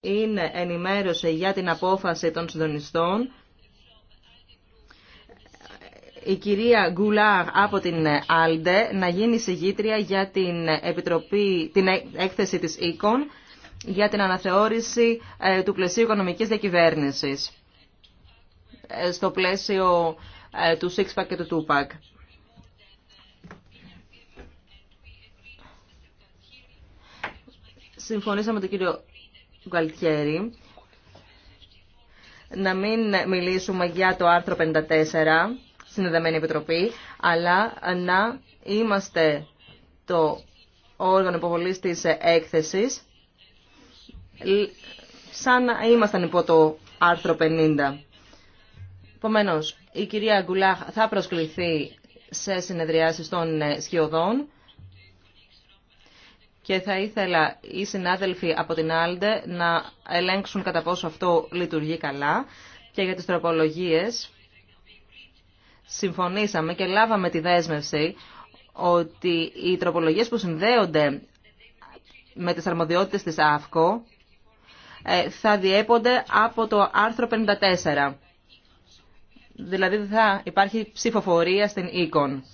είναι ενημέρωση για την απόφαση των συντονιστών. Η κυρία Γκουλάρ από την Άλντε να γίνει συγγήτρια για την, επιτροπή, την έκθεση της ΕΚΟΝ για την αναθεώρηση ε, του πλαισίου οικονομικής διακυβέρνησης ε, στο πλαίσιο ε, του ΣΥΚΣΠΑΚ και του ΤΟΥΠΑΚ. Συμφωνήσαμε με τον κύριο να μην μιλήσουμε για το άρθρο 54 Συνδεδεμένη Επιτροπή, αλλά να είμαστε το όργανο υποβολής της έκθεσης σαν να ήμασταν υπό το άρθρο 50. Επομένω, η κυρία Γκουλάχ θα προσκληθεί σε συνεδριάσεις των σχιωδών και θα ήθελα οι συνάδελφοι από την Άλντε να ελέγξουν κατά πόσο αυτό λειτουργεί καλά και για τις τροπολογίες συμφωνήσαμε και λάβαμε τη δέσμευση ότι οι τροπολογίες που συνδέονται με τις αρμοδιότητες της ΑΦΚΟ ε, θα διέπονται από το άρθρο 54. Δηλαδή θα υπάρχει ψηφοφορία στην ΕΚΟΝ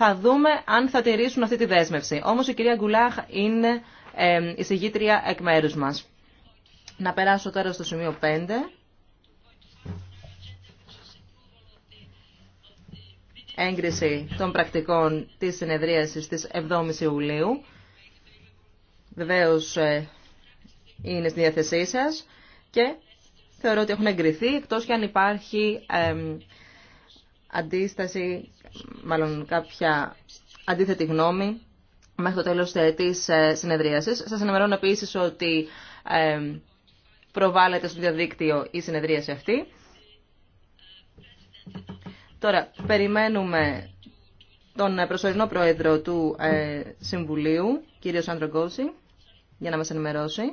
θα δούμε αν θα τηρήσουν αυτή τη δέσμευση. Όμως η κυρία Γκουλάχ είναι η συγγήτρια εκ μέρους μας. Να περάσω τώρα στο σημείο 5. Έγκριση των πρακτικών της συνεδρίασης της 7ης Ιουλίου. Βεβαίως ε, είναι στη διάθεσή σας και θεωρώ ότι έχουν εγκριθεί, εκτός και αν υπάρχει αντίσταση μάλλον κάποια αντίθετη γνώμη μέχρι το τέλος ε, της ε, συνεδρίασης. Σας ενημερώνω επίσης ότι ε, προβάλλεται στο διαδίκτυο η συνεδρίαση αυτή. Τώρα, περιμένουμε τον προσωρινό πρόεδρο του Συμβουλίου, κύριο Σάντρο για να μας ενημερώσει.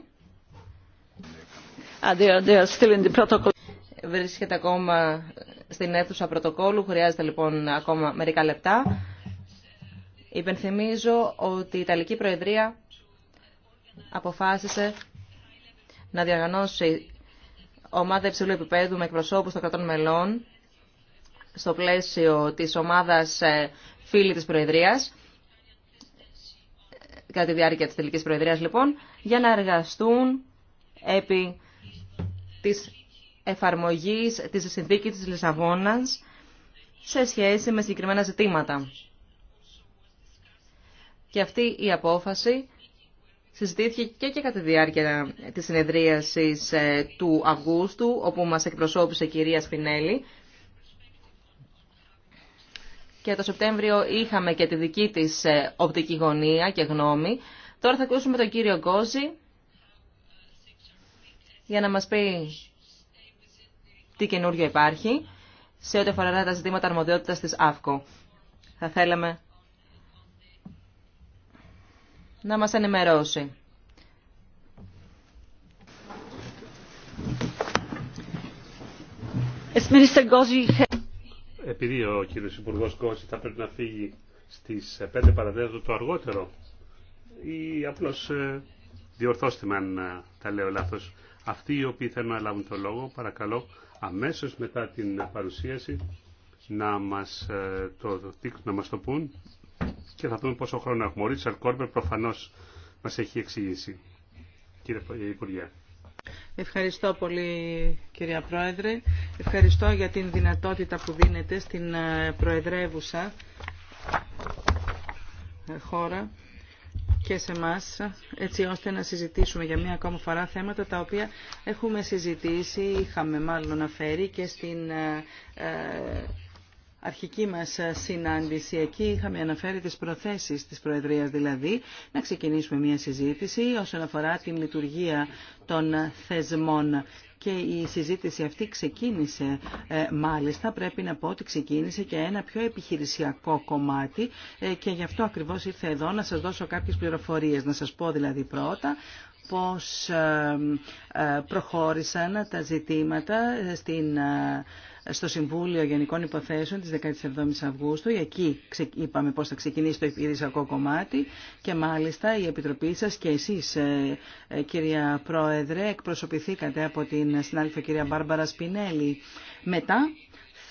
Ah, Βρίσκεται ακόμα στην αίθουσα πρωτοκόλου. Χρειάζεται λοιπόν ακόμα μερικά λεπτά. Υπενθυμίζω ότι η Ιταλική Προεδρία αποφάσισε να διοργανώσει ομάδα υψηλού επίπεδου με εκπροσώπους των κρατών μελών στο πλαίσιο της ομάδας ε, φίλη της Προεδρίας κατά τη διάρκεια της τελικής Προεδρίας λοιπόν για να εργαστούν επί της εφαρμογής της συνθήκης της Λισαβόνας σε σχέση με συγκεκριμένα ζητήματα. Και αυτή η απόφαση συζητήθηκε και, και κατά τη διάρκεια της συνεδρίασης ε, του Αυγούστου, όπου μας εκπροσώπησε η κυρία Σπινέλη. Και το Σεπτέμβριο είχαμε και τη δική της ε, οπτική γωνία και γνώμη. Τώρα θα ακούσουμε τον κύριο Γκόζη για να μας πει τι καινούργιο υπάρχει σε ό,τι αφορά τα ζητήματα αρμοδιότητας της ΑΦΚΟ. Θα θέλαμε να μας ενημερώσει. Επειδή ο κύριο Υπουργό Γκόζη θα πρέπει να φύγει στις 5 παραδέτου το αργότερο ή απλώ ε, διορθώστε με αν ε, τα λέω λάθο. Αυτοί οι οποίοι θέλουν να λάβουν το λόγο, παρακαλώ αμέσως μετά την παρουσίαση να μας ε, το, να μας το πούν και θα δούμε πόσο χρόνο έχουμε. Ο Ρίτσαρ Κόρμπερ προφανώς μας έχει εξηγήσει. Κύριε ε, Υπουργέ. Ευχαριστώ πολύ κυρία Πρόεδρε. Ευχαριστώ για την δυνατότητα που δίνετε στην ε, Προεδρεύουσα χώρα και σε εμά, έτσι ώστε να συζητήσουμε για μία ακόμα φορά θέματα τα οποία έχουμε συζητήσει, είχαμε μάλλον αναφέρει και στην ε, ε, αρχική μας συνάντηση εκεί είχαμε αναφέρει τις προθέσεις της Προεδρίας δηλαδή να ξεκινήσουμε μια συζήτηση όσον αφορά την λειτουργία των θεσμών και η συζήτηση αυτή ξεκίνησε ε, μάλιστα πρέπει να πω ότι ξεκίνησε και ένα πιο επιχειρησιακό κομμάτι ε, και γι' αυτό ακριβώς ήρθε εδώ να σας δώσω κάποιες πληροφορίες. Να σας πω δηλαδή πρώτα πώς ε, προχώρησαν τα ζητήματα στην στο Συμβούλιο Γενικών Υποθέσεων της 17ης Αυγούστου. Εκεί είπαμε πώς θα ξεκινήσει το υπηρεσιακό κομμάτι και μάλιστα η Επιτροπή σας και εσείς ε, ε, κυρία Πρόεδρε εκπροσωπηθήκατε από την συνάδελφα κυρία Μπάρμπαρα Σπινέλη. Μετά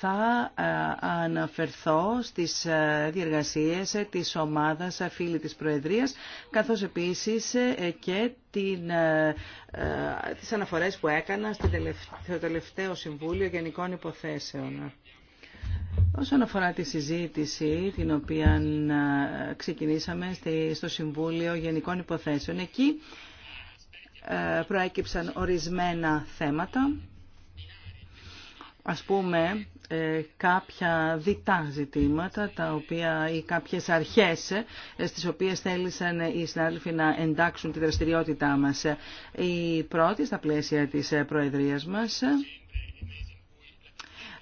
θα ε, αναφερθώ στις ε, διεργασίες ε, της ομάδας φίλη της Προεδρίας, καθώς επίσης και την, τις αναφορές που έκανα στο τελευταίο Συμβούλιο Γενικών Υποθέσεων. Όσον αφορά τη συζήτηση την οποία ξεκινήσαμε στο Συμβούλιο Γενικών Υποθέσεων, εκεί προέκυψαν ορισμένα θέματα. Ας πούμε, ε, κάποια διτά ζητήματα τα οποία, ή κάποιες αρχές ε, στις οποίες θέλησαν οι συνάδελφοι να εντάξουν τη δραστηριότητά μας. Η πρώτη στα πλαίσια της ε, Προεδρίας μας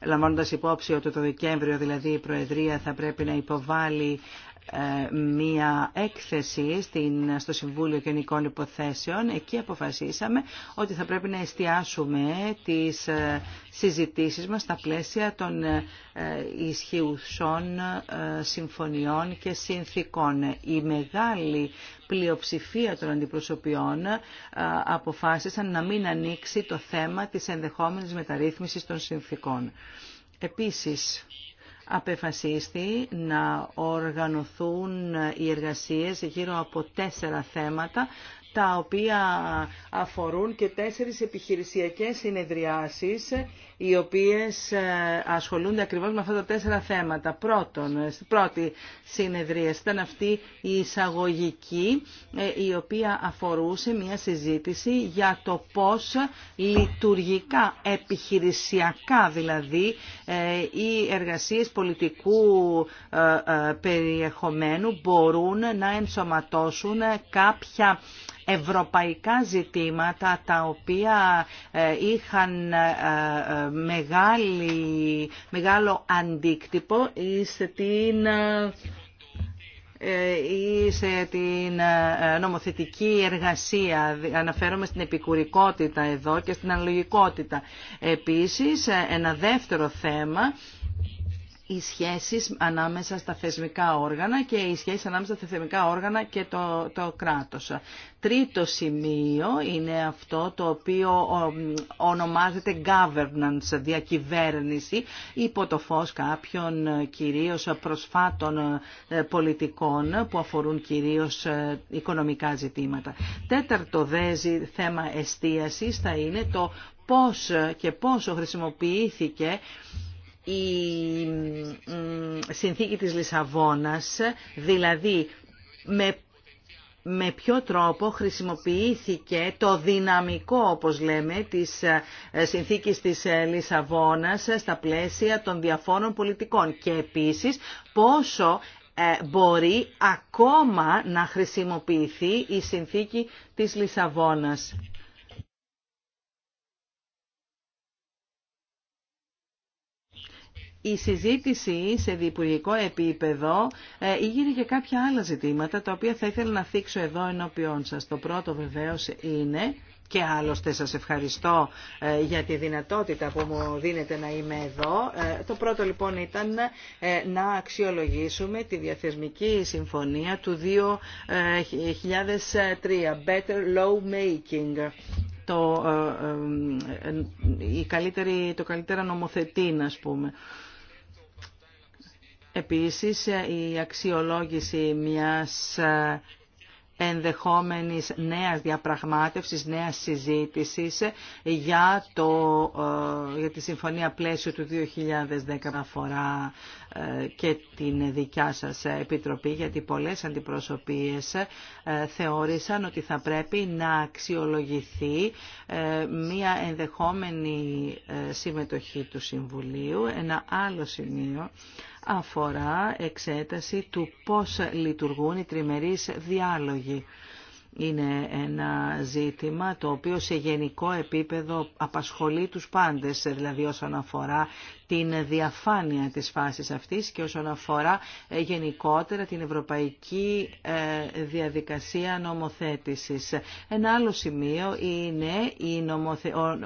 λαμβάνοντας υπόψη ότι το Δεκέμβριο δηλαδή η Προεδρία θα πρέπει να υποβάλει ε, μία έκθεση στην, στο Συμβούλιο Γενικών Υποθέσεων. Εκεί αποφασίσαμε ότι θα πρέπει να εστιάσουμε τις ε, συζητήσεις μας στα πλαίσια των ε, ισχυουσών συμφωνιών και συνθήκων. Η μεγάλη πλειοψηφία των αντιπροσωπιών αποφάσισαν να μην ανοίξει το θέμα της ενδεχόμενης μεταρρύθμισης των συνθήκων. Επίσης, απεφασίστη να οργανωθούν οι εργασίες γύρω από τέσσερα θέματα τα οποία αφορούν και τέσσερις επιχειρησιακές συνεδριάσεις οι οποίες ε, ασχολούνται ακριβώς με αυτά τα τέσσερα θέματα. Πρώτον, ε, στην πρώτη συνεδρία ήταν αυτή η εισαγωγική ε, η οποία αφορούσε μια συζήτηση για το πώς λειτουργικά, επιχειρησιακά δηλαδή, οι εργασίες πολιτικού περιεχομένου μπορούν να ενσωματώσουν κάποια ευρωπαϊκά ζητήματα τα οποία ε, είχαν ε, ε, μεγάλο αντίκτυπο στην σε την νομοθετική εργασία. Αναφέρομαι στην επικουρικότητα εδώ και στην αναλογικότητα. Επίσης, ένα δεύτερο θέμα οι σχέσεις ανάμεσα στα θεσμικά όργανα και οι ανάμεσα στα θεσμικά όργανα και το, το κράτος. Τρίτο σημείο είναι αυτό το οποίο ονομάζεται governance, διακυβέρνηση, υπό το φως κάποιων ε, κυρίως προσφάτων ε, πολιτικών που αφορούν κυρίως ε, οικονομικά ζητήματα. Τέταρτο θέμα εστίασης θα είναι το πώς και πόσο χρησιμοποιήθηκε η συνθήκη της Λισαβόνας, δηλαδή με με ποιο τρόπο χρησιμοποιήθηκε το δυναμικό, όπως λέμε, της ε, συνθήκης της ε, Λισαβόνας στα πλαίσια των διαφόρων πολιτικών και επίσης πόσο ε, μπορεί ακόμα να χρησιμοποιηθεί η συνθήκη της Λισαβόνας. η συζήτηση σε διπουργικό επίπεδο ε, ήγηρε για κάποια άλλα ζητήματα τα οποία θα ήθελα να θίξω εδώ ενώπιόν σας. Το πρώτο βεβαίως είναι και άλλωστε σας ευχαριστώ ε, για τη δυνατότητα που μου δίνετε να είμαι εδώ. Ε, το πρώτο λοιπόν ήταν να αξιολογήσουμε τη διαθεσμική συμφωνία του 2003, Better Law Making. Το, η καλύτερη, το καλύτερα νομοθετή, πούμε. Επίσης, η αξιολόγηση μιας ε, ενδεχόμενης νέας διαπραγμάτευσης, νέας συζήτησης για, το, ε, για τη Συμφωνία Πλαίσιο του 2010 αφορά ε, και την δικιά σας Επιτροπή, γιατί πολλές αντιπροσωπείες θεώρησαν ότι θα πρέπει να αξιολογηθεί μία ενδεχόμενη συμμετοχή του Συμβουλίου. Ένα άλλο σημείο αφορά εξέταση του πώς λειτουργούν οι τριμερείς διάλογοι. Είναι ένα ζήτημα το οποίο σε γενικό επίπεδο απασχολεί τους πάντες, δηλαδή όσον αφορά την διαφάνεια της φάσης αυτής και όσον αφορά ε, γενικότερα την ευρωπαϊκή ε, διαδικασία νομοθέτησης. Ένα άλλο σημείο είναι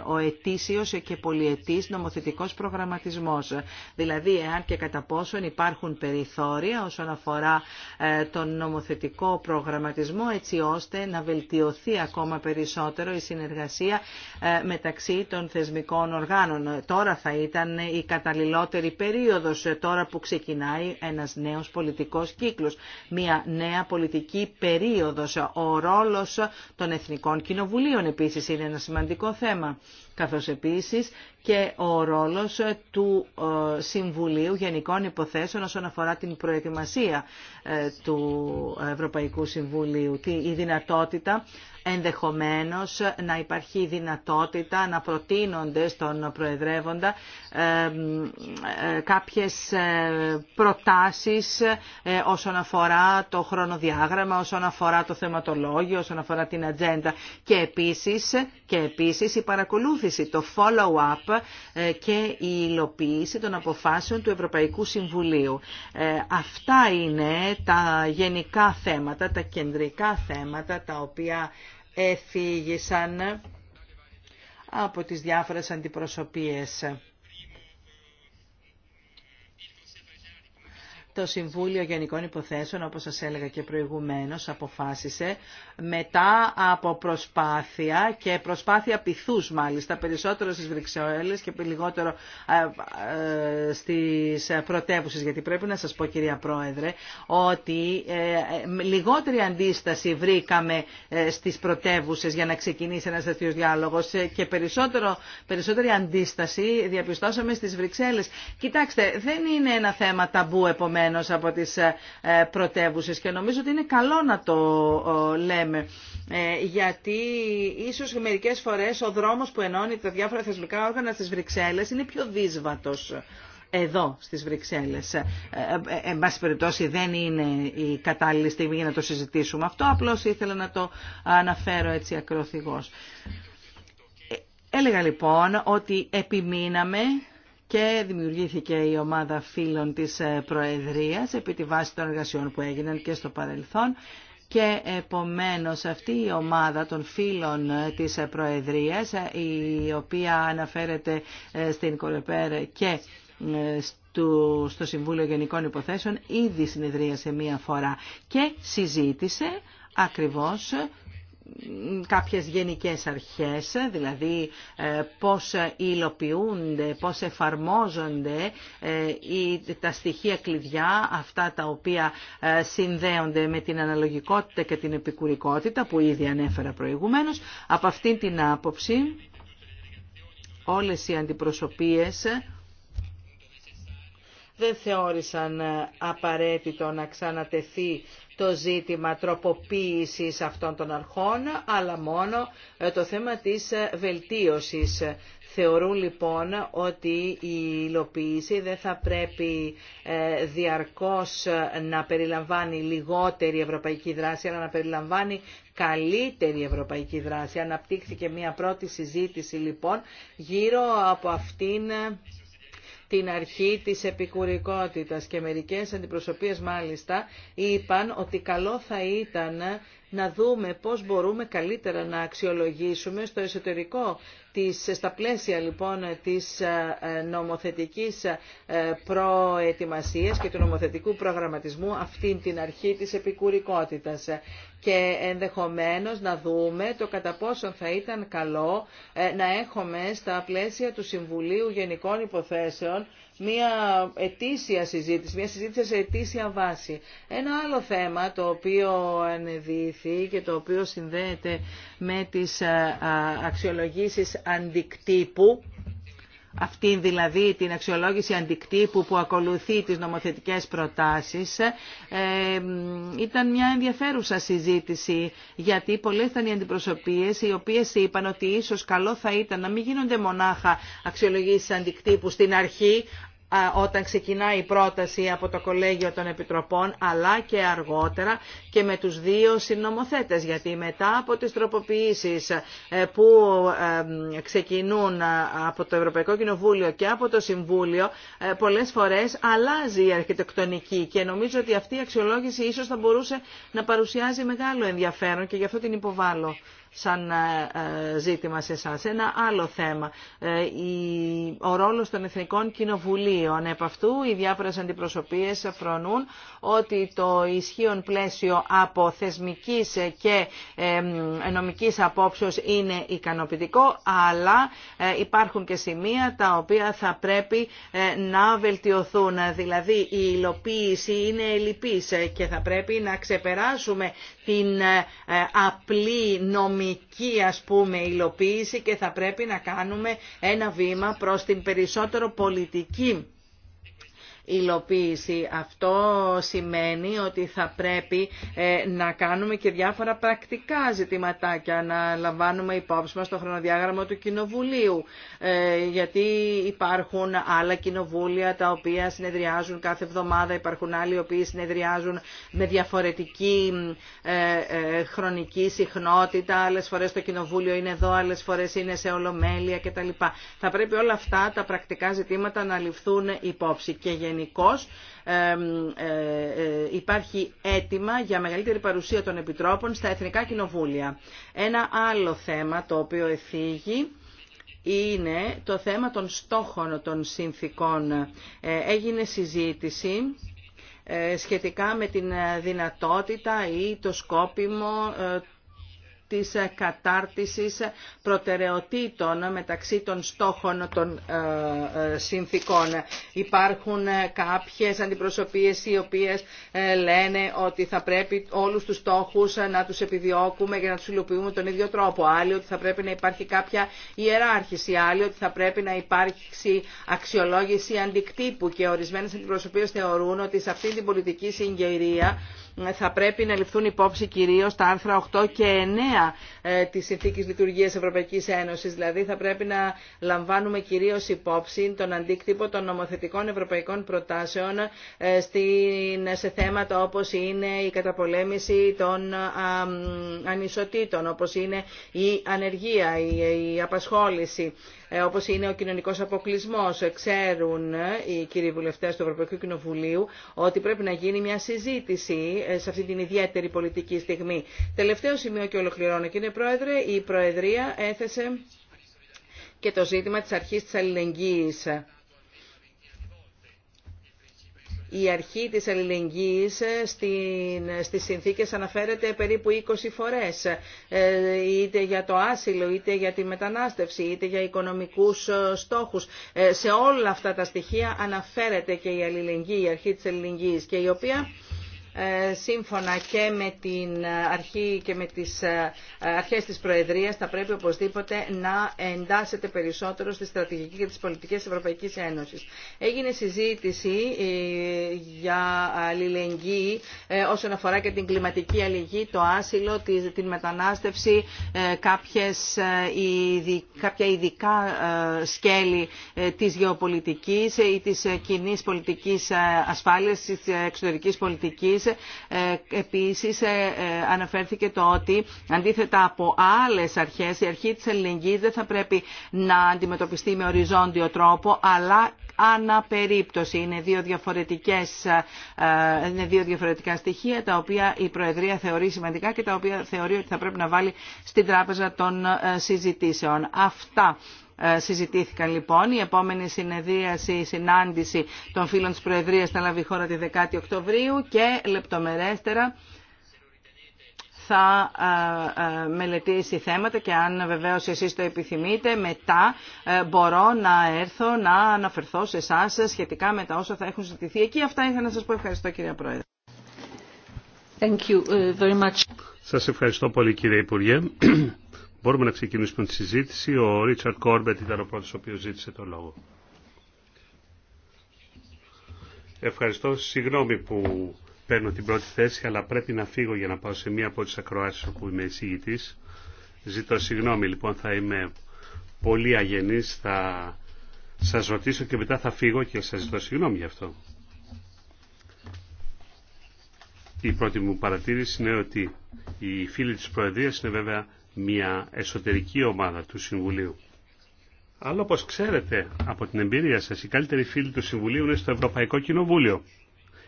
ο ετήσιος και πολυετής νομοθετικός προγραμματισμός. Δηλαδή, εάν και κατά πόσον υπάρχουν περιθώρια όσον αφορά ε, τον νομοθετικό προγραμματισμό, έτσι ώστε να βελτιωθεί ακόμα περισσότερο η συνεργασία μεταξύ των θεσμικών οργάνων. Τώρα θα ήταν η καταλληλότερη περίοδος ε, τώρα που ξεκινάει ένας νέος πολιτικός κύκλος, μια νέα πολιτική περίοδος. Ο ρόλος των Εθνικών Κοινοβουλίων επίσης είναι ένα σημαντικό θέμα καθώς επίσης και ο ρόλος του ε, Συμβουλίου Γενικών Υποθέσεων όσον αφορά την προετοιμασία ε, του Ευρωπαϊκού Συμβουλίου, η δυνατότητα ενδεχομένως να υπάρχει δυνατότητα να προτείνονται στον Προεδρεύοντα ε, κάποιες προτάσεις όσον αφορά το χρονοδιάγραμμα, όσον αφορά το θεματολόγιο, όσον αφορά την ατζέντα και επίσης, και επίσης η παρακολούθηση το follow-up ε, και η υλοποίηση των αποφάσεων του Ευρωπαϊκού Συμβουλίου. Ε, αυτά είναι τα γενικά θέματα, τα κεντρικά θέματα τα οποία εφήγησαν από τις διάφορες αντιπροσωπίες. Το Συμβούλιο Γενικών Υποθέσεων, όπως σας έλεγα και προηγουμένως, αποφάσισε μετά από προσπάθεια και προσπάθεια πυθούς μάλιστα, περισσότερο στις Βρυξεόλες και λιγότερο ε, ε, στις πρωτεύουσες, γιατί πρέπει να σας πω κυρία Πρόεδρε, ότι ε, λιγότερη αντίσταση βρήκαμε στις πρωτεύουσες για να ξεκινήσει ένας τέτοιος διάλογος και περισσότερο, περισσότερη αντίσταση διαπιστώσαμε στις Βρυξέλλες. Κοιτάξτε, δεν είναι ένα θέμα ταμπού επομένως προηγουμένως από τις ε, πρωτεύουσες και νομίζω ότι είναι καλό να το λέμε ε, γιατί ίσως μερικές φορές ο δρόμος που ενώνει τα διάφορα θεσμικά όργανα στις Βρυξέλλες είναι πιο δύσβατος εδώ στις Βρυξέλλες. Ε, ε εν πάση περιπτώσει δεν είναι η κατάλληλη στιγμή για να το συζητήσουμε αυτό, απλώς ήθελα να το αναφέρω έτσι ακροθυγώς. Έλεγα λοιπόν ότι επιμείναμε και δημιουργήθηκε η ομάδα φίλων της ε, Προεδρίας επί τη βάση των εργασιών που έγιναν και στο παρελθόν και επομένως αυτή η ομάδα των φίλων ε, της ε, Προεδρίας η οποία αναφέρεται στην Κορεπέρ και στο Συμβούλιο Γενικών Υποθέσεων ήδη συνεδρίασε μία φορά και συζήτησε ακριβώς κάποιες γενικές αρχές, δηλαδή ε, πώς υλοποιούνται, πώς εφαρμόζονται ε, τα στοιχεία κλειδιά, αυτά τα οποία ε, συνδέονται με την αναλογικότητα και την επικουρικότητα που ήδη ανέφερα προηγουμένως. Από αυτήν την άποψη όλες οι αντιπροσωπείες δεν θεώρησαν απαραίτητο να ξανατεθεί το ζήτημα τροποποίησης αυτών των αρχών, αλλά μόνο ε, το θέμα της ε, βελτίωσης. Θεωρούν λοιπόν ότι η υλοποίηση δεν θα πρέπει ε, διαρκώς να περιλαμβάνει λιγότερη ευρωπαϊκή δράση, αλλά να περιλαμβάνει καλύτερη ευρωπαϊκή δράση. Αναπτύχθηκε μια πρώτη συζήτηση λοιπόν γύρω από αυτήν την αρχή της επικουρικότητας και μερικές αντιπροσωπείες μάλιστα είπαν ότι καλό θα ήταν να δούμε πώς μπορούμε καλύτερα να αξιολογήσουμε στο εσωτερικό της, στα πλαίσια λοιπόν της ε, ε, νομοθετικής ε, προετοιμασίας και του νομοθετικού προγραμματισμού αυτήν την αρχή της επικουρικότητας και ενδεχομένως να δούμε το κατά πόσο θα ήταν καλό να έχουμε στα πλαίσια του Συμβουλίου Γενικών Υποθέσεων μια ετήσια συζήτηση, μια συζήτηση σε ετήσια βάση. Ένα άλλο θέμα το οποίο ανεδίθη και το οποίο συνδέεται με τις ε, αξιολογήσεις αντικτύπου, αυτή δηλαδή την αξιολόγηση αντικτύπου που ακολουθεί τις νομοθετικές προτάσεις ε, ήταν μια ενδιαφέρουσα συζήτηση γιατί πολλές ήταν οι αντιπροσωπείες οι οποίες είπαν ότι ίσως καλό θα ήταν να μην γίνονται μονάχα αξιολογήσεις αντικτύπου στην αρχή όταν ξεκινάει η πρόταση από το Κολέγιο των Επιτροπών αλλά και αργότερα και με τους δύο συνομοθέτες γιατί μετά από τις τροποποιήσεις ε, που ε, ξεκινούν ε, από το Ευρωπαϊκό Κοινοβούλιο και από το Συμβούλιο πολλές φορές αλλάζει η αρχιτεκτονική και νομίζω ότι αυτή η αξιολόγηση ίσως θα μπορούσε να παρουσιάζει μεγάλο ενδιαφέρον και γι' αυτό την υποβάλλω σαν ε, ε, ζήτημα σε εσάς. Ένα άλλο θέμα, ε, ο ρόλος των Εθνικών Κοινοβουλίων. Επ' αυτού οι διάφορες αντιπροσωπείες φρονούν ότι το ισχύον πλαίσιο από θεσμικής και νομικής απόψεως είναι ικανοποιητικό, αλλά υπάρχουν και σημεία τα οποία θα πρέπει να βελτιωθούν. Δηλαδή η υλοποίηση είναι ελλειπής και θα πρέπει να ξεπεράσουμε την απλή νομική κοινωνική ας πούμε υλοποίηση και θα πρέπει να κάνουμε ένα βήμα προς την περισσότερο πολιτική υλοποίηση. Αυτό σημαίνει ότι θα πρέπει ε, να κάνουμε και διάφορα πρακτικά ζητηματάκια, να λαμβάνουμε υπόψη μας το χρονοδιάγραμμα του Κοινοβουλίου, ε, γιατί υπάρχουν άλλα κοινοβούλια τα οποία συνεδριάζουν κάθε εβδομάδα, υπάρχουν άλλοι οι οποίοι συνεδριάζουν με διαφορετική ε, χρονική συχνότητα, άλλες φορές το Κοινοβούλιο είναι εδώ, άλλες φορές είναι σε ολομέλεια κτλ. Θα πρέπει όλα αυτά τα πρακτικά ζητήματα να ληφθούν υπόψη και ε, ε, υπάρχει αίτημα για μεγαλύτερη παρουσία των επιτρόπων στα εθνικά κοινοβούλια. Ένα άλλο θέμα το οποίο εφήγει είναι το θέμα των στόχων των συνθήκων. Ε, έγινε συζήτηση σχετικά με την δυνατότητα ή το σκόπιμο της κατάρτισης προτεραιοτήτων μεταξύ των στόχων των ε, ε, συνθήκων. Υπάρχουν κάποιες αντιπροσωπείες οι οποίες ε, λένε ότι θα πρέπει όλους τους στόχους να τους επιδιώκουμε για να τους υλοποιούμε τον ίδιο τρόπο. Άλλοι ότι θα πρέπει να υπάρχει κάποια ιεράρχηση, άλλοι ότι θα πρέπει να υπάρξει αξιολόγηση αντικτύπου και ορισμένες αντιπροσωπείες θεωρούν ότι σε αυτή την πολιτική συγκαιρία θα πρέπει να ληφθούν υπόψη κυρίως τα άρθρα 8 και 9 ε, της Συνθήκης Λειτουργίας Ευρωπαϊκής Ένωσης. Δηλαδή θα πρέπει να λαμβάνουμε κυρίως υπόψη τον αντίκτυπο των νομοθετικών ευρωπαϊκών προτάσεων ε, σε θέματα όπως είναι η καταπολέμηση των ανισοτήτων, όπως είναι η ανεργία, η απασχόληση ε, όπως είναι ο κοινωνικός αποκλεισμός. Ε, ξέρουν ε, οι κύριοι βουλευτές του Ευρωπαϊκού Κοινοβουλίου ότι πρέπει να γίνει μια συζήτηση σε αυτή την ιδιαίτερη πολιτική στιγμή. Τελευταίο σημείο και ολοκληρώνω κύριε Πρόεδρε, η Προεδρία έθεσε και το ζήτημα της αρχής της αλληλεγγύης η αρχή της αλληλεγγύη ε, ε, στις συνθήκες αναφέρεται περίπου 20 φορές, ε, είτε για το άσυλο, είτε για τη μετανάστευση, είτε για οικονομικούς στόχους. Σε όλα αυτά τα στοιχεία αναφέρεται και η αλληλεγγύη, η αρχή της αλληλεγγύη, και η οποία ε, σύμφωνα και με την αρχή και με τις ε, αρχές της Προεδρίας θα πρέπει οπωσδήποτε να εντάσσεται περισσότερο στη στρατηγική και τις πολιτικές της Ευρωπαϊκής Ένωσης. Έγινε συζήτηση ε, για αλληλεγγύη όσον αφορά και την κλιματική αλληλεγγύη, το άσυλο, την μετανάστευση, κάποιες, κάποια ειδικά σκέλη της γεωπολιτικής ή της κοινή πολιτικής ασφάλειας, της εξωτερικής πολιτικής ε, επίσης ε, ε, αναφέρθηκε το ότι αντίθετα από άλλες αρχές η αρχή της ελληνικής δεν θα πρέπει να αντιμετωπιστεί με οριζόντιο τρόπο αλλά αναπερίπτωση. Είναι δύο, διαφορετικές, είναι δύο διαφορετικά στοιχεία τα οποία η Προεδρία θεωρεί σημαντικά και τα οποία θεωρεί ότι θα πρέπει να βάλει στην τράπεζα των συζητήσεων. Αυτά ε, συζητήθηκαν λοιπόν. Η επόμενη συνεδρίαση, η συνάντηση των φίλων της Προεδρίας θα λάβει χώρα τη 10η Οκτωβρίου και λεπτομερέστερα θα ε, ε, μελετήσει θέματα και αν βεβαίως εσείς το επιθυμείτε μετά μπορώ να έρθω να αναφερθώ σε εσά σχετικά με τα όσα θα έχουν συζητηθεί εκεί. Αυτά είχα να σας πω. Ευχαριστώ κυρία Πρόεδρε. Thank you very much. Σας ευχαριστώ πολύ κύριε Υπουργέ. Μπορούμε να ξεκινήσουμε τη συζήτηση. Ο Ρίτσαρτ Κόρμπετ ήταν ο πρώτος ο οποίος ζήτησε το λόγο. Ευχαριστώ. Συγγνώμη που παίρνω την πρώτη θέση, αλλά πρέπει να φύγω για να πάω σε μία από τις ακροάσεις όπου είμαι εισηγητής. Ζητώ συγγνώμη, λοιπόν, θα είμαι πολύ αγενής, θα σας ρωτήσω και μετά θα φύγω και σας ζητώ συγγνώμη γι' αυτό. Η πρώτη μου παρατήρηση είναι ότι οι φίλοι της Προεδρίας είναι βέβαια μια εσωτερική ομάδα του Συμβουλίου. Αλλά όπως ξέρετε από την εμπειρία σας, οι καλύτεροι φίλοι του Συμβουλίου είναι στο Ευρωπαϊκό Κοινοβούλιο.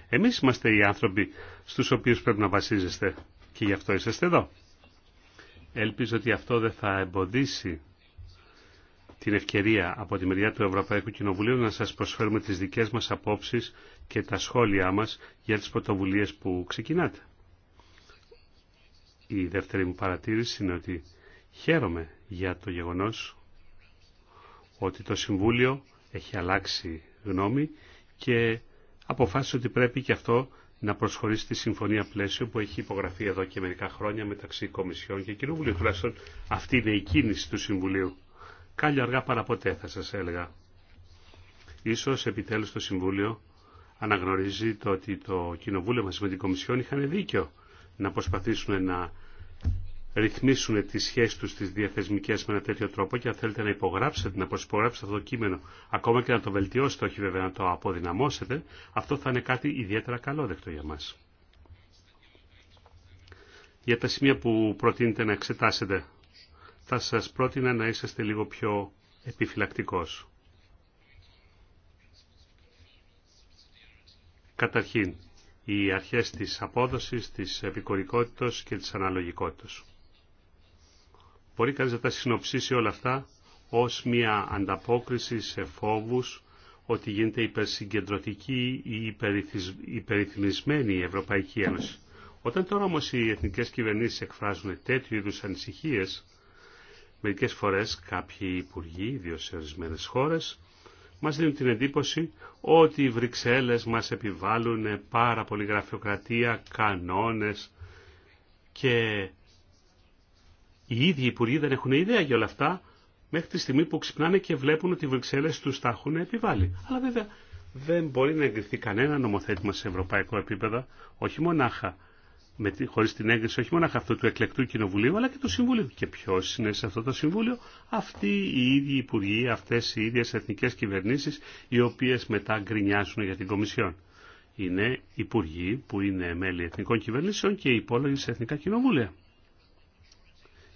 Εμείς είμαστε οι άνθρωποι στους οποίους πρέπει να βασίζεστε και γι' αυτό είσαστε εδώ. Ελπίζω ότι αυτό δεν θα εμποδίσει την ευκαιρία από τη μεριά του Ευρωπαϊκού Κοινοβουλίου να σας προσφέρουμε τις δικές μας απόψεις και τα σχόλιά μας για τις πρωτοβουλίε που ξεκινάτε. Η δεύτερη μου παρατήρηση είναι ότι χαίρομαι για το γεγονός ότι το Συμβούλιο έχει αλλάξει γνώμη και αποφάσισε ότι πρέπει και αυτό να προσχωρήσει τη συμφωνία πλαίσιο που έχει υπογραφεί εδώ και μερικά χρόνια μεταξύ Κομισιών και Κοινοβουλίου. Τουλάχιστον αυτή είναι η κίνηση του Συμβουλίου. Κάλλιο αργά παραποτέ θα σας έλεγα. Ίσως επιτέλους το Συμβούλιο αναγνωρίζει το ότι το Κοινοβούλιο μαζί με την Κομισιόν είχαν δίκιο να προσπαθήσουν να ρυθμίσουν τις σχέσεις τους στις διαθεσμικές με ένα τέτοιο τρόπο και αν θέλετε να υπογράψετε, να προσυπογράψετε αυτό το κείμενο, ακόμα και να το βελτιώσετε, όχι βέβαια να το αποδυναμώσετε, αυτό θα είναι κάτι ιδιαίτερα καλόδεκτο για μα. Για τα σημεία που προτείνετε να εξετάσετε, θα σας πρότεινα να είσαστε λίγο πιο επιφυλακτικός. Καταρχήν, οι αρχές της απόδοσης, της επικορικότητος και της αναλογικότητας. Μπορεί κανείς να τα συνοψίσει όλα αυτά ως μια ανταπόκριση σε φόβους ότι γίνεται υπερσυγκεντρωτική ή υπερυθμισμένη η υπεριθυμισμενη η Ένωση. Όταν τώρα όμως οι εθνικές κυβερνήσεις εκφράζουν τέτοιου είδους ανησυχίες, μερικές φορές κάποιοι υπουργοί, ιδίως σε χώρες, μας δίνουν την εντύπωση ότι οι Βρυξέλλες μας επιβάλλουν πάρα πολύ γραφειοκρατία, κανόνες και οι ίδιοι υπουργοί δεν έχουν ιδέα για όλα αυτά μέχρι τη στιγμή που ξυπνάνε και βλέπουν ότι οι Βρυξέλλες τους τα έχουν επιβάλει. Αλλά βέβαια δεν μπορεί να εγκριθεί κανένα νομοθέτημα σε ευρωπαϊκό επίπεδο, όχι μονάχα με, χωρίς την έγκριση όχι μόνο αυτού του εκλεκτού κοινοβουλίου αλλά και του Συμβουλίου. Και ποιο είναι σε αυτό το Συμβούλιο αυτοί οι ίδιοι υπουργοί, αυτέ οι ίδιε εθνικέ κυβερνήσει, οι οποίε μετά γκρινιάζουν για την Κομισιόν. Είναι υπουργοί που είναι μέλη εθνικών κυβερνήσεων και υπόλογοι σε εθνικά κοινοβούλια.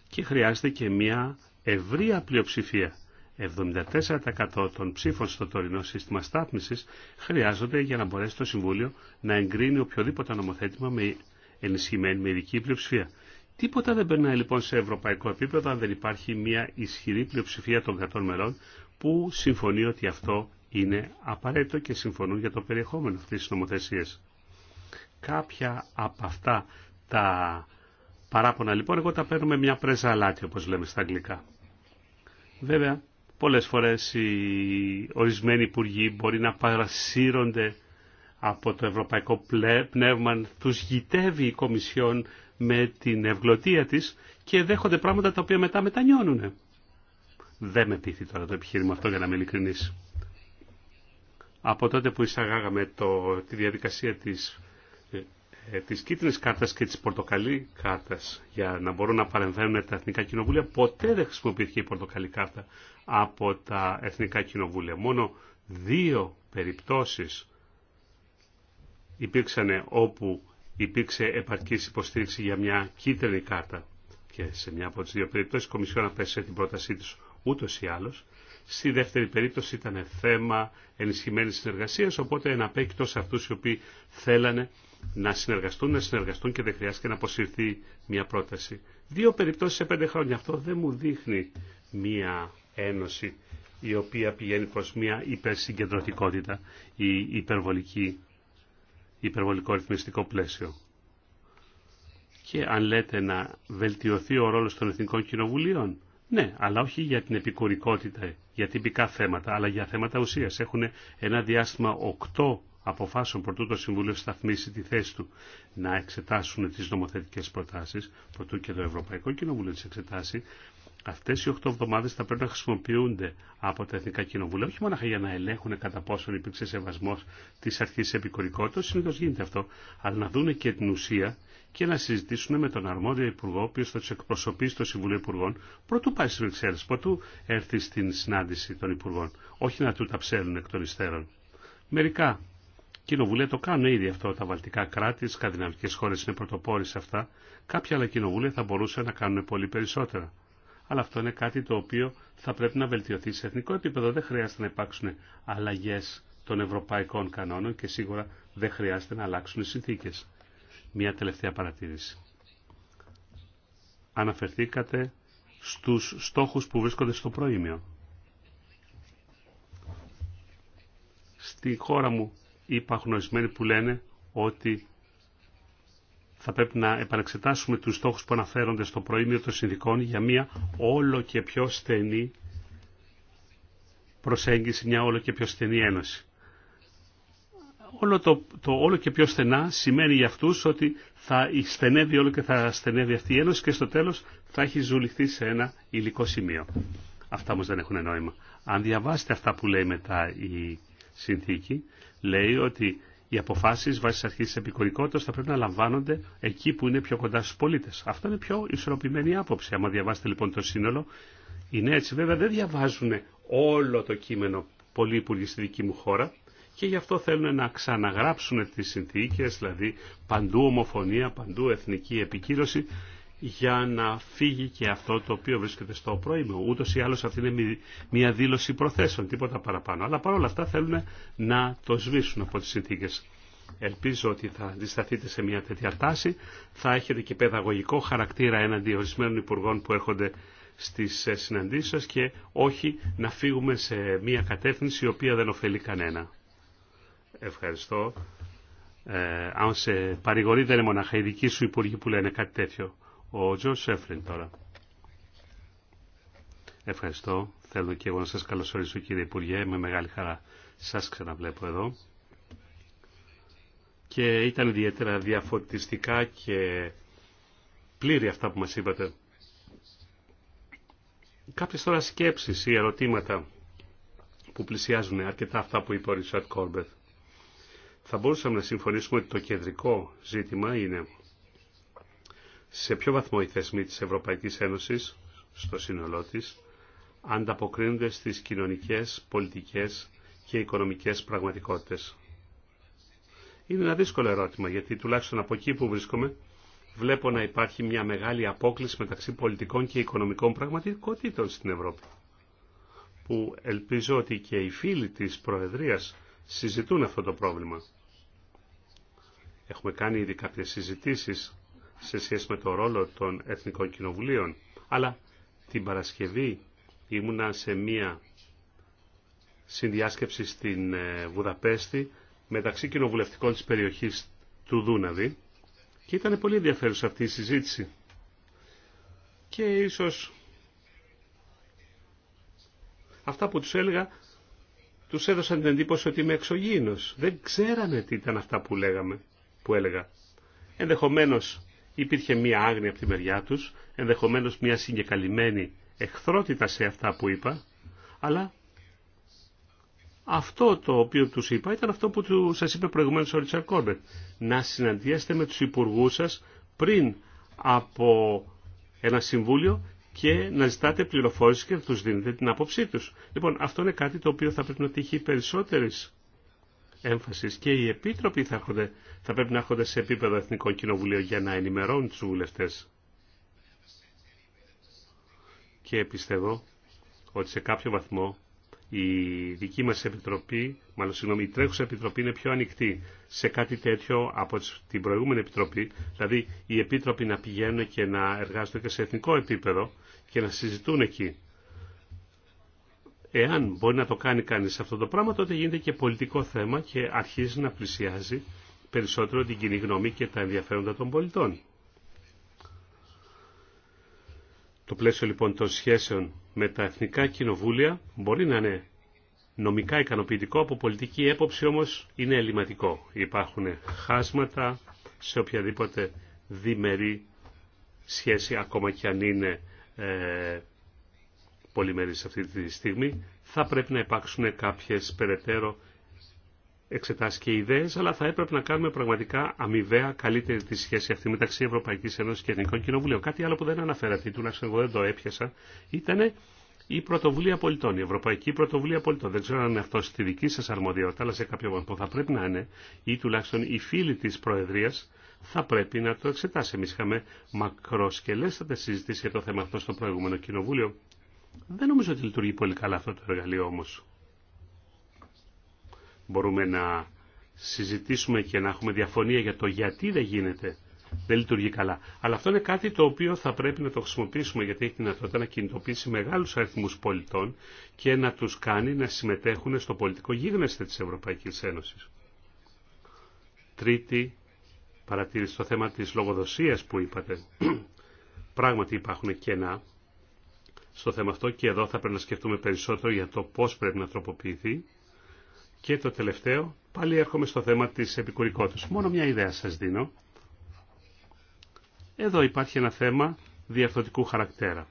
Και χρειάζεται και μια ευρεία πλειοψηφία. 74% των ψήφων στο τωρινό σύστημα στάθμισης χρειάζονται για να μπορέσει το Συμβούλιο να εγκρίνει οποιοδήποτε νομοθέτημα με ενισχυμένη με ειδική πλειοψηφία. Τίποτα δεν περνάει λοιπόν σε ευρωπαϊκό επίπεδο αν δεν υπάρχει μια ισχυρή πλειοψηφία των κρατών μελών που συμφωνεί ότι αυτό είναι απαραίτητο και συμφωνούν για το περιεχόμενο αυτής της νομοθεσίας. Κάποια από αυτά τα παράπονα λοιπόν εγώ τα παίρνω με μια πρέζα αλάτι όπως λέμε στα αγγλικά. Βέβαια πολλές φορές οι ορισμένοι υπουργοί μπορεί να παρασύρονται από το ευρωπαϊκό πνεύμα τους γητεύει η Κομισιόν με την ευγλωτία της και δέχονται πράγματα τα οποία μετά μετανιώνουν. Δεν με πείθει τώρα το επιχείρημα αυτό για να είμαι ειλικρινής. Από τότε που εισαγάγαμε το, τη διαδικασία της, ε, ε της κίτρινης κάρτας και της Πορτοκαλή κάρτας για να μπορούν να παρεμβαίνουν τα εθνικά κοινοβούλια, ποτέ δεν χρησιμοποιήθηκε η πορτοκαλί κάρτα από τα εθνικά κοινοβούλια. Μόνο δύο περιπτώσεις υπήρξαν όπου υπήρξε επαρκή υποστήριξη για μια κίτρινη κάρτα και σε μια από τι δύο περιπτώσει, η Κομισιόν απέσυρε την πρότασή τη ούτω ή άλλω. Στη δεύτερη περίπτωση ήταν θέμα ενισχυμένη συνεργασία, οπότε εναπέκτω σε αυτούς οι οποίοι θέλανε να συνεργαστούν, να συνεργαστούν και δεν χρειάστηκε να αποσυρθεί μια πρόταση. Δύο περιπτώσει σε πέντε χρόνια. Αυτό δεν μου δείχνει μια ένωση η οποία πηγαίνει προς μια υπερσυγκεντρωτικότητα ή υπερβολική υπερβολικό ρυθμιστικό πλαίσιο. Και αν λέτε να βελτιωθεί ο ρόλος των Εθνικών Κοινοβουλίων, ναι, αλλά όχι για την επικουρικότητα, για τυπικά θέματα, αλλά για θέματα ουσίας. Έχουν ένα διάστημα 8 αποφάσεων προτού το Συμβούλιο σταθμίσει τη θέση του να εξετάσουν τις νομοθετικές προτάσεις, προτού και το Ευρωπαϊκό Κοινοβούλιο τις εξετάσει, Αυτές οι 8 εβδομάδες θα πρέπει να χρησιμοποιούνται από τα Εθνικά Κοινοβούλια, όχι μόνο για να ελέγχουν κατά πόσον υπήρξε σεβασμός της αρχής επικορικότητας, συνήθως γίνεται αυτό, αλλά να δούνε και την ουσία και να συζητήσουν με τον αρμόδιο υπουργό, ο οποίος θα του εκπροσωπεί στο Συμβουλίο Υπουργών, πρωτού πάει στην Βρυξέλλε, πρωτού έρθει στην συνάντηση των Υπουργών. Όχι να του τα ψέλουν εκ των υστέρων. Μερικά κοινοβουλία το κάνουν ήδη αυτό. Τα βαλτικά κράτη, οι σκανδιναβικέ χώρε είναι πρωτοπόροι σε αυτά. Κάποια άλλα κοινοβούλια θα μπορούσαν να κάνουν πολύ περισσότερα αλλά αυτό είναι κάτι το οποίο θα πρέπει να βελτιωθεί σε εθνικό επίπεδο. Δεν χρειάζεται να υπάρξουν αλλαγέ των ευρωπαϊκών κανόνων και σίγουρα δεν χρειάζεται να αλλάξουν οι συνθήκε. Μία τελευταία παρατήρηση. Αναφερθήκατε στους στόχους που βρίσκονται στο προήμιο. Στη χώρα μου υπάρχουν ορισμένοι που λένε ότι θα πρέπει να επαναξετάσουμε τους στόχους που αναφέρονται στο προήμιο των συνδικών για μια όλο και πιο στενή προσέγγιση, μια όλο και πιο στενή ένωση. Όλο το, το όλο και πιο στενά σημαίνει για αυτούς ότι θα στενεύει όλο και θα στενεύει αυτή η ένωση και στο τέλος θα έχει ζουληθεί σε ένα υλικό σημείο. Αυτά όμως δεν έχουν νόημα. Αν διαβάσετε αυτά που λέει μετά η συνθήκη, λέει ότι οι αποφάσεις βάσει αρχή αρχής της θα πρέπει να λαμβάνονται εκεί που είναι πιο κοντά στου πολίτε. Αυτό είναι πιο ισορροπημένη άποψη. Αν διαβάσετε λοιπόν το σύνολο, είναι έτσι. Βέβαια δεν διαβάζουν όλο το κείμενο πολλοί υπουργοί στη δική μου χώρα και γι' αυτό θέλουν να ξαναγράψουν τι συνθήκε, δηλαδή παντού ομοφωνία, παντού εθνική επικύρωση για να φύγει και αυτό το οποίο βρίσκεται στο πρόημο. Ούτως ή άλλως αυτή είναι μια δήλωση προθέσεων, τίποτα παραπάνω. Αλλά παρόλα αυτά θέλουν να το σβήσουν από τις συνθήκες. Ελπίζω ότι θα αντισταθείτε σε μια τέτοια τάση. Θα έχετε και παιδαγωγικό χαρακτήρα έναντι ορισμένων υπουργών που έρχονται στις ε, συναντήσεις σας και όχι να φύγουμε σε μια κατεύθυνση η οποία δεν ωφελεί κανένα. Ευχαριστώ. Ε, αν σε παρηγορεί δεν είναι μοναχα οι δικοί σου που λένε κάτι τέτοιο. Ο Τζο Σέφριν τώρα. Ευχαριστώ. Θέλω και εγώ να σας καλωσορίσω κύριε Υπουργέ. Με μεγάλη χαρά σας ξαναβλέπω εδώ. Και ήταν ιδιαίτερα διαφωτιστικά και πλήρη αυτά που μας είπατε. Κάποιες τώρα σκέψεις ή ερωτήματα που πλησιάζουν αρκετά αυτά που είπε ο Ρίτσαρτ Κόρμπετ. Θα μπορούσαμε να συμφωνήσουμε ότι το κεντρικό ζήτημα είναι σε ποιο βαθμό οι θεσμοί της Ευρωπαϊκής Ένωσης στο σύνολό της ανταποκρίνονται στις κοινωνικές, πολιτικές και οικονομικές πραγματικότητες. Είναι ένα δύσκολο ερώτημα, γιατί τουλάχιστον από εκεί που βρίσκομαι, βλέπω να υπάρχει μια μεγάλη απόκληση μεταξύ πολιτικών και οικονομικών πραγματικότητων στην Ευρώπη, που ελπίζω ότι και οι φίλοι της Προεδρίας συζητούν αυτό το πρόβλημα. Έχουμε κάνει ήδη κάποιες συζητήσεις σε σχέση με το ρόλο των Εθνικών Κοινοβουλίων. Αλλά την Παρασκευή ήμουνα σε μία συνδιάσκεψη στην ε, Βουδαπέστη μεταξύ κοινοβουλευτικών της περιοχής του Δούναβη και ήταν πολύ ενδιαφέρουσα αυτή η συζήτηση. Και ίσως αυτά που τους έλεγα τους έδωσαν την εντύπωση ότι είμαι εξωγήινος. Δεν ξέρανε τι ήταν αυτά που λέγαμε, που έλεγα. Ενδεχομένως υπήρχε μία άγνοια από τη μεριά τους, ενδεχομένως μία συγκεκαλυμμένη εχθρότητα σε αυτά που είπα, αλλά αυτό το οποίο τους είπα ήταν αυτό που του, σας είπε προηγουμένως ο Ρίτσαρ Κόρμπετ. Να συναντιέστε με τους υπουργού σας πριν από ένα συμβούλιο και να ζητάτε πληροφόρηση και να τους δίνετε την άποψή τους. Λοιπόν, αυτό είναι κάτι το οποίο θα πρέπει να τύχει περισσότερες Έμφαση και οι επίτροποι θα, θα πρέπει να έρχονται σε επίπεδο Εθνικών Κοινοβουλίων για να ενημερώνουν τους βουλευτέ. Και πιστεύω ότι σε κάποιο βαθμό η δική μας επιτροπή, μάλλον συγγνώμη, η τρέχουσα επιτροπή είναι πιο ανοιχτή σε κάτι τέτοιο από την προηγούμενη επιτροπή, δηλαδή οι επίτροποι να πηγαίνουν και να εργάζονται και σε εθνικό επίπεδο και να συζητούν εκεί. Εάν μπορεί να το κάνει κανείς αυτό το πράγμα, τότε γίνεται και πολιτικό θέμα και αρχίζει να πλησιάζει περισσότερο την κοινή γνώμη και τα ενδιαφέροντα των πολιτών. Το πλαίσιο λοιπόν των σχέσεων με τα εθνικά κοινοβούλια μπορεί να είναι νομικά ικανοποιητικό, από πολιτική έποψη όμως είναι ελληματικό. Υπάρχουν χάσματα σε οποιαδήποτε διμερή σχέση, ακόμα και αν είναι ε, πολυμερείς αυτή τη στιγμή. Θα πρέπει να υπάρξουν κάποιες περαιτέρω εξετάσει και ιδέε, αλλά θα έπρεπε να κάνουμε πραγματικά αμοιβαία καλύτερη τη σχέση αυτή μεταξύ Ευρωπαϊκή Ένωση και Εθνικών Κοινοβουλίων. Κάτι άλλο που δεν αναφέρατε, τουλάχιστον εγώ δεν το έπιασα, ήταν η πρωτοβουλία πολιτών, η Ευρωπαϊκή Πρωτοβουλία Πολιτών. Δεν ξέρω αν είναι αυτό στη δική σα αρμοδιότητα, αλλά σε κάποιο βαθμό θα πρέπει να είναι, ή τουλάχιστον οι φίλοι τη Προεδρία θα πρέπει να το εξετάσει. Εμεί είχαμε μακροσκελέστατε συζητήσει για το θέμα αυτό στο προηγούμενο Κοινοβούλιο. Δεν νομίζω ότι λειτουργεί πολύ καλά αυτό το εργαλείο όμως. Μπορούμε να συζητήσουμε και να έχουμε διαφωνία για το γιατί δεν γίνεται, δεν λειτουργεί καλά. Αλλά αυτό είναι κάτι το οποίο θα πρέπει να το χρησιμοποιήσουμε γιατί έχει δυνατότητα να κινητοποιήσει μεγάλους αριθμούς πολιτών και να τους κάνει να συμμετέχουν στο πολιτικό γίγνεσθε της Ευρωπαϊκής Ένωσης. Τρίτη παρατήρηση στο θέμα της λογοδοσίας που είπατε. Πράγματι υπάρχουν κενά στο θέμα αυτό και εδώ θα πρέπει να σκεφτούμε περισσότερο για το πώς πρέπει να τροποποιηθεί. Και το τελευταίο, πάλι έρχομαι στο θέμα της επικουρικότητας. Μόνο μια ιδέα σας δίνω. Εδώ υπάρχει ένα θέμα διαρθωτικού χαρακτήρα.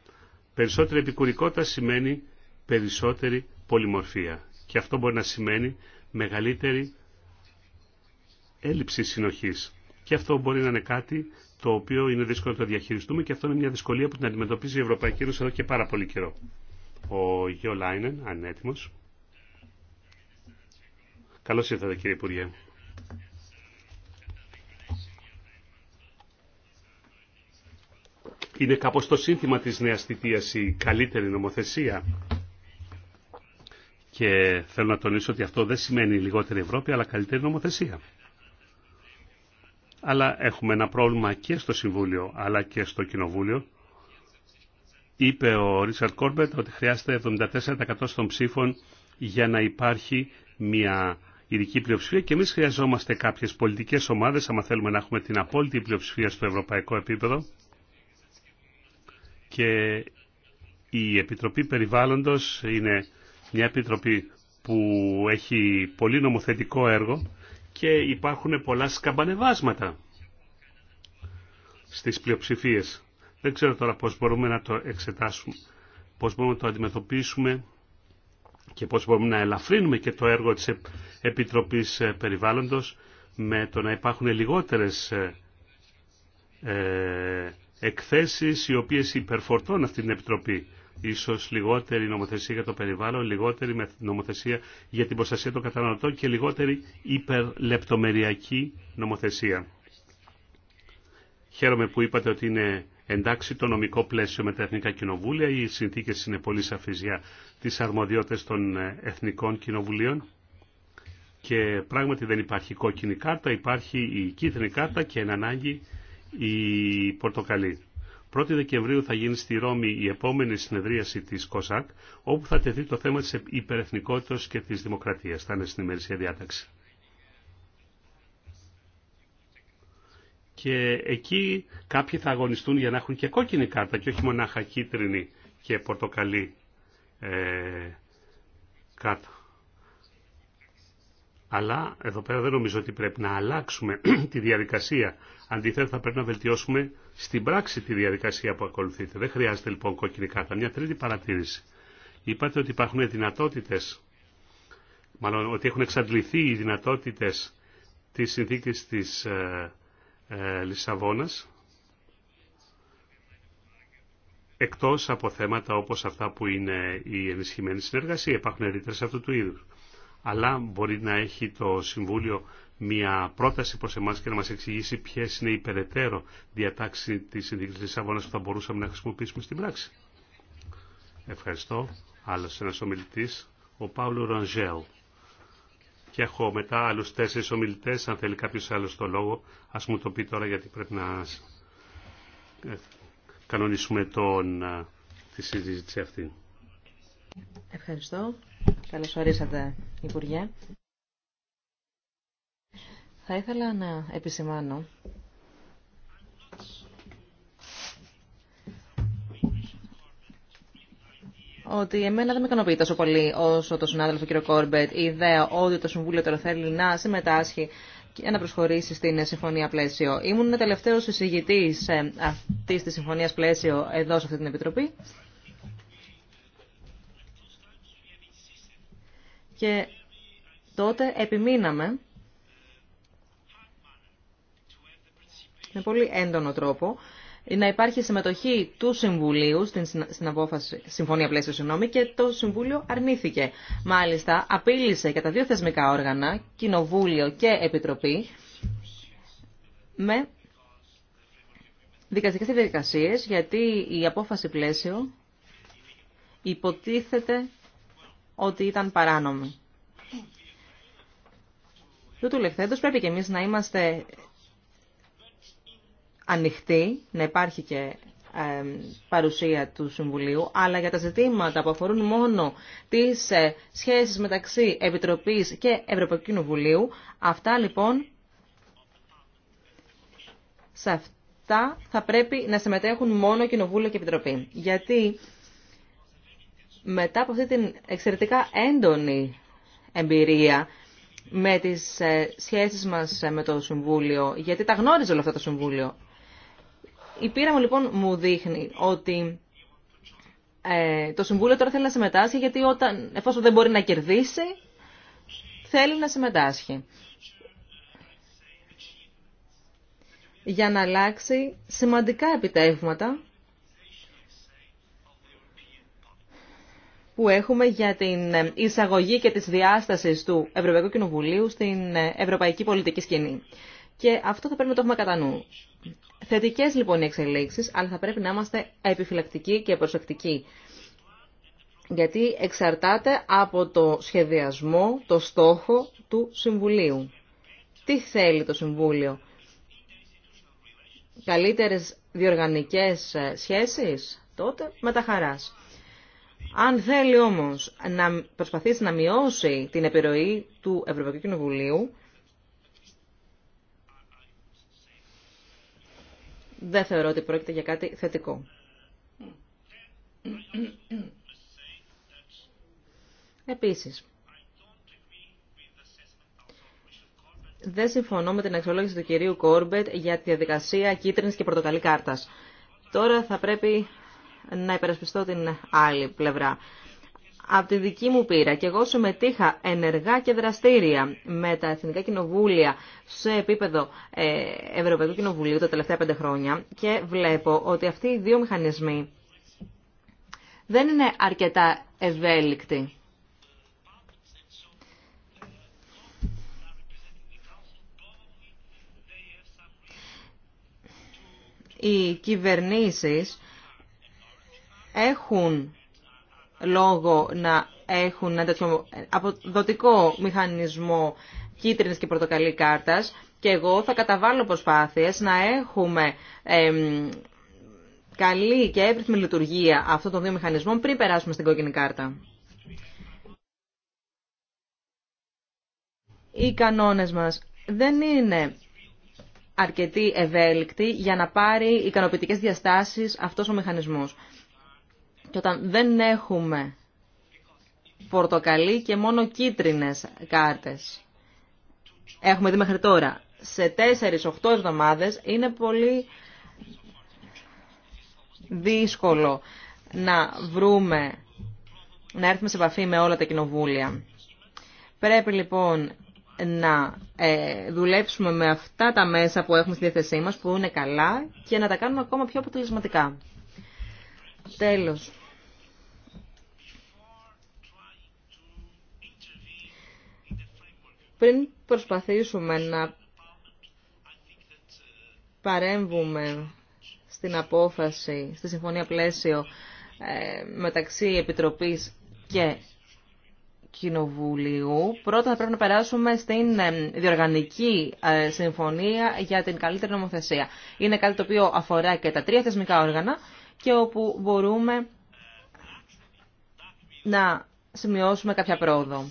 Περισσότερη επικουρικότητα σημαίνει περισσότερη πολυμορφία. Και αυτό μπορεί να σημαίνει μεγαλύτερη έλλειψη συνοχής. Και αυτό μπορεί να είναι κάτι το οποίο είναι δύσκολο να το διαχειριστούμε και αυτό είναι μια δυσκολία που την αντιμετωπίζει η Ευρωπαϊκή Ένωση εδώ και πάρα πολύ καιρό. Ο Γιώ Λάινεν, αν είναι έτοιμο. Καλώς ήρθατε κύριε Υπουργέ. Είναι κάπως το σύνθημα της νέας θητείας η καλύτερη νομοθεσία. Και θέλω να τονίσω ότι αυτό δεν σημαίνει λιγότερη Ευρώπη, αλλά καλύτερη νομοθεσία αλλά έχουμε ένα πρόβλημα και στο Συμβούλιο αλλά και στο Κοινοβούλιο. Είπε ο Ρίτσαρτ Κόρμπετ ότι χρειάζεται 74% των ψήφων για να υπάρχει μια ειδική πλειοψηφία και εμεί χρειαζόμαστε κάποιε πολιτικέ ομάδε, άμα θέλουμε να έχουμε την απόλυτη πλειοψηφία στο ευρωπαϊκό επίπεδο. Και η Επιτροπή Περιβάλλοντος είναι μια επιτροπή που έχει πολύ νομοθετικό έργο και υπάρχουν πολλά σκαμπανεβάσματα στις πλειοψηφίες. Δεν ξέρω τώρα πώς μπορούμε να το εξετάσουμε, πώς μπορούμε να το αντιμετωπίσουμε και πώς μπορούμε να ελαφρύνουμε και το έργο της Επιτροπής ε, Περιβάλλοντος με το να υπάρχουν λιγότερες ε, ε, εκθέσεις οι οποίες υπερφορτώνουν αυτή την Επιτροπή ίσως λιγότερη νομοθεσία για το περιβάλλον, λιγότερη νομοθεσία για την προστασία των καταναλωτών και λιγότερη υπερλεπτομεριακή νομοθεσία. Χαίρομαι που είπατε ότι είναι εντάξει το νομικό πλαίσιο με τα Εθνικά Κοινοβούλια. Οι συνθήκες είναι πολύ σαφείς για τις αρμοδιότητες των ε, Εθνικών Κοινοβουλίων. Και πράγματι δεν υπάρχει κόκκινη κάρτα, υπάρχει η κίτρινη κάρτα και εν ανάγκη η πορτοκαλί. 1η Δεκεμβρίου θα γίνει στη Ρώμη η επόμενη συνεδρίαση της ΚΟΣΑΚ, όπου θα τεθεί το θέμα της υπερεθνικότητας και της δημοκρατίας. Θα είναι στην ημερησία διάταξη. Και εκεί κάποιοι θα αγωνιστούν για να έχουν και κόκκινη κάρτα και όχι μονάχα κίτρινη και πορτοκαλί ε, Αλλά εδώ πέρα δεν νομίζω ότι πρέπει να αλλάξουμε τη διαδικασία. Αντίθετα θα πρέπει να βελτιώσουμε στην πράξη τη διαδικασία που ακολουθείτε. Δεν χρειάζεται λοιπόν κόκκινη κάρτα. Μια τρίτη παρατήρηση. Είπατε ότι υπάρχουν δυνατότητες, μάλλον ότι έχουν εξαντληθεί οι δυνατότητες της συνθήκης της ε, ε, Λισαβόνας, εκτός από θέματα όπως αυτά που είναι η ενισχυμένη συνεργασία. Υπάρχουν ρήτρες αυτού του είδου, Αλλά μπορεί να έχει το Συμβούλιο μια πρόταση προς εμάς και να μας εξηγήσει ποιες είναι οι περαιτέρω διατάξεις της Συνδίκης Λισαβόνας που θα μπορούσαμε να χρησιμοποιήσουμε στην πράξη. Ευχαριστώ. Άλλος ένας ομιλητής, ο Παύλο Ρανζέλ. Και έχω μετά άλλους τέσσερις ομιλητές, αν θέλει κάποιος άλλος το λόγο, ας μου το πει τώρα γιατί πρέπει να ε, κανονίσουμε τον, ε, τη συζήτηση αυτή. Ευχαριστώ. Καλώς ορίσατε, Υπουργέ. Θα ήθελα να επισημάνω ότι εμένα δεν με ικανοποιεί τόσο πολύ όσο το συνάδελφο κ. Κόρμπετ η ιδέα ότι το Συμβούλιο τώρα θέλει να συμμετάσχει και να προσχωρήσει στην συμφωνία πλαίσιο. Ήμουν τελευταίο εισηγητή ε, αυτή τη συμφωνία πλαίσιο εδώ σε αυτή την επιτροπή. Και τότε επιμείναμε με πολύ έντονο τρόπο να υπάρχει συμμετοχή του Συμβουλίου στην, στην απόφαση, συμφωνία πλαίσιο συγγνώμη, και το Συμβούλιο αρνήθηκε. Μάλιστα, απείλησε και τα δύο θεσμικά όργανα, Κοινοβούλιο και Επιτροπή, με δικαστικές διαδικασίες, γιατί η απόφαση πλαίσιο υποτίθεται ότι ήταν παράνομη. Τούτου λεχθέντος πρέπει και εμείς να είμαστε ανοιχτή, να υπάρχει και παρουσία του Συμβουλίου, αλλά για τα ζητήματα που αφορούν μόνο τις ε, σχέσεις μεταξύ Επιτροπής και Ευρωπαϊκού Κοινοβουλίου. Αυτά λοιπόν, σε αυτά θα πρέπει να συμμετέχουν μόνο Κοινοβούλιο και Επιτροπή. Γιατί μετά από αυτή την εξαιρετικά έντονη εμπειρία με τις ε, σχέσεις μας με το Συμβούλιο, γιατί τα γνώριζε όλα αυτό το Συμβούλιο, η πείρα μου λοιπόν μου δείχνει ότι ε, το Συμβούλιο τώρα θέλει να συμμετάσχει γιατί όταν, εφόσον δεν μπορεί να κερδίσει, θέλει να συμμετάσχει. Για να αλλάξει σημαντικά επιτεύγματα που έχουμε για την εισαγωγή και της διάστασης του Ευρωπαϊκού Κοινοβουλίου στην ε, ευρωπαϊκή πολιτική σκηνή. Και αυτό θα πρέπει να το έχουμε κατά νου. Θετικέ λοιπόν οι εξελίξει, αλλά θα πρέπει να είμαστε επιφυλακτικοί και προσεκτικοί. Γιατί εξαρτάται από το σχεδιασμό, το στόχο του Συμβουλίου. Τι θέλει το Συμβούλιο, καλύτερες διοργανικές ε, σχέσεις, τότε με τα χαράς. Αν θέλει όμως να προσπαθήσει να μειώσει την επιρροή του Ευρωπαϊκού Κοινοβουλίου, δεν θεωρώ ότι πρόκειται για κάτι θετικό. Επίσης, δεν συμφωνώ με την αξιολόγηση του κυρίου Κόρμπετ για τη διαδικασία κίτρινης και πορτοκαλί κάρτας. Τώρα θα πρέπει να υπερασπιστώ την άλλη πλευρά από τη δική μου πείρα και εγώ συμμετείχα ενεργά και δραστήρια με τα Εθνικά Κοινοβούλια σε επίπεδο ε, Ευρωπαϊκού Κοινοβουλίου τα τελευταία πέντε χρόνια και βλέπω ότι αυτοί οι δύο μηχανισμοί δεν είναι αρκετά ευέλικτοι. Οι κυβερνήσεις έχουν λόγο να έχουν ένα τέτοιο αποδοτικό μηχανισμό κίτρινης και πορτοκαλί κάρτας και εγώ θα καταβάλω προσπάθειες να έχουμε καλή και εύρυθμη λειτουργία αυτών των δύο μηχανισμών πριν περάσουμε στην κόκκινη κάρτα. Οι κανόνες μας δεν είναι αρκετοί ευέλικτοι για να πάρει ικανοποιητικές διαστάσεις αυτός ο μηχανισμός. Και όταν δεν έχουμε πορτοκαλί και μόνο κίτρινες κάρτες, έχουμε δει μέχρι τώρα, σε 4-8 εβδομάδες είναι πολύ δύσκολο να βρούμε, να έρθουμε σε επαφή με όλα τα κοινοβούλια. Πρέπει λοιπόν να ε, δουλέψουμε με αυτά τα μέσα που έχουμε στη διάθεσή μας, που είναι καλά, και να τα κάνουμε ακόμα πιο αποτελεσματικά. Τέλος. πριν προσπαθήσουμε να παρέμβουμε στην απόφαση, στη συμφωνία πλαίσιο ε, μεταξύ Επιτροπής και Κοινοβουλίου, πρώτα θα πρέπει να περάσουμε στην ε, διοργανική ε, συμφωνία για την καλύτερη νομοθεσία. Είναι κάτι το οποίο αφορά και τα τρία θεσμικά όργανα και όπου μπορούμε να σημειώσουμε κάποια πρόοδο.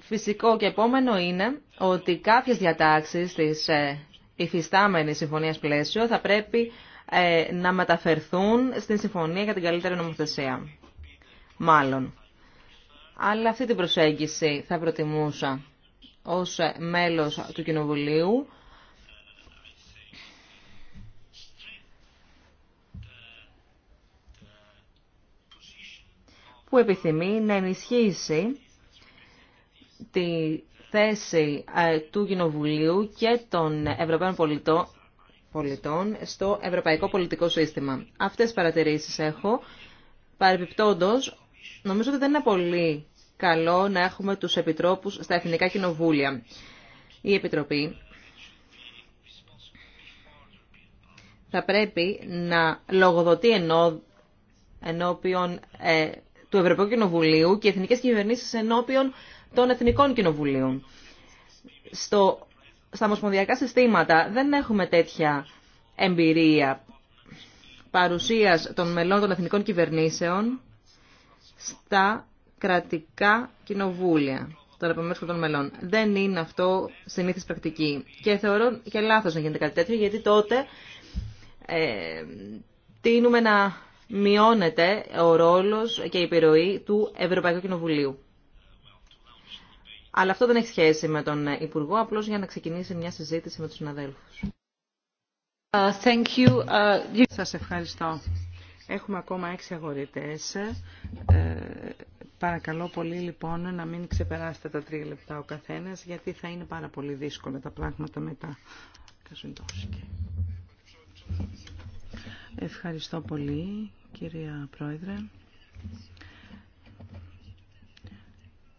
Φυσικό και επόμενο είναι ότι κάποιες διατάξεις της ε, υφιστάμενης συμφωνίας πλαίσιο θα πρέπει ε, να μεταφερθούν στην συμφωνία για την καλύτερη νομοθεσία. Μάλλον. Αλλά αυτή την προσέγγιση θα προτιμούσα ως ε, μέλος του Κοινοβουλίου που επιθυμεί να ενισχύσει τη θέση ε, του Κοινοβουλίου και των Ευρωπαίων πολιτών στο ευρωπαϊκό πολιτικό σύστημα. Αυτές τις παρατηρήσεις έχω. Παρεπιπτόντως, νομίζω ότι δεν είναι πολύ καλό να έχουμε τους επιτρόπους στα Εθνικά Κοινοβούλια. Η Επιτροπή θα πρέπει να λογοδοτεί ενώ, ενώπιον ε, του Ευρωπαϊκού Κοινοβουλίου και εθνικές κυβερνήσεις ενώπιον των Εθνικών Κοινοβουλίων. Στο, στα ομοσπονδιακά συστήματα δεν έχουμε τέτοια εμπειρία παρουσίας των μελών των εθνικών κυβερνήσεων στα κρατικά κοινοβούλια των επομένων των μελών. Δεν είναι αυτό συνήθι πρακτική. Και θεωρώ και λάθος να γίνεται κάτι τέτοιο, γιατί τότε ε, να μειώνεται ο ρόλος και η επιρροή του Ευρωπαϊκού Κοινοβουλίου. Αλλά αυτό δεν έχει σχέση με τον Υπουργό, απλώς για να ξεκινήσει μια συζήτηση με τους συναδέλφους. Ε, thank ε, you. Σας ευχαριστώ. Έχουμε ακόμα έξι αγορητέ. Ε, παρακαλώ πολύ λοιπόν να μην ξεπεράσετε τα τρία λεπτά ο καθένας, γιατί θα είναι πάρα πολύ δύσκολα τα πράγματα μετά. Ευχαριστώ πολύ, κυρία Πρόεδρε.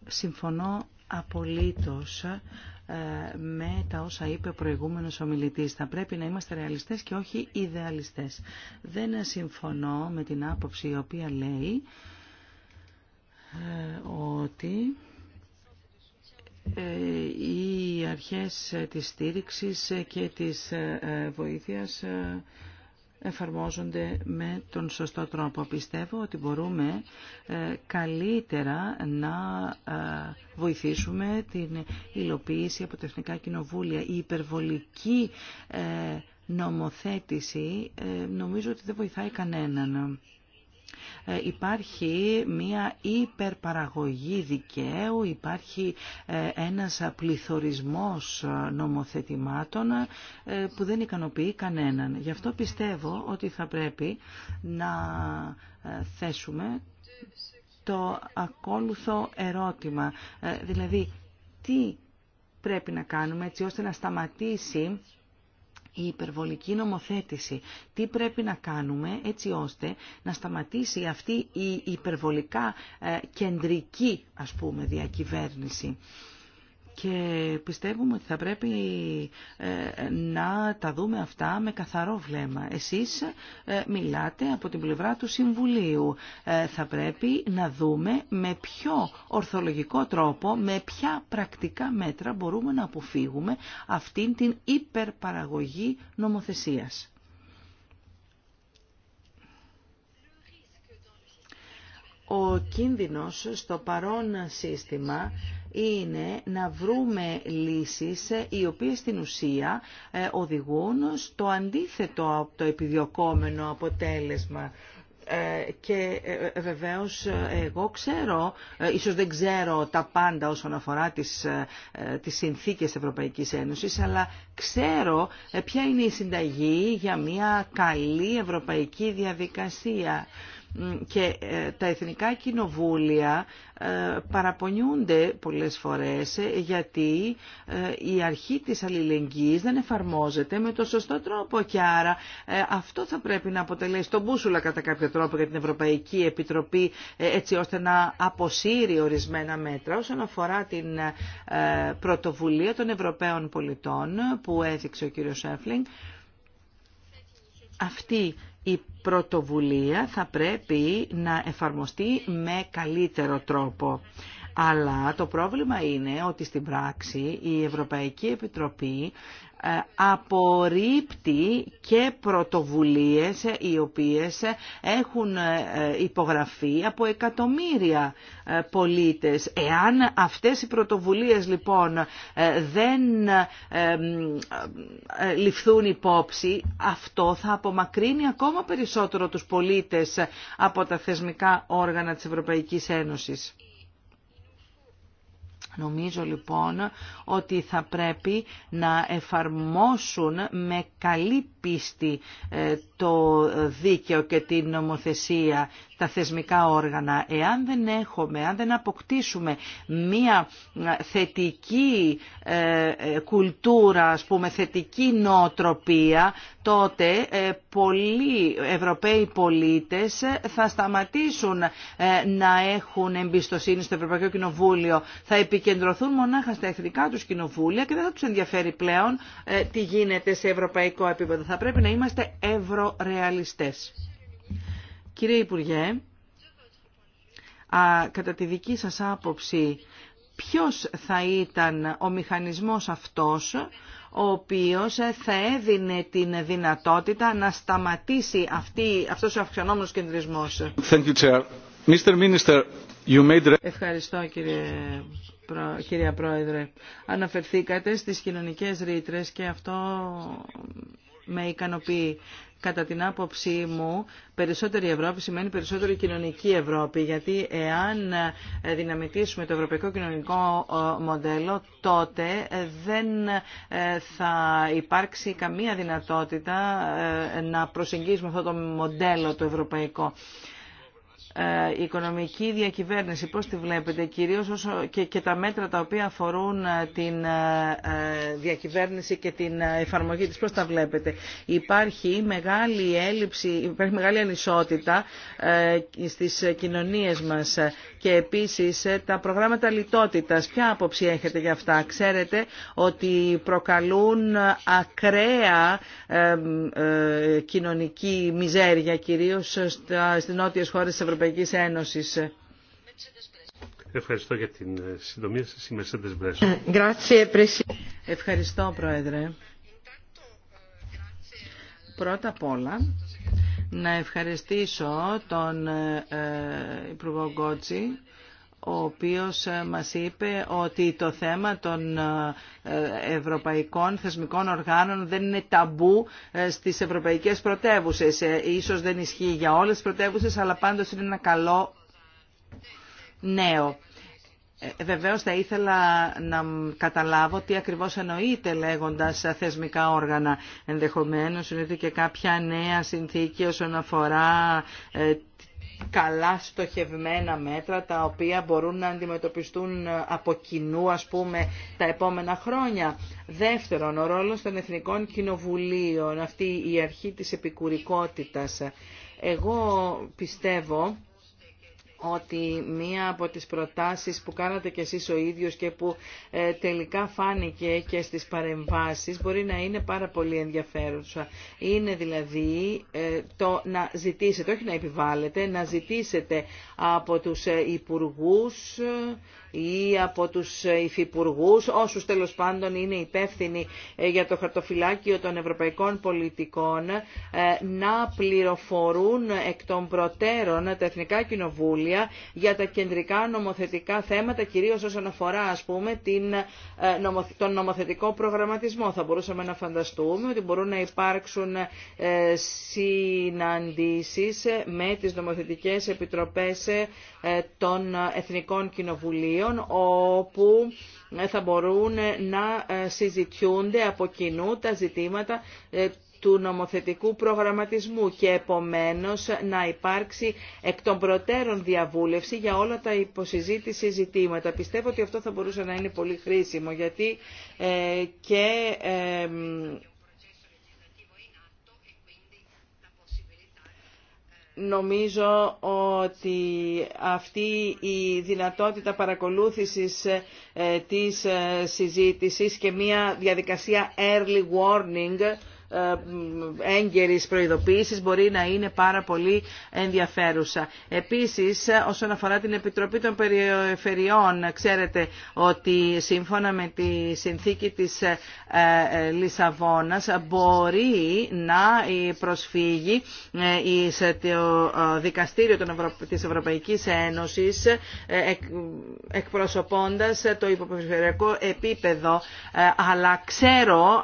Συμφωνώ απολύτως ε, με τα όσα είπε ο προηγούμενος ομιλητής. Θα πρέπει να είμαστε ρεαλιστές και όχι ιδεαλιστές. Δεν συμφωνώ με την άποψη η οποία λέει ε, ότι ε, οι αρχές της στήριξης και της βοήθειας εφαρμόζονται με τον σωστό τρόπο. Πιστεύω ότι μπορούμε ε, καλύτερα να ε, βοηθήσουμε την υλοποίηση από τεχνικά Κοινοβούλια. Η υπερβολική ε, νομοθέτηση νομίζω ότι δεν βοηθάει κανέναν. Ε, υπάρχει μία υπερπαραγωγή δικαίου, υπάρχει ε, ένας πληθωρισμός ε, νομοθετημάτων που δεν ικανοποιεί κανέναν. Γι' αυτό πιστεύω ότι θα πρέπει να θέσουμε το ακόλουθο ερώτημα. Δηλαδή, τι πρέπει να κάνουμε έτσι ώστε να σταματήσει η υπερβολική νομοθέτηση. Τι πρέπει να κάνουμε έτσι ώστε να σταματήσει αυτή η υπερβολικά ε, κεντρική ας πούμε διακυβέρνηση και πιστεύουμε ότι θα πρέπει ε, να τα δούμε αυτά με καθαρό βλέμμα. Εσείς ε, μιλάτε από την πλευρά του Συμβουλίου. Ε, θα πρέπει να δούμε με ποιο ορθολογικό τρόπο, με ποια πρακτικά μέτρα μπορούμε να αποφύγουμε αυτήν την υπερπαραγωγή νομοθεσίας. Ο κίνδυνος στο παρόν σύστημα είναι να βρούμε λύσεις ε, οι οποίες στην ουσία ε, οδηγούν στο αντίθετο από το επιδιωκόμενο αποτέλεσμα ε, και βεβαίως εγώ ξέρω, ίσως δεν ξέρω τα πάντα όσον αφορά τις, τις συνθήκες της Ευρωπαϊκής Ένωσης, αλλά ξέρω ποια είναι η συνταγή για μια καλή ευρωπαϊκή διαδικασία και ε, τα εθνικά κοινοβούλια ε, παραπονιούνται πολλές φορές ε, γιατί η αρχή της αλληλεγγύης δεν εφαρμόζεται με το σωστό τρόπο και άρα αυτό θα πρέπει να αποτελέσει τον μπούσουλα κατά κάποιο τρόπο για την Ευρωπαϊκή Επιτροπή έτσι ώστε να αποσύρει ορισμένα μέτρα όσον αφορά την πρωτοβουλία των Ευρωπαίων πολιτών που έδειξε ο κύριος Σέφλινγκ αυτή η πρωτοβουλία θα πρέπει να εφαρμοστεί με καλύτερο τρόπο. Αλλά το πρόβλημα είναι ότι στην πράξη η Ευρωπαϊκή Επιτροπή ε, απορρίπτει και πρωτοβουλίες ε, οι οποίες ε, έχουν υπογραφεί από εκατομμύρια πολίτες. Εάν αυτές οι πρωτοβουλίες λοιπόν δεν ληφθούν υπόψη, αυτό θα απομακρύνει ακόμα περισσότερο τους πολίτες από τα θεσμικά όργανα της Ευρωπαϊκής Ένωσης. Νομίζω λοιπόν ότι θα πρέπει να εφαρμόσουν με καλή πίστη ε, το δίκαιο και την νομοθεσία, τα θεσμικά όργανα. Εάν δεν έχουμε, αν δεν αποκτήσουμε μία ε, θετική ε, κουλτούρα, ας πούμε, θετική νοοτροπία, τότε πολλοί Ευρωπαίοι πολίτες θα σταματήσουν να έχουν εμπιστοσύνη στο Ευρωπαϊκό Κοινοβούλιο. Θα επικεντρωθούν μονάχα στα εθνικά τους κοινοβούλια και δεν θα τους ενδιαφέρει πλέον τι γίνεται σε ευρωπαϊκό επίπεδο πρέπει να είμαστε ευρωρεαλιστές. Κύριε Υπουργέ, α, κατά τη δική σας άποψη, ποιος θα ήταν ο μηχανισμός αυτός ο οποίος θα έδινε την δυνατότητα να σταματήσει αυτή, αυτός ο αυξανόμενος κεντρισμός. Thank you, Chair. Mr. Minister, you made... Ευχαριστώ κύριε κυρία Πρόεδρε. Αναφερθήκατε στις κοινωνικές ρήτρες και αυτό με ικανοποιεί. Κατά την άποψή μου, περισσότερη Ευρώπη σημαίνει περισσότερη κοινωνική Ευρώπη, γιατί εάν ε, δυναμητήσουμε το ευρωπαϊκό κοινωνικό ε, μοντέλο, τότε δεν ε, θα υπάρξει καμία δυνατότητα να προσεγγίσουμε αυτό το μοντέλο το ευρωπαϊκό. Ε, η οικονομική διακυβέρνηση, πώς τη βλέπετε, κυρίως όσο και, τα μέτρα τα οποία αφορούν ε, την ε, διακυβέρνηση και την εφαρμογή της, πώς τα βλέπετε. Υπάρχει μεγάλη έλλειψη, υπάρχει μεγάλη ανισότητα στις κοινωνίες μας και επίσης τα προγράμματα λιτότητας. Ποια άποψη έχετε για αυτά. Ξέρετε ότι προκαλούν ακραία κοινωνική μιζέρια, κυρίως στις νότιες χώρες της Ευρωπαϊκής Ένωσης. Ευχαριστώ για την ε, συντομία σας, η Mercedes Μπρέσο. Ευχαριστώ, Πρόεδρε. Πρώτα απ' όλα, να ευχαριστήσω τον ε, ε, Υπουργό Γκότσι ο οποίος ε, μας είπε ότι το θέμα των ε, ευρωπαϊκών θεσμικών οργάνων δεν είναι ταμπού ε, στις ευρωπαϊκές πρωτεύουσες. Ίσως δεν ισχύει για όλες τις πρωτεύουσες, αλλά πάντως είναι ένα καλό νέο. Βεβαίως θα ήθελα να καταλάβω τι ακριβώς εννοείται λέγοντας θεσμικά όργανα. Ενδεχομένως είναι και κάποια νέα συνθήκη όσον αφορά καλά στοχευμένα μέτρα τα οποία μπορούν να αντιμετωπιστούν από κοινού ας πούμε τα επόμενα χρόνια. Δεύτερον, ο ρόλος των Εθνικών Κοινοβουλίων, αυτή η αρχή της επικουρικότητας. Εγώ πιστεύω ότι μία από τις προτάσεις που κάνατε κι εσείς ο ίδιος και που ε, τελικά φάνηκε και στις παρεμβάσεις μπορεί να είναι πάρα πολύ ενδιαφέρουσα. Είναι δηλαδή ε, το να ζητήσετε, όχι να επιβάλλετε, να ζητήσετε από τους ε, υπουργούς ή από τους υφυπουργού, όσους τέλος πάντων είναι υπεύθυνοι για το χαρτοφυλάκιο των ευρωπαϊκών πολιτικών, να πληροφορούν εκ των προτέρων τα Εθνικά Κοινοβούλια για τα κεντρικά νομοθετικά θέματα, κυρίως όσον αφορά ας πούμε την, ε, τον νομοθετικό προγραμματισμό. Θα μπορούσαμε να φανταστούμε ότι μπορούν να υπάρξουν ε, συναντήσεις ε, με τις νομοθετικές επιτροπές των Εθνικών Κοινοβουλίων όπου θα μπορούν να συζητιούνται από κοινού τα ζητήματα του νομοθετικού προγραμματισμού και επομένως να υπάρξει εκ των προτέρων διαβούλευση για όλα τα υποσυζήτηση ζητήματα. Πιστεύω ότι αυτό θα μπορούσε να είναι πολύ χρήσιμο γιατί ε, και... Νομίζω ότι αυτή η δυνατότητα παρακολούθησης ε, της ε, συζήτησης και μια διαδικασία early warning ε, έγκαιρης προειδοποίησης μπορεί να είναι πάρα πολύ ενδιαφέρουσα. Επίσης, όσον αφορά την Επιτροπή των Περιφερειών, ξέρετε ότι σύμφωνα με τη συνθήκη της ε, ε, Λισαβόνας μπορεί να προσφύγει το Δικαστήριο της Ευρωπαϊκής Ένωσης εκπροσωπώντας το υποπεριφερειακό επίπεδο. Αλλά ξέρω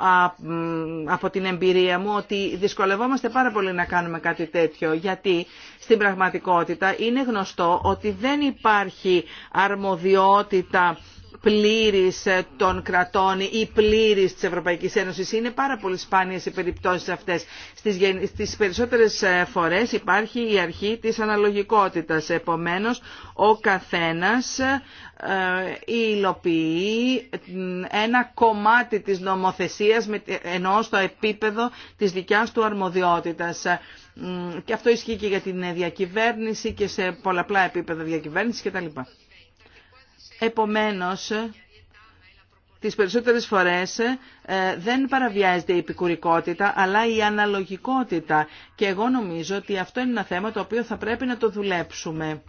από την εμπειρία μου ότι δυσκολευόμαστε πάρα πολύ να κάνουμε κάτι τέτοιο γιατί στην πραγματικότητα είναι γνωστό ότι δεν υπάρχει αρμοδιότητα πλήρης ε, των κρατών ή πλήρης της Ευρωπαϊκής Ένωσης. Είναι πάρα πολύ σπάνιες οι περιπτώσεις αυτές. Στις, στις περισσότερες ε, φορές υπάρχει η αρχή της αναλογικότητας. Επομένως, ο καθένας ε, υλοποιεί ένα κομμάτι της νομοθεσίας ενώ στο επίπεδο της δικιάς του αρμοδιότητας. Και αυτό ισχύει και για την διακυβέρνηση και σε πολλαπλά επίπεδα διακυβέρνησης κτλ. Επομένως, τις περισσότερες φορές ε, δεν παραβιάζεται η επικουρικότητα αλλά η αναλογικότητα και εγώ νομίζω ότι αυτό είναι ένα θέμα το οποίο θα πρέπει να το δουλέψουμε.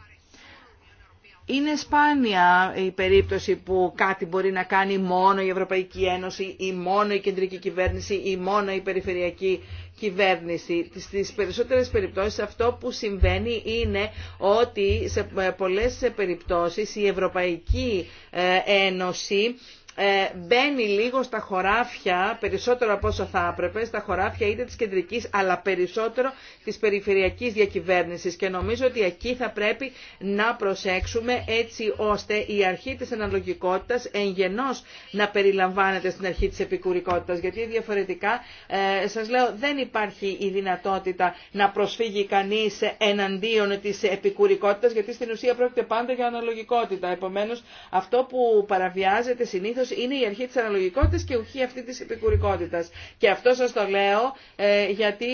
Είναι σπάνια η περίπτωση που κάτι μπορεί να κάνει μόνο η Ευρωπαϊκή Ένωση ή μόνο η Κεντρική Κυβέρνηση ή μόνο η Περιφερειακή κυβέρνηση. Στις περισσότερες περιπτώσεις αυτό που συμβαίνει είναι ότι σε ε, πολλές ε, περιπτώσεις η Ευρωπαϊκή ε, Ένωση ε, μπαίνει λίγο στα χωράφια, περισσότερο από όσο θα έπρεπε, στα χωράφια είτε της κεντρικής αλλά περισσότερο της περιφερειακής διακυβέρνησης και νομίζω ότι εκεί θα πρέπει να προσέξουμε έτσι ώστε η αρχή της αναλογικότητας εγγενώς να περιλαμβάνεται στην αρχή της επικουρικότητας γιατί διαφορετικά ε, σας λέω δεν υπάρχει η δυνατότητα να προσφύγει κανείς εναντίον της επικουρικότητας γιατί στην ουσία πρόκειται πάντα για αναλογικότητα. Επομένως αυτό που παραβιάζεται συνήθως είναι η αρχή τη αναλογικότητα και ουχή αυτή της επικουρικότητας. Και αυτό σα το λέω ε, γιατί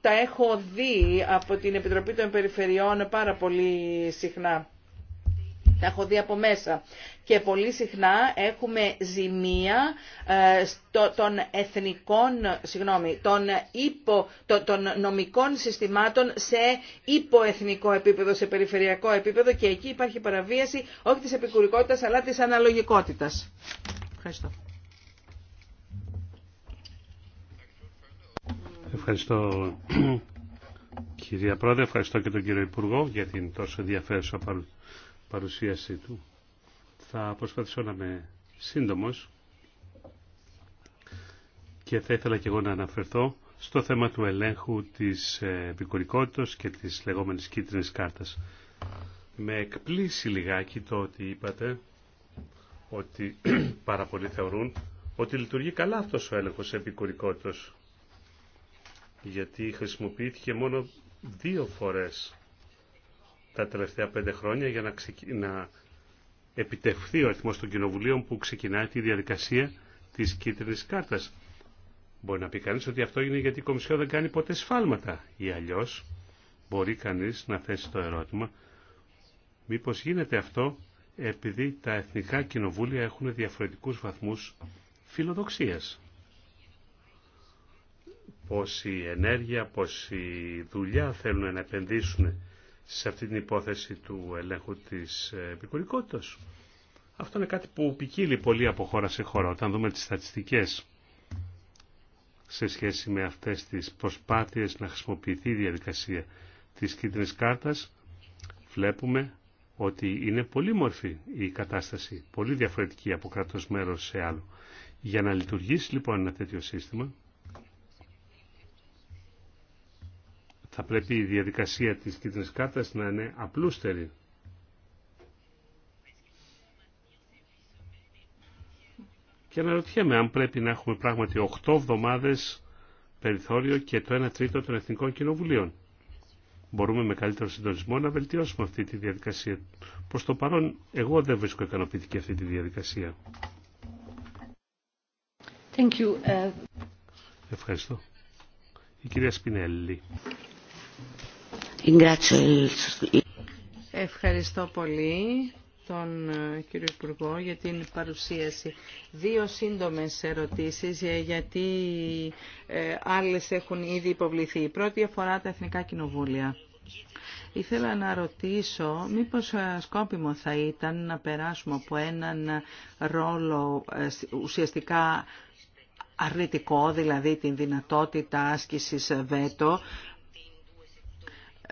τα έχω δει από την Επιτροπή των Περιφερειών πάρα πολύ συχνά τα έχω δει από μέσα. Και πολύ συχνά έχουμε ζημία ε, στο, των εθνικών, συγγνώμη, των, υπο, το, νομικών συστημάτων σε υποεθνικό επίπεδο, σε περιφερειακό επίπεδο και εκεί υπάρχει παραβίαση όχι της επικουρικότητας αλλά της αναλογικότητας. Ευχαριστώ. Ευχαριστώ κυρία Πρόεδρε, ευχαριστώ και τον κύριο Υπουργό για την τόσο ενδιαφέρουσα παρουσίαση του. Θα προσπαθήσω να είμαι σύντομος και θα ήθελα και εγώ να αναφερθώ στο θέμα του ελέγχου της επικουρικότητας και της λεγόμενης κίτρινης κάρτας. Με εκπλήσει λιγάκι το ότι είπατε ότι πάρα πολλοί θεωρούν ότι λειτουργεί καλά αυτός ο έλεγχος επικουρικότητας γιατί χρησιμοποιήθηκε μόνο δύο φορές τα τελευταία πέντε χρόνια για να, να επιτευχθεί ο αριθμός των κοινοβουλίων που ξεκινάει τη διαδικασία της κίτρινης κάρτας. Μπορεί να πει κανείς ότι αυτό γίνεται... γιατί η Κομισιό δεν κάνει ποτέ σφάλματα ή αλλιώς μπορεί κανείς να θέσει το ερώτημα μήπως γίνεται αυτό επειδή τα εθνικά κοινοβούλια έχουν διαφορετικούς βαθμούς φιλοδοξίας. Πόση ενέργεια, πόση δουλειά θέλουν να επενδύσουν σε αυτή την υπόθεση του ελέγχου της ε, επικουρικότητας. Αυτό είναι κάτι που ποικίλει πολύ από χώρα σε χώρα. Όταν δούμε τις στατιστικές σε σχέση με αυτές τις προσπάθειες να χρησιμοποιηθεί η διαδικασία της κίτρινης κάρτας, βλέπουμε ότι είναι πολύ μορφή η κατάσταση, πολύ διαφορετική από κράτος μέρος σε άλλο. Για να λειτουργήσει λοιπόν ένα τέτοιο σύστημα, Θα πρέπει η διαδικασία της κίτρινης κάρτας να είναι απλούστερη. Και αναρωτιέμαι αν πρέπει να έχουμε πράγματι 8 εβδομάδες περιθώριο και το 1 τρίτο των Εθνικών Κοινοβουλίων. Μπορούμε με καλύτερο συντονισμό να βελτιώσουμε αυτή τη διαδικασία. Προς το παρόν, εγώ δεν βρίσκω ικανοποιητική αυτή τη διαδικασία. Thank you. Ε. Ευχαριστώ. Η κυρία Σπινέλη. Ευχαριστώ πολύ τον ε, κύριο Υπουργό για την παρουσίαση. Δύο σύντομες ερωτήσεις, ε, γιατί ε, άλλες έχουν ήδη υποβληθεί. Η πρώτη αφορά τα Εθνικά Κοινοβούλια. Ήθελα να ρωτήσω μήπως σκόπιμο θα ήταν να περάσουμε από έναν ρόλο ουσιαστικά αρνητικό, δηλαδή την δυνατότητα άσκησης βέτο,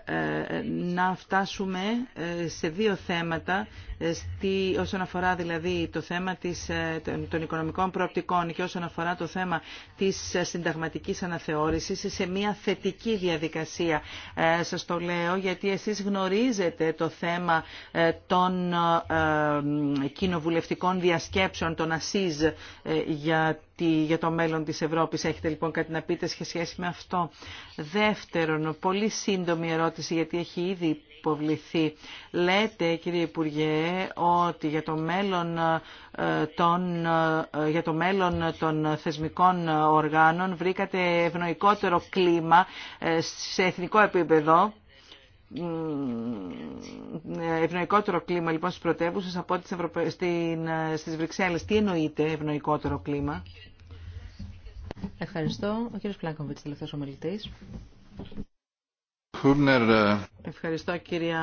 ε, ε, να φτάσουμε ε, σε δύο θέματα όσον αφορά δηλαδή το θέμα της, ε, των οικονομικών προοπτικών και όσον αφορά το θέμα της ε, συνταγματικής αναθεώρησης σε μια θετική διαδικασία. Ε, σας το λέω γιατί εσείς γνωρίζετε το θέμα ε, των κοινοβουλευτικών διασκέψεων, των ΑΣΥΖ για για το μέλλον της Ευρώπης. Έχετε λοιπόν κάτι να πείτε σε σχέση με αυτό. Δεύτερον, πολύ σύντομη ερώτηση γιατί έχει ήδη υποβληθεί. Λέτε κύριε Υπουργέ ότι για το μέλλον ε, των, ε, για το μέλλον των θεσμικών οργάνων βρήκατε ευνοϊκότερο κλίμα ε, σε εθνικό επίπεδο ευνοϊκότερο κλίμα λοιπόν στις πρωτεύουσες από ό,τι στις Βρυξέλλες. Τι εννοείται ευνοϊκότερο κλίμα? Ευχαριστώ. Ο κύριος Πλάκοβιτς, τελευταίος ομιλητής. Ε, Ευχαριστώ κυρία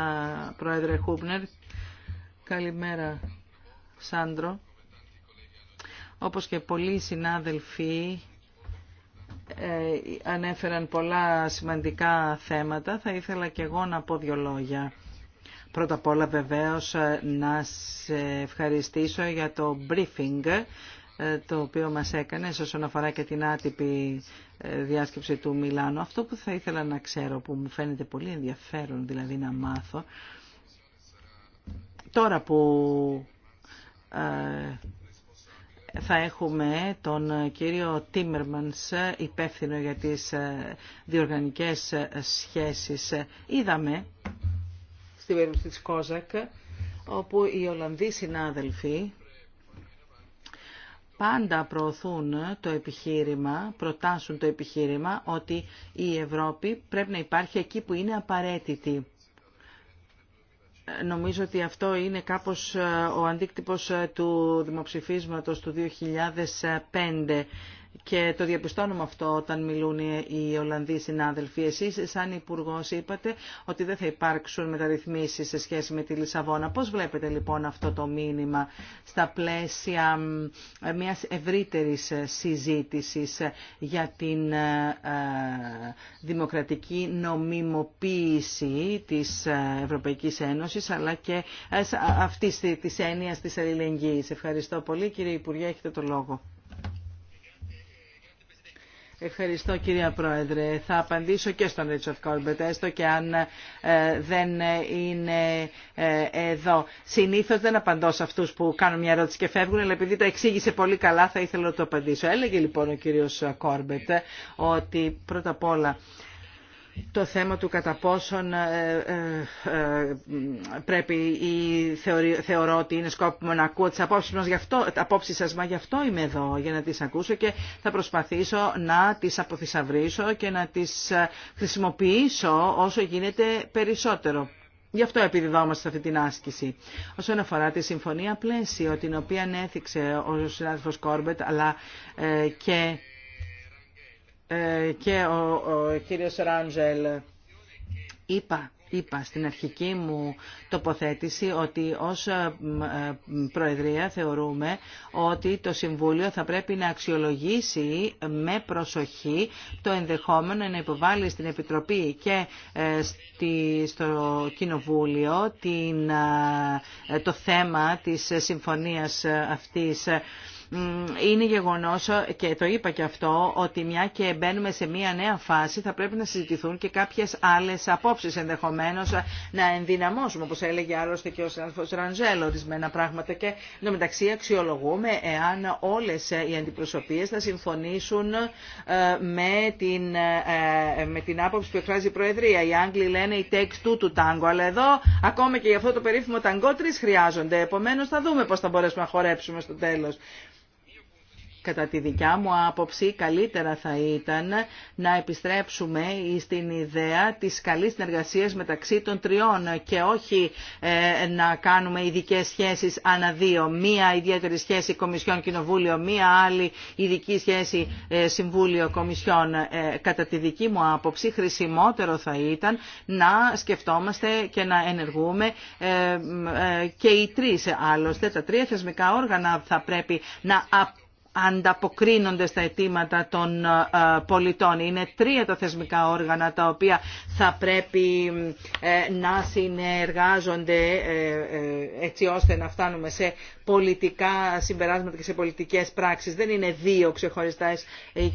Πρόεδρε Χούμπνερ. Καλημέρα Σάντρο. Όπως και πολλοί συνάδελφοι ε, ανέφεραν πολλά σημαντικά θέματα, θα ήθελα και εγώ να πω δύο λόγια. Πρώτα απ' όλα βεβαίως να σε ευχαριστήσω για το briefing ε, το οποίο μας έκανε όσον αφορά και την άτυπη ε, διάσκεψη του Μιλάνου. Αυτό που θα ήθελα να ξέρω, που μου φαίνεται πολύ ενδιαφέρον δηλαδή να μάθω, τώρα που ε, θα έχουμε τον κύριο Τίμερμανς υπεύθυνο για τις διοργανικές σχέσεις. Είδαμε στην περίπτωση της Κόζακ όπου οι Ολλανδοί συνάδελφοι πάντα προωθούν το επιχείρημα, προτάσουν το επιχείρημα ότι η Ευρώπη πρέπει να υπάρχει εκεί που είναι απαραίτητη. Νομίζω ότι αυτό είναι κάπως ε, ο αντίκτυπος ε, του δημοψηφίσματος του 2005 και το διαπιστώνουμε αυτό όταν μιλούν οι Ολλανδοί συνάδελφοι. Εσείς σαν υπουργό είπατε ότι δεν θα υπάρξουν μεταρρυθμίσεις σε σχέση με τη Λισαβόνα. Πώς βλέπετε λοιπόν αυτό το μήνυμα στα πλαίσια μιας ευρύτερη συζήτησης για την ε, δημοκρατική νομιμοποίηση της ε, Ευρωπαϊκής Ένωσης αλλά και ε, αυτή τη έννοια τη αλληλεγγύη. Ευχαριστώ πολύ κύριε Υπουργέ, έχετε το λόγο. Ευχαριστώ κυρία Πρόεδρε. Θα απαντήσω και στον Ρίτσορτ Κόρμπετ, έστω και αν ε, δεν είναι ε, εδώ. Συνήθω δεν απαντώ σε αυτού που κάνουν μια ερώτηση και φεύγουν, αλλά επειδή τα εξήγησε πολύ καλά θα ήθελα να το απαντήσω. Έλεγε λοιπόν ο κύριο Κόρμπετ ότι πρώτα απ' όλα το θέμα του κατά πόσον ε, ε, ε, πρέπει ή θεωρώ ότι είναι σκόπιμο να ακούω τις απόψεις, μας γι αυτό, απόψεις σας, μα γι' αυτό είμαι εδώ, για να τις ακούσω και θα προσπαθήσω να τις αποθυσαυρίσω και να τις χρησιμοποιήσω όσο γίνεται περισσότερο. Γι' αυτό επιδιδόμαστε αυτή την άσκηση. Όσον αφορά τη συμφωνία πλαίσιο, την οποία ανέθιξε ο συνάδελφος Κόρμπετ, αλλά και ε, και ο, ο κύριος Ράντζελ είπα είπα στην αρχική μου τοποθέτηση ότι ως ε, ε, Προεδρία θεωρούμε ότι το Συμβούλιο θα πρέπει να αξιολογήσει με προσοχή το ενδεχόμενο να υποβάλει στην Επιτροπή και στο Κοινοβούλιο το θέμα της συμφωνίας αυτής είναι γεγονός ε, και το είπα και αυτό ότι μια και μπαίνουμε σε μια νέα φάση θα πρέπει να συζητηθούν και κάποιες άλλες απόψεις ενδεχομένως ε, να ενδυναμώσουμε όπως έλεγε άλλωστε και ο Σανφο Ρανζέλ ορισμένα πράγματα και ενώ μεταξύ αξιολογούμε εάν όλες ε, οι αντιπροσωπείες θα συμφωνήσουν με την, με την άποψη που εκφράζει η Προεδρία. Οι Άγγλοι λένε η take two του τάγκο αλλά εδώ ακόμα και για αυτό το περίφημο ταγκό τρεις χρειάζονται. Επομένως θα δούμε πώς θα μπορέσουμε να χορέψουμε στο τέλος κατά τη δικιά μου άποψη καλύτερα θα ήταν να επιστρέψουμε στην ιδέα της καλής συνεργασίας μεταξύ των τριών και όχι ε, να κάνουμε ειδικέ σχέσεις ανά δύο. Μία ιδιαίτερη σχέση Κομισιόν-Κοινοβούλιο, μία άλλη ειδική σχέση ε, Συμβούλιο-Κομισιόν. Ε, κατά τη δική μου άποψη χρησιμότερο θα ήταν να σκεφτόμαστε και να ενεργούμε και οι τρεις άλλωστε. Τα τρία θεσμικά όργανα θα πρέπει να ανταποκρίνονται στα αιτήματα των ε, ε, πολιτών. Είναι τρία τα θεσμικά όργανα τα οποία θα πρέπει ε, να συνεργάζονται έτσι ώστε να φτάνουμε σε πολιτικά συμπεράσματα και σε πολιτικές πράξεις. Δεν είναι δύο ξεχωριστά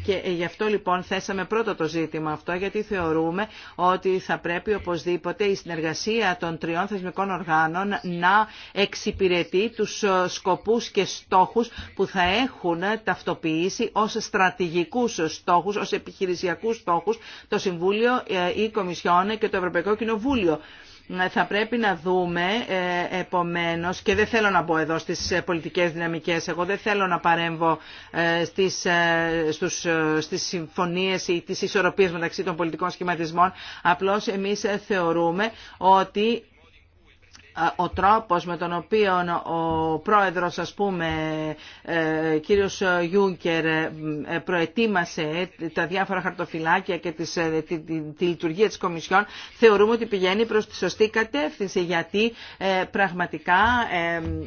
και γι' αυτό λοιπόν θέσαμε πρώτο το ζήτημα αυτό γιατί θεωρούμε ότι θα πρέπει οπωσδήποτε η συνεργασία των τριών θεσμικών οργάνων να εξυπηρετεί τους σκοπούς και στόχους που θα έχουν ταυτοποιήσει ως στρατηγικούς στόχους, ως επιχειρησιακούς στόχους το Συμβούλιο, ε, η Κομισιόν και το Ευρωπαϊκό Κοινοβούλιο ε, θα πρέπει να δούμε ε, επομένως και δεν θέλω να μπω εδώ στις πολιτικές δυναμικές εγώ δεν θέλω να παρέμβω στις, στους, στις συμφωνίες ή τις ισορροπίες μεταξύ των πολιτικών σχηματισμών απλώς εμείς θεωρούμε ότι ο τρόπος με τον οποίο ο πρόεδρος, ας πούμε, ε, κύριος Γιούγκερ ε, προετοίμασε τα διάφορα χαρτοφυλάκια και τις, ε, τη, τη, τη, λειτουργία της Κομισιόν, θεωρούμε ότι πηγαίνει προς τη σωστή κατεύθυνση, γιατί πραγματικά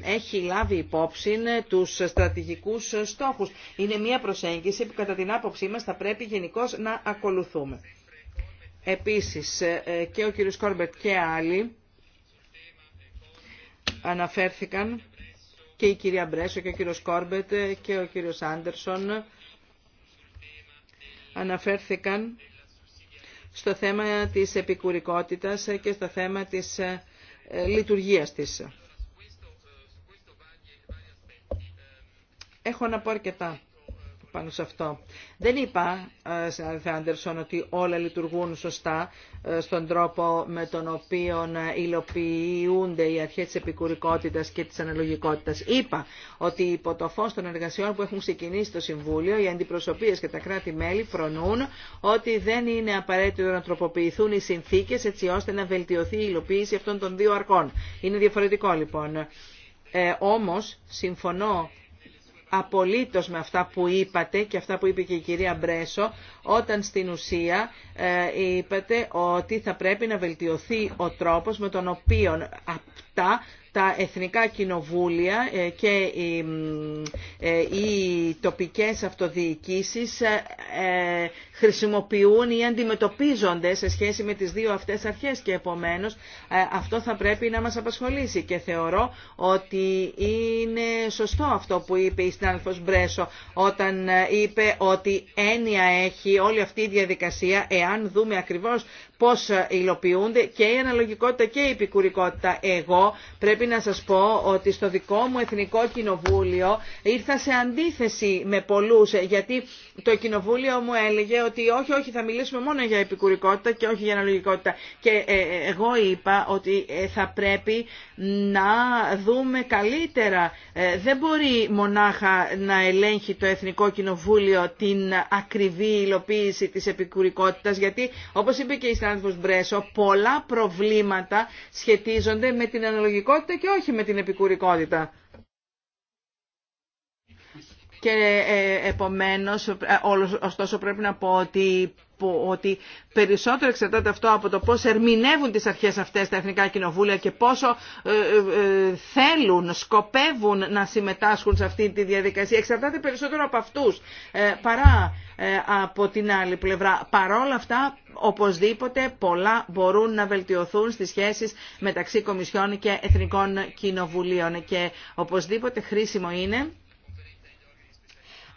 έχει λάβει υπόψη τους στρατηγικούς στόχους. Είναι μια προσέγγιση που κατά την άποψή μας θα πρέπει γενικώ να ακολουθούμε. Επίσης και ο κύριος Κόρμπετ και άλλοι αναφέρθηκαν και η κυρία Μπρέσο και ο κύριος Κόρμπετ και ο κύριος Άντερσον αναφέρθηκαν στο θέμα της επικουρικότητας και στο θέμα της ε, λειτουργίας της. Έχω να πω αρκετά πάνω σε αυτό. Δεν είπα, ε, συνάδελφε Άντερσον, ότι όλα λειτουργούν σωστά ε, στον τρόπο με τον οποίο ε, υλοποιούνται οι αρχές της επικουρικότητας και της αναλογικότητας. Είπα ότι υπό το φως των εργασιών που έχουν ξεκινήσει το Συμβούλιο, οι αντιπροσωπείες και τα κράτη-μέλη φρονούν ότι δεν είναι απαραίτητο να τροποποιηθούν οι συνθήκες έτσι ώστε να βελτιωθεί η υλοποίηση αυτών των δύο αρχών. Είναι διαφορετικό λοιπόν. Ε, όμως συμφωνώ απολύτως με αυτά που είπατε και αυτά που είπε και η κυρία Μπρέσο όταν στην ουσία ε, είπατε ότι θα πρέπει να βελτιωθεί ο τρόπος με τον οποίο αυτά τα εθνικά κοινοβούλια ε, και οι ε, τοπικές αυτοδιοίκησεις χρησιμοποιούν ή αντιμετωπίζονται σε σχέση με τις δύο αυτές αρχές και επομένως ε, αυτό θα πρέπει να μας απασχολήσει και θεωρώ ότι είναι σωστό αυτό που είπε η συνάδελφος Μπρέσο όταν ε, είπε ότι έννοια έχει όλη αυτή η διαδικασία εάν δούμε ακριβώς πώς ε, υλοποιούνται και η αναλογικότητα και η επικουρικότητα. Εγώ πρέπει να σας πω ότι στο δικό μου Εθνικό Κοινοβούλιο ήρθα σε αντίθεση με πολλούς γιατί το Κοινοβούλιο μου έλεγε ότι όχι, όχι, θα μιλήσουμε μόνο για επικουρικότητα και όχι για αναλογικότητα. Και ε, ε, εγώ είπα ότι ε, θα πρέπει να δούμε καλύτερα. Δεν μπορεί μονάχα να ελέγχει το Εθνικό Κοινοβούλιο την ακριβή υλοποίηση της επικουρικότητας, γιατί όπως είπε και η Στράνθος Μπρέσο, πολλά προβλήματα σχετίζονται με την αναλογικότητα και όχι με την επικουρικότητα και ε, επομένως, ε, ωστόσο πρέπει να πω ότι ότι περισσότερο εξαρτάται αυτό από το πώς ερμηνεύουν τις αρχές αυτές τα εθνικά κοινοβούλια και πόσο ε, θέλουν, σκοπεύουν να συμμετάσχουν σε αυτή τη διαδικασία. Εξαρτάται περισσότερο από αυτούς παρά από την άλλη πλευρά. Παρόλα αυτά, οπωσδήποτε πολλά μπορούν να βελτιωθούν στις σχέσεις μεταξύ Κομισιών και Εθνικών Κοινοβουλίων και οπωσδήποτε χρήσιμο είναι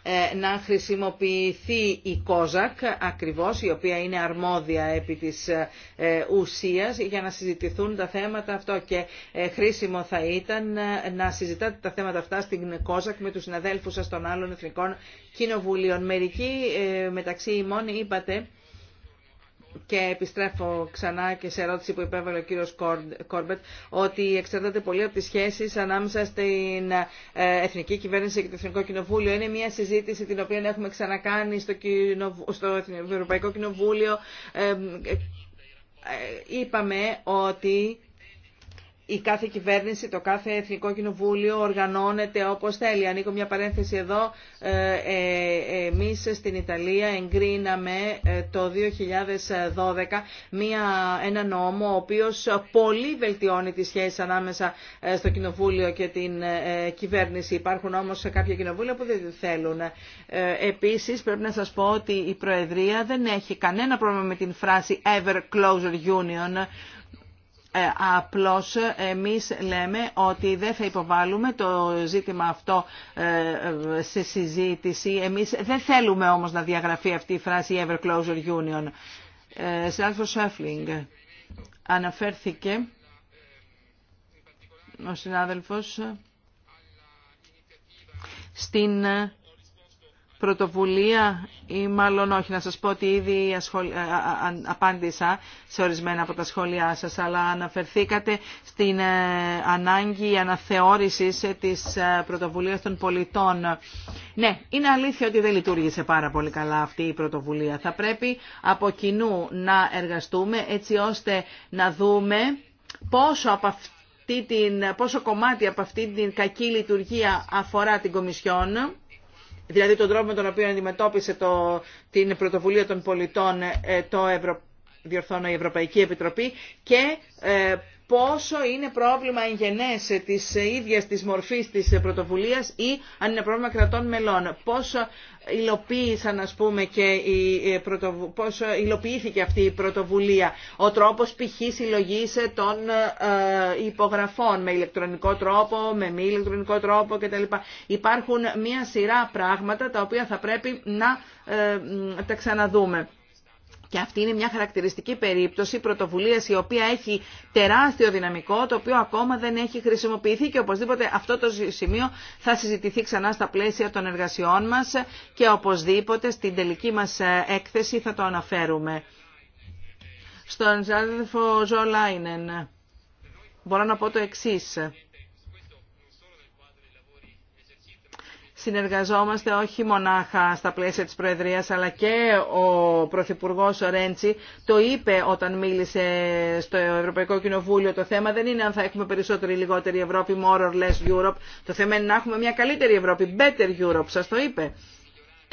ε, να χρησιμοποιηθεί η ΚΟΖΑΚ ακριβώς, η οποία είναι αρμόδια επί της ε, ουσίας για να συζητηθούν τα θέματα αυτό και ε, χρήσιμο θα ήταν να συζητάτε τα θέματα αυτά στην ΚΟΖΑΚ με τους συναδέλφους σας των άλλων εθνικών κοινοβουλίων. Μερικοί μεταξύ ημών είπατε και επιστρέφω ξανά και σε ερώτηση που υπέβαλε ο κύριος Κόρμπετ, ότι εξαρτάται πολύ από τις σχέσεις ανάμεσα στην ε, Εθνική Κυβέρνηση και το Εθνικό Κοινοβούλιο. Είναι μια συζήτηση την οποία έχουμε ξανακάνει στο, στο Ευρωπαϊκό Κοινοβούλιο. Ε, ε, είπαμε ότι η κάθε κυβέρνηση, το κάθε εθνικό κοινοβούλιο οργανώνεται όπως θέλει. Ανοίγω μια παρένθεση εδώ. Ε, ε, εμείς στην Ιταλία εγκρίναμε ε, το 2012 μια, ένα νόμο ο οποίος πολύ βελτιώνει τις σχέσεις ανάμεσα ε, στο κοινοβούλιο και την ε, κυβέρνηση. Υπάρχουν όμως κάποια κοινοβούλια που δεν θέλουν. Ε, επίσης πρέπει να σας πω ότι η Προεδρία δεν έχει κανένα πρόβλημα με την φράση «ever closer union» Ε, απλώς εμείς λέμε ότι δεν θα υποβάλουμε το ζήτημα αυτό ε, σε συζήτηση. Εμείς δεν θέλουμε όμως να διαγραφεί αυτή η φράση Ever Closer Union. Ε, Σάλφο Σέφλινγκ αναφέρθηκε ο συνάδελφος στην πρωτοβουλία ή μάλλον όχι. Να σας πω ότι ήδη απάντησα σε ορισμένα από τα σχόλιά σας, αλλά αναφερθήκατε στην ε, ανάγκη αναθεώρησης της ε, πρωτοβουλίας των πολιτών. Ναι, είναι αλήθεια ότι δεν λειτουργήσε πάρα πολύ καλά αυτή η πρωτοβουλία. Θα πρέπει από κοινού να εργαστούμε έτσι ώστε να δούμε πόσο από την, πόσο κομμάτι από αυτή την κακή λειτουργία αφορά την Κομισιόν δηλαδή τον τρόπο με τον οποίο αντιμετώπισε το, την πρωτοβουλία των πολιτών ε, το Ευρω... διορθώνω η Ευρωπαϊκή Επιτροπή και ε, πόσο είναι πρόβλημα εγγενές της ίδιας της μορφής της πρωτοβουλίας ή αν είναι πρόβλημα κρατών μελών. Πόσο υλοποίησαν ας πούμε και η ε, πρωτοβου... πόσο υλοποιήθηκε αυτή η πρωτοβουλία. Ο τρόπος π.χ. συλλογή των ε, υπογραφών με ηλεκτρονικό τρόπο, με μη ηλεκτρονικό τρόπο κτλ. Υπάρχουν μία σειρά πράγματα τα οποία θα πρέπει να ε, τα ξαναδούμε. Και αυτή είναι μια χαρακτηριστική περίπτωση πρωτοβουλία η οποία έχει τεράστιο δυναμικό, το οποίο ακόμα δεν έχει χρησιμοποιηθεί και οπωσδήποτε αυτό το σημείο θα συζητηθεί ξανά στα πλαίσια των εργασιών μα και οπωσδήποτε στην τελική μα έκθεση θα το αναφέρουμε. Στον συνάδελφο Ζολάινεν μπορώ να πω το εξή. συνεργαζόμαστε όχι μονάχα στα πλαίσια της Προεδρίας αλλά και ο Πρωθυπουργό Ρέντσι το είπε όταν μίλησε στο Ευρωπαϊκό Κοινοβούλιο το θέμα δεν είναι αν θα έχουμε περισσότερη ή λιγότερη Ευρώπη more or less Europe το θέμα είναι να έχουμε μια καλύτερη Ευρώπη better Europe σας το είπε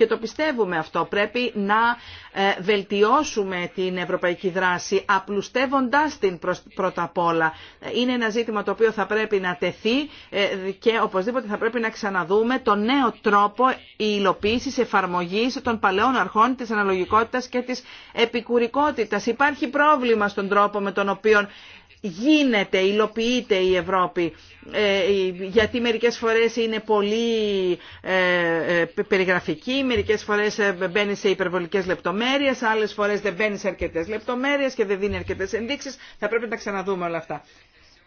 και το πιστεύουμε αυτό. Πρέπει να ε, βελτιώσουμε την ευρωπαϊκή δράση απλουστεύοντας την πρώτα απ' όλα. Είναι ένα ζήτημα το οποίο θα πρέπει να τεθεί ε, και οπωσδήποτε θα πρέπει να ξαναδούμε το νέο τρόπο υλοποίησης, εφαρμογής των παλαιών αρχών της αναλογικότητας και της επικουρικότητας. Υπάρχει πρόβλημα στον τρόπο με τον οποίο γίνεται, υλοποιείται η Ευρώπη. Ε, γιατί μερικές φορές είναι πολύ ε, ε, περιγραφική, μερικές φορές μπαίνει σε υπερβολικές λεπτομέρειες, άλλες φορές δεν μπαίνει σε αρκετές λεπτομέρειες και δεν δίνει αρκετές ενδείξεις. Θα πρέπει να τα ξαναδούμε όλα αυτά.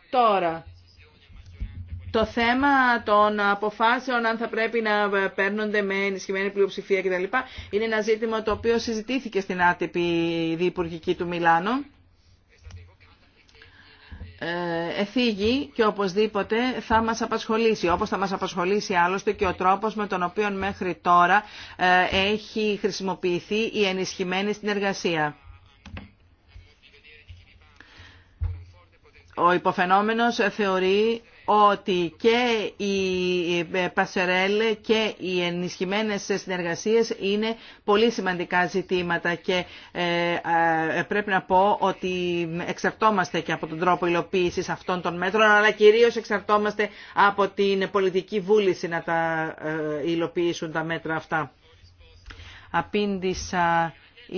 Τώρα, το θέμα των αποφάσεων, αν θα πρέπει να παίρνονται με ενισχυμένη πλειοψηφία κτλ. είναι ένα ζήτημα το οποίο συζητήθηκε στην άτυπη διυπουργική του Μιλάνου. Ε, εφήγει και οπωσδήποτε θα μας απασχολήσει, όπως θα μας απασχολήσει άλλωστε και ο τρόπος με τον οποίο μέχρι τώρα ε, έχει χρησιμοποιηθεί η ενισχυμένη εργασία. Ο υποφαινόμενος θεωρεί ότι και οι Πασερέλ και οι ενισχυμένες συνεργασίες είναι πολύ σημαντικά ζητήματα και ε, ε, πρέπει να πω ότι εξαρτόμαστε και από τον τρόπο υλοποίησης αυτών των μέτρων αλλά κυρίως εξαρτόμαστε από την πολιτική βούληση να τα ε, υλοποιήσουν τα μέτρα αυτά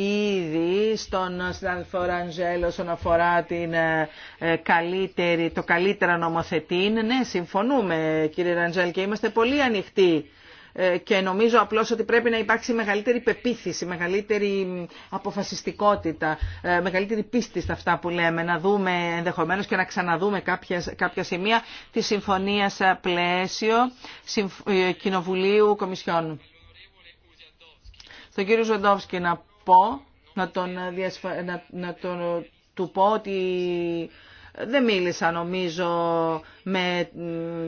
ήδη στον συνάδελφο Ραντζέλ όσον αφορά την, ε, ε, καλύτερη, το καλύτερα νομοθετήν. Ναι, συμφωνούμε κύριε Ραντζέλ και είμαστε πολύ ανοιχτοί ε, και νομίζω απλώς ότι πρέπει να υπάρξει μεγαλύτερη πεποίθηση, μεγαλύτερη αποφασιστικότητα, μεγαλύτερη πίστη στα αυτά που λέμε, να δούμε ενδεχομένως και να ξαναδούμε κάποια, σημεία τη συμφωνίας πλαίσιο Κοινοβουλίου Κομισιόν Στον κύριο Ζοντόφσκι να πω, να τον, ε, διασφα... Ε, να, να τον ε, του πω ότι δεν μίλησα νομίζω με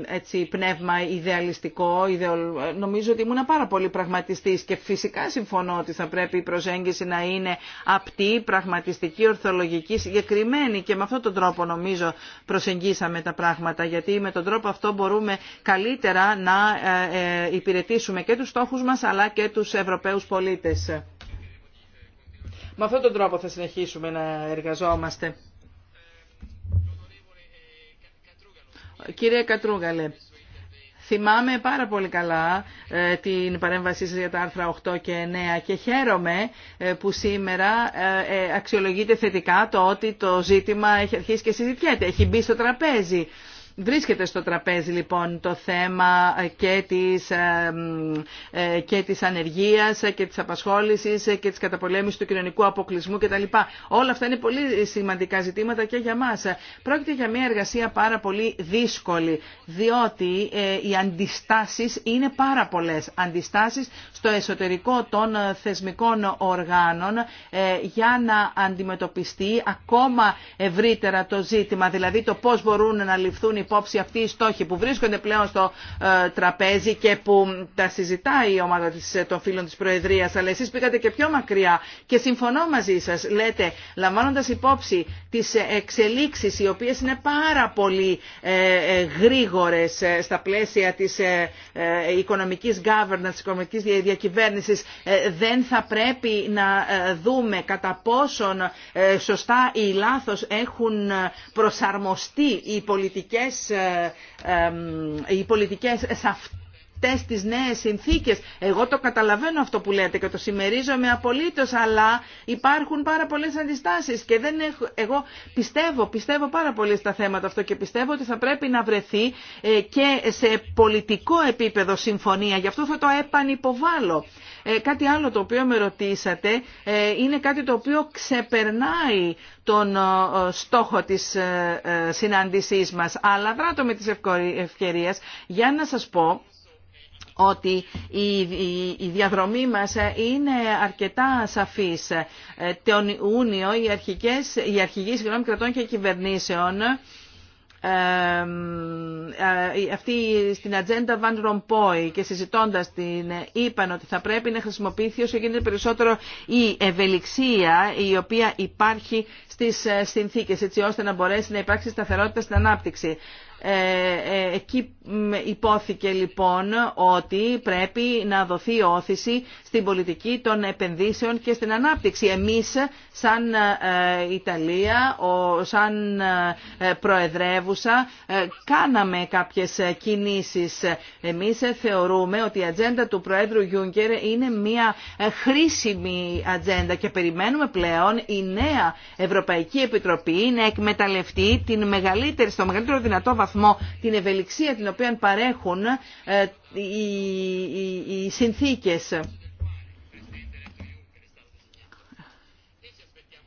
έτσι, πνεύμα ιδεαλιστικό. Ιδεο... Νομίζω ότι ήμουν πάρα πολύ πραγματιστής και φυσικά συμφωνώ ότι θα πρέπει η προσέγγιση να είναι απτή, πραγματιστική, ορθολογική, συγκεκριμένη και με αυτόν τον τρόπο νομίζω προσεγγίσαμε τα πράγματα γιατί με τον τρόπο αυτό μπορούμε καλύτερα να υπηρετήσουμε και τους στόχους μας αλλά και τους Ευρωπαίους πολίτες. Με αυτόν τον τρόπο θα συνεχίσουμε να εργαζόμαστε. Κύριε Κατρούγαλε, θυμάμαι πάρα πολύ καλά ε, την παρέμβασή σας για τα άρθρα 8 και 9 και χαίρομαι ε, που σήμερα ε, αξιολογείται θετικά το ότι το ζήτημα έχει αρχίσει και συζητιέται, έχει μπει στο τραπέζι. Βρίσκεται στο τραπέζι λοιπόν το θέμα ε, και της, ε, ε, και της ανεργίας και της απασχόλησης και της καταπολέμησης του κοινωνικού αποκλεισμού κτλ. Όλα αυτά είναι πολύ σημαντικά ζητήματα και για μας. Πρόκειται για μια εργασία πάρα πολύ δύσκολη, διότι οι αντιστάσεις είναι πάρα πολλές. Αντιστάσεις στο εσωτερικό των θεσμικών οργάνων για να αντιμετωπιστεί ακόμα ευρύτερα το ζήτημα, δηλαδή το πώς μπορούν να ληφθούν υπόψη αυτή η στόχοι που βρίσκονται πλέον στο ε, τραπέζι και που τα συζητάει η ομάδα ε, των φίλων της Προεδρίας, αλλά εσείς πήγατε και πιο μακριά και συμφωνώ μαζί σας. Λέτε, λαμβάνοντας υπόψη τις ε, εξελίξεις οι οποίες είναι πάρα πολύ γρήγορες στα πλαίσια της οικονομικής governance, της οικονομικής διακυβέρνησης, δεν θα πρέπει να δούμε κατά πόσον σωστά ή λάθος έχουν προσαρμοστεί οι πολιτικές ε, οι πολιτικές σε αυτές τις νέες συνθήκες. Εγώ το καταλαβαίνω αυτό που λέτε και το συμμερίζομαι απολύτως, αλλά υπάρχουν πάρα πολλές αντιστάσεις και δεν εγώ πιστεύω, πιστεύω πάρα πολύ στα θέματα αυτό και πιστεύω ότι θα πρέπει να βρεθεί ε, και σε πολιτικό επίπεδο συμφωνία. Γι' αυτό θα το επανυποβάλλω. Ε, κάτι άλλο το οποίο με ρωτήσατε ε, είναι κάτι το οποίο ξεπερνάει τον ε, στόχο της συνάντησής μας. Αλλά δράτω με τις ευκαιρίες για να σας πω ότι η, διαδρομή μας είναι αρκετά σαφής. Τον Ιούνιο οι, αρχικές, οι αρχηγοί κρατών και κυβερνήσεων αυτή στην ατζέντα Βαν Ρομπόη και συζητώντας την ε, είπαν ότι θα πρέπει να χρησιμοποιηθεί όσο γίνεται περισσότερο η ευελιξία η οποία υπάρχει στις ε, συνθήκες έτσι ώστε να μπορέσει να υπάρξει σταθερότητα στην ανάπτυξη. Ε, ε, εκεί υπόθηκε λοιπόν ότι πρέπει να δοθεί όθηση στην πολιτική των επενδύσεων και στην ανάπτυξη. Εμείς σαν ε, Ιταλία, σαν Προεδρεύουσα, κάναμε κάποιες κινήσεις. Εμείς θεωρούμε ότι η ατζέντα του Προέδρου Γιούγκερ είναι μια χρήσιμη ατζέντα και περιμένουμε πλέον η νέα Ευρωπαϊκή Επιτροπή να εκμεταλλευτεί την στο μεγαλύτερο δυνατό βαθμό την ευελιξία την οποία παρέχουν ε, οι συνθήκες.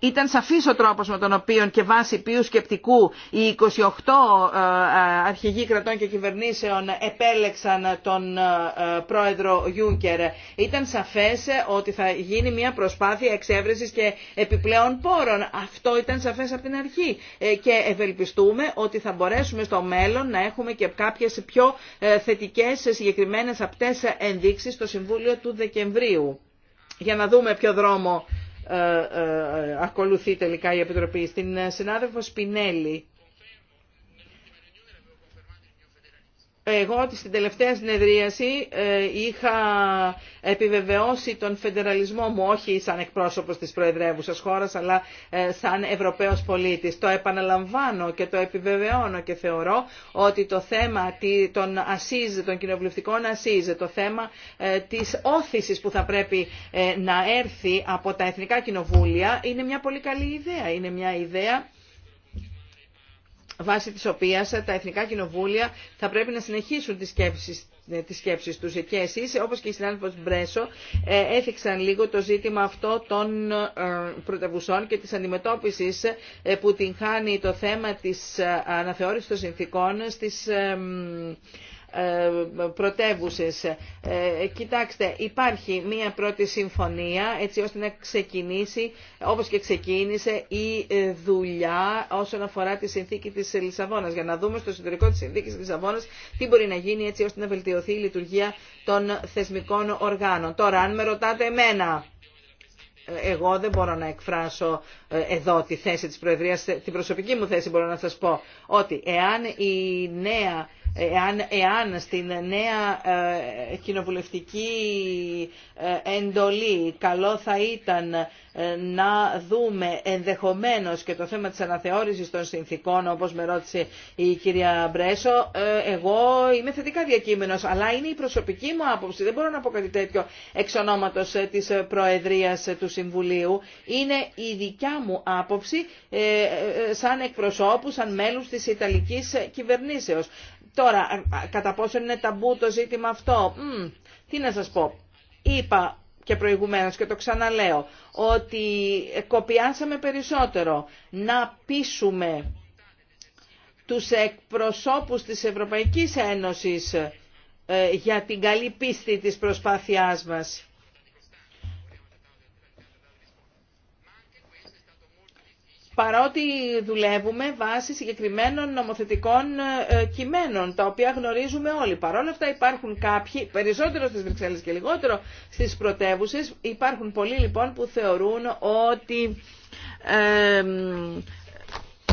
Ήταν σαφής ο τρόπος με τον οποίο και βάσει ποιου σκεπτικού οι 28 ε, ε, αρχηγοί κρατών και κυβερνήσεων επέλεξαν τον ε, πρόεδρο Γιούγκερ. Ήταν σαφές ότι θα γίνει μια προσπάθεια εξέβρεσης και επιπλέον πόρων. Αυτό ήταν σαφές από την αρχή και ευελπιστούμε ότι θα μπορέσουμε στο μέλλον να έχουμε και κάποιες πιο θετικές συγκεκριμένες απτές ενδείξεις στο Συμβούλιο του Δεκεμβρίου για να δούμε ποιο δρόμο ε, ε, ε, ακολουθεί τελικά η Επιτροπή. Στην συνάδελφο Σπινέλη εγώ στην τελευταία συνεδρίαση ε, είχα επιβεβαιώσει τον φεντεραλισμό μου όχι σαν εκπρόσωπος της προεδρεύουσας χώρας αλλά ε, σαν Ευρωπαίος πολίτης. Το επαναλαμβάνω και το επιβεβαιώνω και θεωρώ ότι το θέμα των ασίζ, των κοινοβουλευτικών ασίζ, το θέμα ε, της όθησης που θα πρέπει να έρθει από τα εθνικά κοινοβούλια είναι μια πολύ καλή ιδέα. Είναι μια ιδέα βάσει της οποίας τα Εθνικά Κοινοβούλια θα πρέπει να συνεχίσουν τις σκέψεις, ε, τις σκέψεις τους. Και εσείς, όπως και η συνάδελφος Μπρέσο, ε, έθιξαν λίγο το ζήτημα αυτό των ε, πρωτευουσών και της αντιμετώπισης που την χάνει το θέμα της αναθεώρησης των συνθήκων στις ε, πρωτεύουσες. Ε, κοιτάξτε, υπάρχει μία πρώτη συμφωνία έτσι ώστε να ξεκινήσει, όπως και ξεκίνησε, η ε, δουλειά όσον αφορά τη συνθήκη της Λισαβόνας. Για να δούμε στο εσωτερικό της συνθήκης της Λισαβόνας τι μπορεί να γίνει έτσι ώστε να βελτιωθεί η λειτουργία των θεσμικών οργάνων. Τώρα, αν με ρωτάτε εμένα, εγώ δεν μπορώ να εκφράσω εδώ τη θέση της Προεδρίας, την προσωπική μου θέση μπορώ να σας πω, ότι εάν η νέα Εάν, στην νέα ε, κοινοβουλευτική ε, εντολή καλό θα ήταν ε, να δούμε ενδεχομένως και το θέμα της αναθεώρησης των συνθήκων όπως με ρώτησε η κυρία Μπρέσο, εγώ είμαι θετικά διακείμενος αλλά είναι η προσωπική μου άποψη, δεν μπορώ να πω κάτι τέτοιο εξ ονόματος της Προεδρίας του Συμβουλίου, είναι η δικιά μου άποψη σαν εκπροσώπου, σαν μέλους της Ιταλικής κυβερνήσεως. Τώρα, κατά πόσο είναι ταμπού το ζήτημα αυτό, τι να σας πω. Είπα και προηγουμένως και το ξαναλέω, ότι κοπιάσαμε περισσότερο να πείσουμε τους εκπροσώπους της Ευρωπαϊκής Ένωσης ε, για την καλή πίστη της προσπάθειάς μας παρότι δουλεύουμε βάσει συγκεκριμένων νομοθετικών ε, ε, κειμένων, τα οποία γνωρίζουμε όλοι. Παρόλα αυτά υπάρχουν κάποιοι, περισσότερο στις Βρυξέλλες και λιγότερο στις πρωτεύουσες, υπάρχουν πολλοί λοιπόν που θεωρούν ότι... Ε,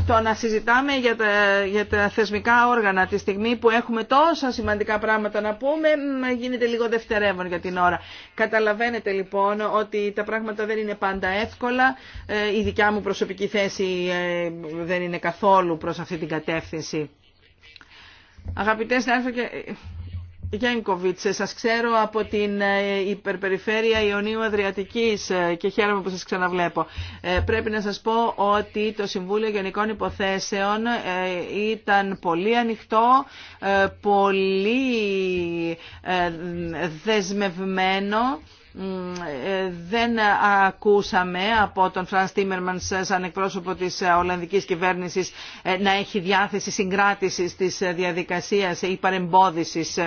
το να συζητάμε για τα, για θεσμικά όργανα τη στιγμή που έχουμε τόσα σημαντικά πράγματα να πούμε γίνεται λίγο δευτερεύον για την ώρα. Καταλαβαίνετε λοιπόν ότι τα πράγματα δεν είναι πάντα εύκολα. Ε, η δικιά μου προσωπική θέση ε, δεν είναι καθόλου προς αυτή την κατεύθυνση. Αγαπητές, Γένκοβιτς, σας ξέρω από την ε, υπερπεριφέρεια Ιωνίου Αδριατικής ε, και χαίρομαι που σας ξαναβλέπω. Ε, πρέπει να σας πω ότι το Συμβούλιο Γενικών Υποθέσεων ήταν πολύ ανοιχτό, πολύ δεσμευμένο ε, δεν ακούσαμε από τον Φρανς Τίμερμανς σαν εκπρόσωπο της Ολλανδικής κυβέρνησης ε, να έχει διάθεση συγκράτησης της διαδικασίας ή παρεμπόδισης.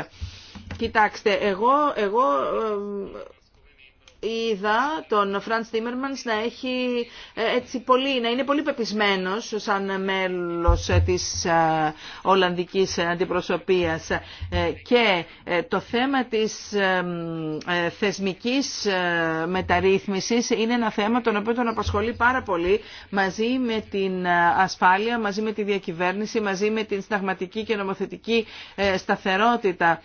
Κοιτάξτε, εγώ, εγώ ε, είδα τον Φραντ Τίμερμανς να έχει ε, έτσι πολύ, να είναι πολύ πεπισμένο σαν μέλο τη ε, Ολλανδικής Αντιπροσωπείας ε, και το θέμα της θεσμικής μεταρρύθμιση είναι ένα θέμα τον οποίο τον απασχολεί πάρα πολύ μαζί με την ασφάλεια, μαζί με τη διακυβέρνηση, μαζί με την συνταγματική και νομοθετική σταθερότητα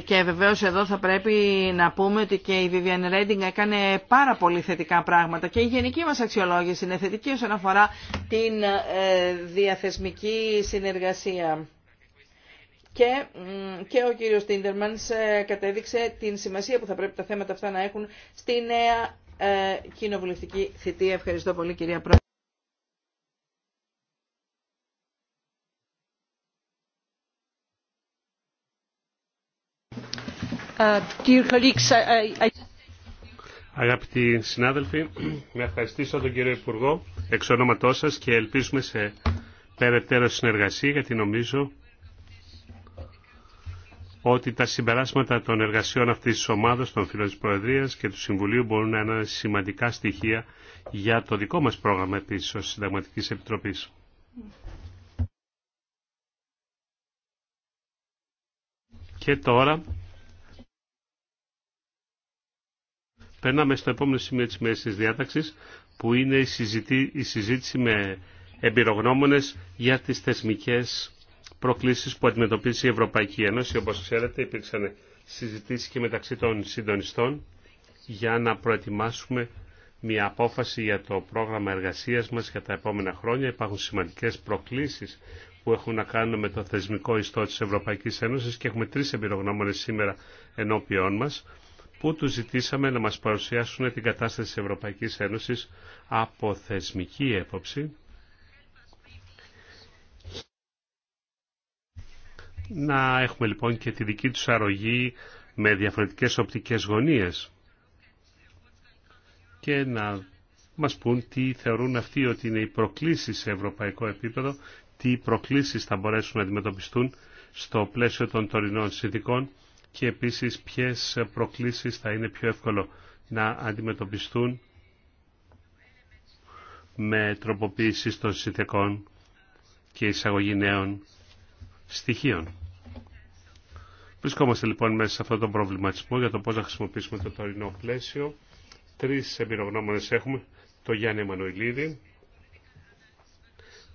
και βεβαίως εδώ θα πρέπει να πούμε ότι και η Vivian Redding έκανε πάρα πολύ θετικά πράγματα και η γενική μας αξιολόγηση είναι θετική όσον αφορά την ε, διαθεσμική συνεργασία. Και, και ο κύριος Τίντερμανς ε, κατέδειξε την σημασία που θα πρέπει τα θέματα αυτά να έχουν στη νέα ε, κοινοβουλευτική θητεία. Ευχαριστώ πολύ κυρία Πρόεδρε. Ε, Αγαπητοί συνάδελφοι, να ευχαριστήσω τον κύριο Υπουργό εξ ονόματός σας και ελπίζουμε σε περαιτέρω συνεργασία γιατί νομίζω ότι τα συμπεράσματα των εργασιών αυτής της ομάδας, των φίλων της Προεδρίας και του Συμβουλίου μπορούν να είναι σημαντικά στοιχεία για το δικό μας πρόγραμμα επίσης ως Συνταγματικής Επιτροπής. Και τώρα Περνάμε στο επόμενο σημείο της μέσης της διάταξης που είναι η, συζητή, η συζήτηση με εμπειρογνώμονες για τις θεσμικές προκλήσεις που αντιμετωπίζει η Ευρωπαϊκή Ένωση. Όπως ξέρετε υπήρξαν συζητήσεις και μεταξύ των συντονιστών για να προετοιμάσουμε μια απόφαση για το πρόγραμμα εργασίας μας για τα επόμενα χρόνια. Υπάρχουν σημαντικές προκλήσεις που έχουν να κάνουν με το θεσμικό ιστό της Ευρωπαϊκής Ένωσης και έχουμε τρεις εμπειρογνώμονες σήμερα ενώπιόν μας που τους ζητήσαμε να μας παρουσιάσουν την κατάσταση της Ευρωπαϊκής Ένωσης από θεσμική έποψη. Να έχουμε λοιπόν και τη δική τους αρρωγή με διαφορετικές οπτικές γωνίες και να μας πούν τι θεωρούν αυτοί ότι είναι οι προκλήσεις σε ευρωπαϊκό επίπεδο, τι προκλήσεις θα μπορέσουν να αντιμετωπιστούν στο πλαίσιο των τωρινών συνθηκών και επίσης ποιες προκλήσεις θα είναι πιο εύκολο να αντιμετωπιστούν με τροποποίηση των συνθεκών και εισαγωγή νέων στοιχείων. Βρισκόμαστε λοιπόν μέσα σε αυτόν τον προβληματισμό για το πώς να χρησιμοποιήσουμε το τωρινό πλαίσιο. Τρεις εμπειρογνώμονες έχουμε. Το Γιάννη Μανουηλίδη,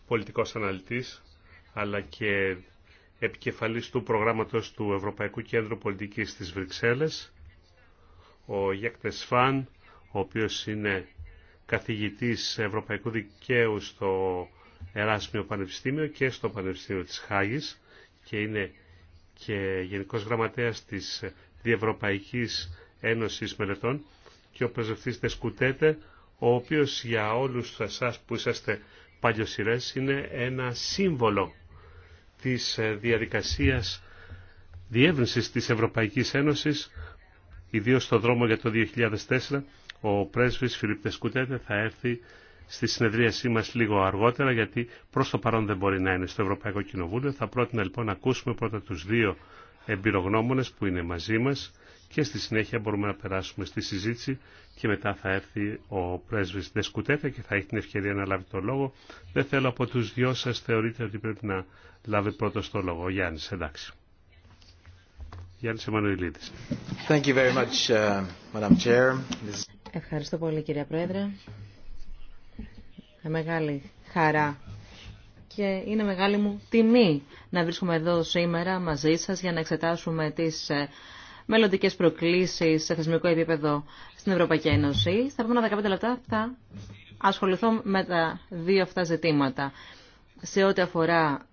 πολιτικός αναλυτής, αλλά και επικεφαλής του προγράμματος του Ευρωπαϊκού Κέντρου Πολιτικής της Βρυξέλλες, ο Γιέκτε Φαν, ο οποίος είναι καθηγητής Ευρωπαϊκού Δικαίου στο Εράσμιο Πανεπιστήμιο και στο Πανεπιστήμιο της Χάγης και είναι και Γενικός Γραμματέας της Διευρωπαϊκής Ένωσης Μελετών και ο Πρεσβευτής Δεσκουτέτε, ο οποίος για όλους εσάς που είσαστε παλιοσυρές είναι ένα σύμβολο της ε, διαδικασίας διεύρυνσης της Ευρωπαϊκής Ένωσης, ιδίως στο δρόμο για το 2004, ο πρέσβης Φιλίπ Τεσκουτέτε θα έρθει στη συνεδρίασή μας λίγο αργότερα, γιατί προς το παρόν δεν μπορεί να είναι στο Ευρωπαϊκό Κοινοβούλιο. Θα πρότεινα λοιπόν να ακούσουμε πρώτα τους δύο εμπειρογνώμονες που είναι μαζί μας και στη συνέχεια μπορούμε να περάσουμε στη συζήτηση και μετά θα έρθει ο πρέσβης Δεσκουτέτα και θα έχει την ευκαιρία να λάβει το λόγο. Δεν θέλω από τους δυο σας θεωρείτε ότι πρέπει να λάβει πρώτος το λόγο. Ο Γιάννης, εντάξει. Γιάννης Εμμανουηλίδης. Uh, Ευχαριστώ πολύ κυρία Πρόεδρε. μεγάλη χαρά και είναι μεγάλη μου τιμή να βρίσκομαι εδώ σήμερα μαζί σας για να εξετάσουμε τις ε, Μελλοντικέ προκλήσεις σε θεσμικό επίπεδο στην Ευρωπαϊκή Ένωση. Στα επόμενα 15 λεπτά θα ασχοληθώ με τα δύο αυτά ζητήματα. Σε ό,τι αφορά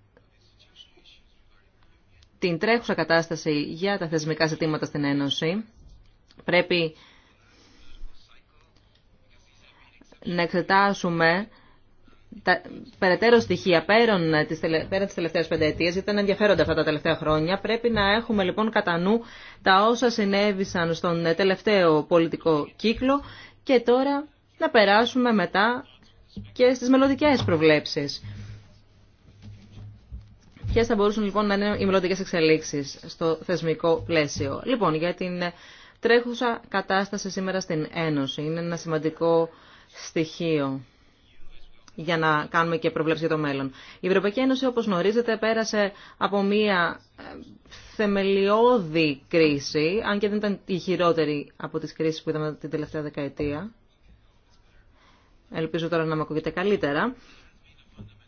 την τρέχουσα κατάσταση για τα θεσμικά ζητήματα στην Ένωση, πρέπει να εξετάσουμε τα περαιτέρω στοιχεία πέραν ε, της, πέρα της τελευταίας ήταν ενδιαφέροντα αυτά τα τελευταία χρόνια, πρέπει να έχουμε λοιπόν κατά νου τα όσα συνέβησαν στον ε, τελευταίο πολιτικό κύκλο και τώρα να περάσουμε μετά και στις μελλοντικέ προβλέψεις. Ποιε θα μπορούσαν λοιπόν να είναι οι μελλοντικέ εξελίξει στο θεσμικό πλαίσιο. Λοιπόν, για την ε, τρέχουσα κατάσταση σήμερα στην Ένωση είναι ένα σημαντικό στοιχείο για να κάνουμε και προβλέψει για το μέλλον. Η Ευρωπαϊκή Ένωση, όπως γνωρίζετε, πέρασε από μία ε, θεμελιώδη κρίση, αν και δεν ήταν η χειρότερη από τις κρίσεις που είδαμε την τελευταία δεκαετία. Ελπίζω τώρα να με ακούγεται καλύτερα.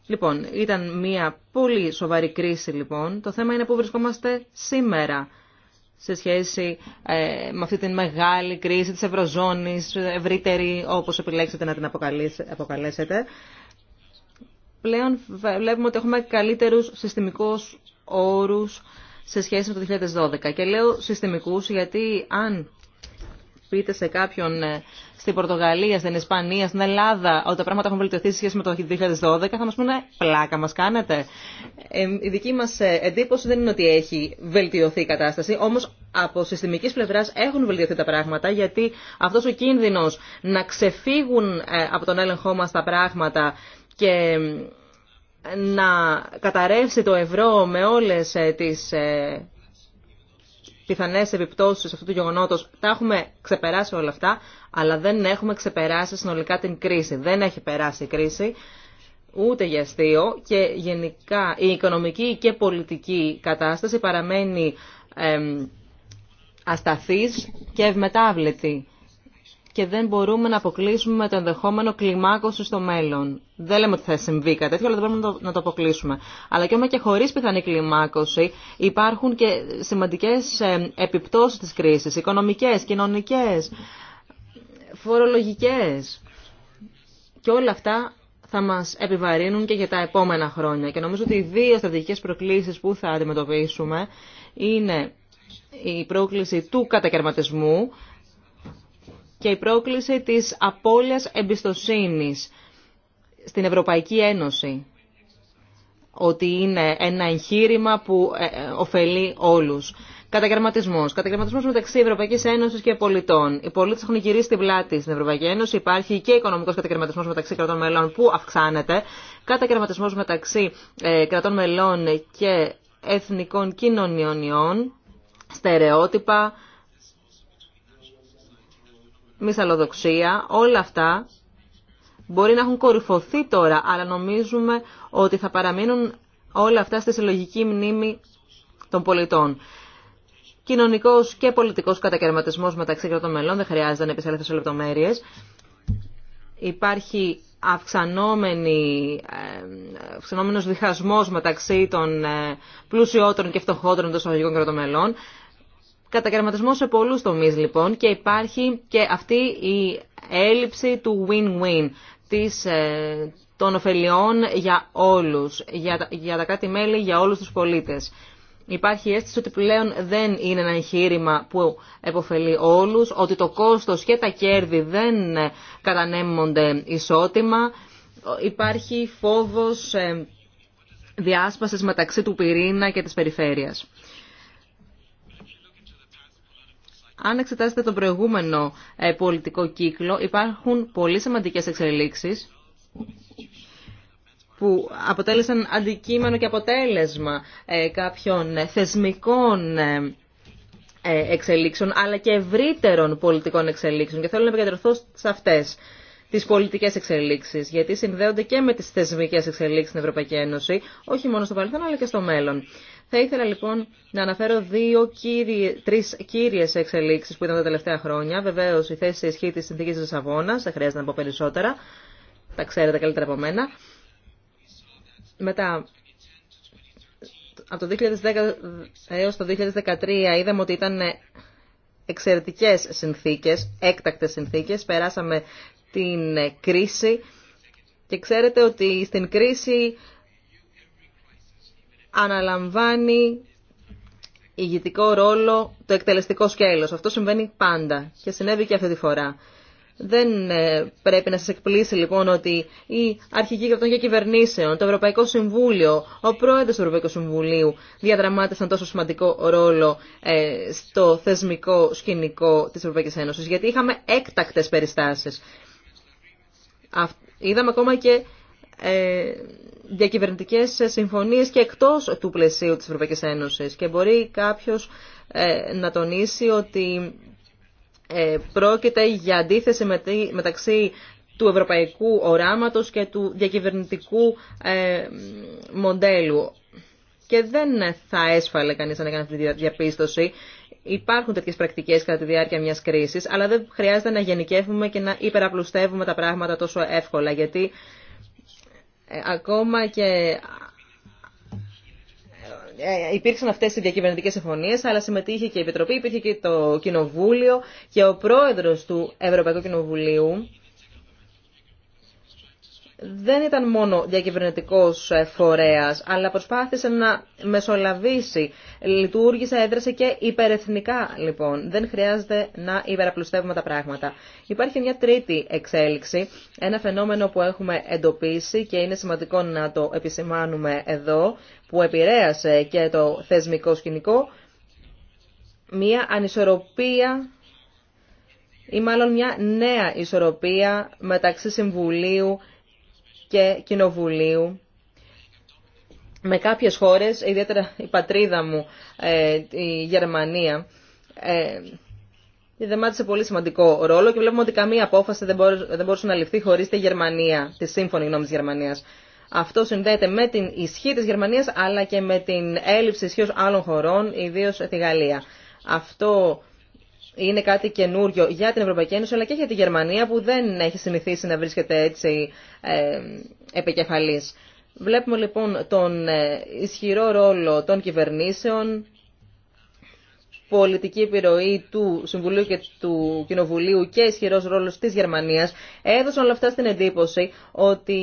Λοιπόν, ήταν μία πολύ σοβαρή κρίση, λοιπόν. Το θέμα είναι πού βρισκόμαστε σήμερα σε σχέση ε, με αυτή την μεγάλη κρίση της Ευρωζώνης, ευρύτερη όπως επιλέξετε να την αποκαλέσετε. Πλέον βλέπουμε ότι έχουμε καλύτερους συστημικούς όρους σε σχέση με το 2012. Και λέω συστημικούς γιατί αν πείτε σε κάποιον ε, στην Πορτογαλία, στην Ισπανία, στην Ελλάδα ότι τα πράγματα έχουν βελτιωθεί σε σχέση με το 2012, θα μα πούνε «Ε, πλάκα μα κάνετε. Ε, η δική μα εντύπωση δεν είναι ότι έχει βελτιωθεί η κατάσταση, όμω από συστημική πλευρά έχουν βελτιωθεί τα πράγματα, γιατί αυτό ο κίνδυνο να ξεφύγουν από τον έλεγχό μα τα πράγματα και να καταρρεύσει το ευρώ με όλες τις πιθανές επιπτώσεις αυτού του γεγονότος. Τα έχουμε ξεπεράσει όλα αυτά, αλλά δεν έχουμε ξεπεράσει συνολικά την κρίση. Δεν έχει περάσει η κρίση ούτε για αστείο και γενικά η οικονομική και πολιτική κατάσταση παραμένει ε, ασταθής και ευμετάβλητη και δεν μπορούμε να αποκλείσουμε το ενδεχόμενο κλιμάκωση στο μέλλον. Δεν λέμε ότι θα συμβεί κάτι τέτοιο, αλλά δεν μπορούμε να το αποκλείσουμε. Αλλά και όμως και χωρίς πιθανή κλιμάκωση υπάρχουν και σημαντικές ε, επιπτώσεις της κρίσης, οικονομικές, κοινωνικές, φορολογικές. Και όλα αυτά θα μας επιβαρύνουν και για τα επόμενα χρόνια. Και νομίζω ότι οι δύο στρατηγικές προκλήσεις που θα αντιμετωπίσουμε είναι η πρόκληση του κατακαιρματισμού και η πρόκληση της απώλειας εμπιστοσύνης στην Ευρωπαϊκή Ένωση. Ότι είναι ένα εγχείρημα που ε, ε, ωφελεί όλους. Καταγραμματισμό. Καταγραμματισμό μεταξύ Ευρωπαϊκή Ένωση και πολιτών. Οι πολίτε έχουν γυρίσει την πλάτη στην Ευρωπαϊκή Ένωση. Υπάρχει και οικονομικό καταγραμματισμό μεταξύ κρατών μελών που αυξάνεται. Καταγραμματισμό μεταξύ ε, κρατών μελών και εθνικών κοινωνιών. Στερεότυπα, μυσαλλοδοξία, όλα αυτά μπορεί να έχουν κορυφωθεί τώρα, αλλά νομίζουμε ότι θα παραμείνουν όλα αυτά στη συλλογική μνήμη των πολιτών. Κοινωνικό και πολιτικό κατακαιρματισμό μεταξύ κρατών μελών, δεν χρειάζεται να επισέλθω σε λεπτομέρειε. Υπάρχει ε, αυξανόμενος διχασμός μεταξύ των ε, πλουσιότερων και φτωχότερων των συλλογικών κρατών κατακαιρματισμό σε πολλούς τομείς λοιπόν και υπάρχει και αυτή η έλλειψη του win-win της, ε, των ωφελιών για όλους, για, για τα κράτη-μέλη, για όλους τους πολίτες. Υπάρχει η αίσθηση ότι πλέον δεν είναι ένα εγχείρημα που επωφελεί όλους, ότι το κόστος και τα κέρδη δεν ε, κατανέμονται ισότιμα. Υπάρχει φόβος ε, διάσπασης μεταξύ του πυρήνα και της περιφέρειας. Αν εξετάσετε τον προηγούμενο ε, πολιτικό κύκλο, υπάρχουν πολύ σημαντικές εξελίξεις που αποτέλεσαν αντικείμενο και αποτέλεσμα ε, κάποιων θεσμικών ε, εξελίξεων, αλλά και ευρύτερων πολιτικών εξελίξεων. Και θέλω να επικεντρωθώ σε αυτές τις πολιτικές εξελίξεις, γιατί συνδέονται και με τις θεσμικές εξελίξεις στην Ευρωπαϊκή Ένωση, όχι μόνο στο παρελθόν, αλλά και στο μέλλον. Θα ήθελα λοιπόν να αναφέρω δύο κύριε, τρεις κύριες εξελίξεις που ήταν τα τελευταία χρόνια. Βεβαίως η θέση σε ισχύ της συνθήκης της θα δεν χρειάζεται να πω περισσότερα, τα ξέρετε καλύτερα από μένα. Μετά, από το 2010 έως το 2013 είδαμε ότι ήταν εξαιρετικές συνθήκες, έκτακτες συνθήκες. Περάσαμε την κρίση και ξέρετε ότι στην κρίση αναλαμβάνει ηγητικό ρόλο το εκτελεστικό σκέλος. Αυτό συμβαίνει πάντα και συνέβη και αυτή τη φορά. Δεν ε, πρέπει να σας εκπλήσει λοιπόν ότι η αρχική κρατών και κυβερνήσεων, το Ευρωπαϊκό Συμβούλιο, ο πρόεδρος του Ευρωπαϊκού Συμβουλίου διαδραμάτισαν τόσο σημαντικό ρόλο ε, στο θεσμικό σκηνικό της Ευρωπαϊκής Ένωσης, γιατί είχαμε έκτακτες περιστάσεις. Είδαμε ακόμα και ε, διακυβερνητικές συμφωνίε και εκτό του πλαισίου τη Ευρωπαϊκή Ένωση. και μπορεί κάποιος ε, να τονίσει ότι ε, πρόκειται για αντίθεση μεταξύ του ευρωπαϊκού οράματος και του διακυβερνητικού μοντέλου. Και δεν θα έσφαλε κανείς να κάνει αυτή τη διαπίστωση. Υπάρχουν τέτοιες πρακτικές κατά τη διάρκεια μιας κρίσης αλλά δεν χρειάζεται να γενικεύουμε και να υπεραπλουστεύουμε τα πράγματα τόσο εύκολα, γιατί ε, ακόμα και ε, ε, υπήρξαν αυτές οι διακυβερνητικές συμφωνίες, αλλά συμμετείχε και η Επιτροπή, υπήρχε και το Κοινοβούλιο και ο πρόεδρος του Ευρωπαϊκού Κοινοβουλίου δεν ήταν μόνο διακυβερνητικό ε, φορέα, αλλά προσπάθησε να μεσολαβήσει. Λειτουργήσε, έδρασε και υπερεθνικά, λοιπόν. Δεν χρειάζεται να υπεραπλουστεύουμε τα πράγματα. Υπάρχει μια τρίτη εξέλιξη, ένα φαινόμενο που έχουμε εντοπίσει και είναι σημαντικό να το επισημάνουμε εδώ, που επηρέασε και το θεσμικό σκηνικό, μια ανισορροπία ή μάλλον μια νέα ισορροπία μεταξύ Συμβουλίου και Κοινοβουλίου με κάποιες χώρες, ιδιαίτερα η πατρίδα μου, ε, η Γερμανία, ε, δεμάτισε πολύ σημαντικό ρόλο και βλέπουμε ότι καμία απόφαση δεν, δεν μπορούσε να ληφθεί χωρίς τη Γερμανία, τη σύμφωνη γνώμη της Γερμανίας. Αυτό συνδέεται με την ισχύ της Γερμανίας αλλά και με την έλλειψη ισχύω άλλων χωρών, ιδίως τη Γαλλία. Αυτό είναι κάτι καινούριο για την Ευρωπαϊκή Ένωση αλλά και για τη Γερμανία που δεν έχει συνηθίσει να βρίσκεται έτσι ε, επικεφαλής. Βλέπουμε λοιπόν τον ε, ισχυρό ρόλο των κυβερνήσεων, πολιτική επιρροή του Συμβουλίου και του Κοινοβουλίου και ισχυρός ρόλος της Γερμανίας έδωσαν όλα αυτά στην εντύπωση ότι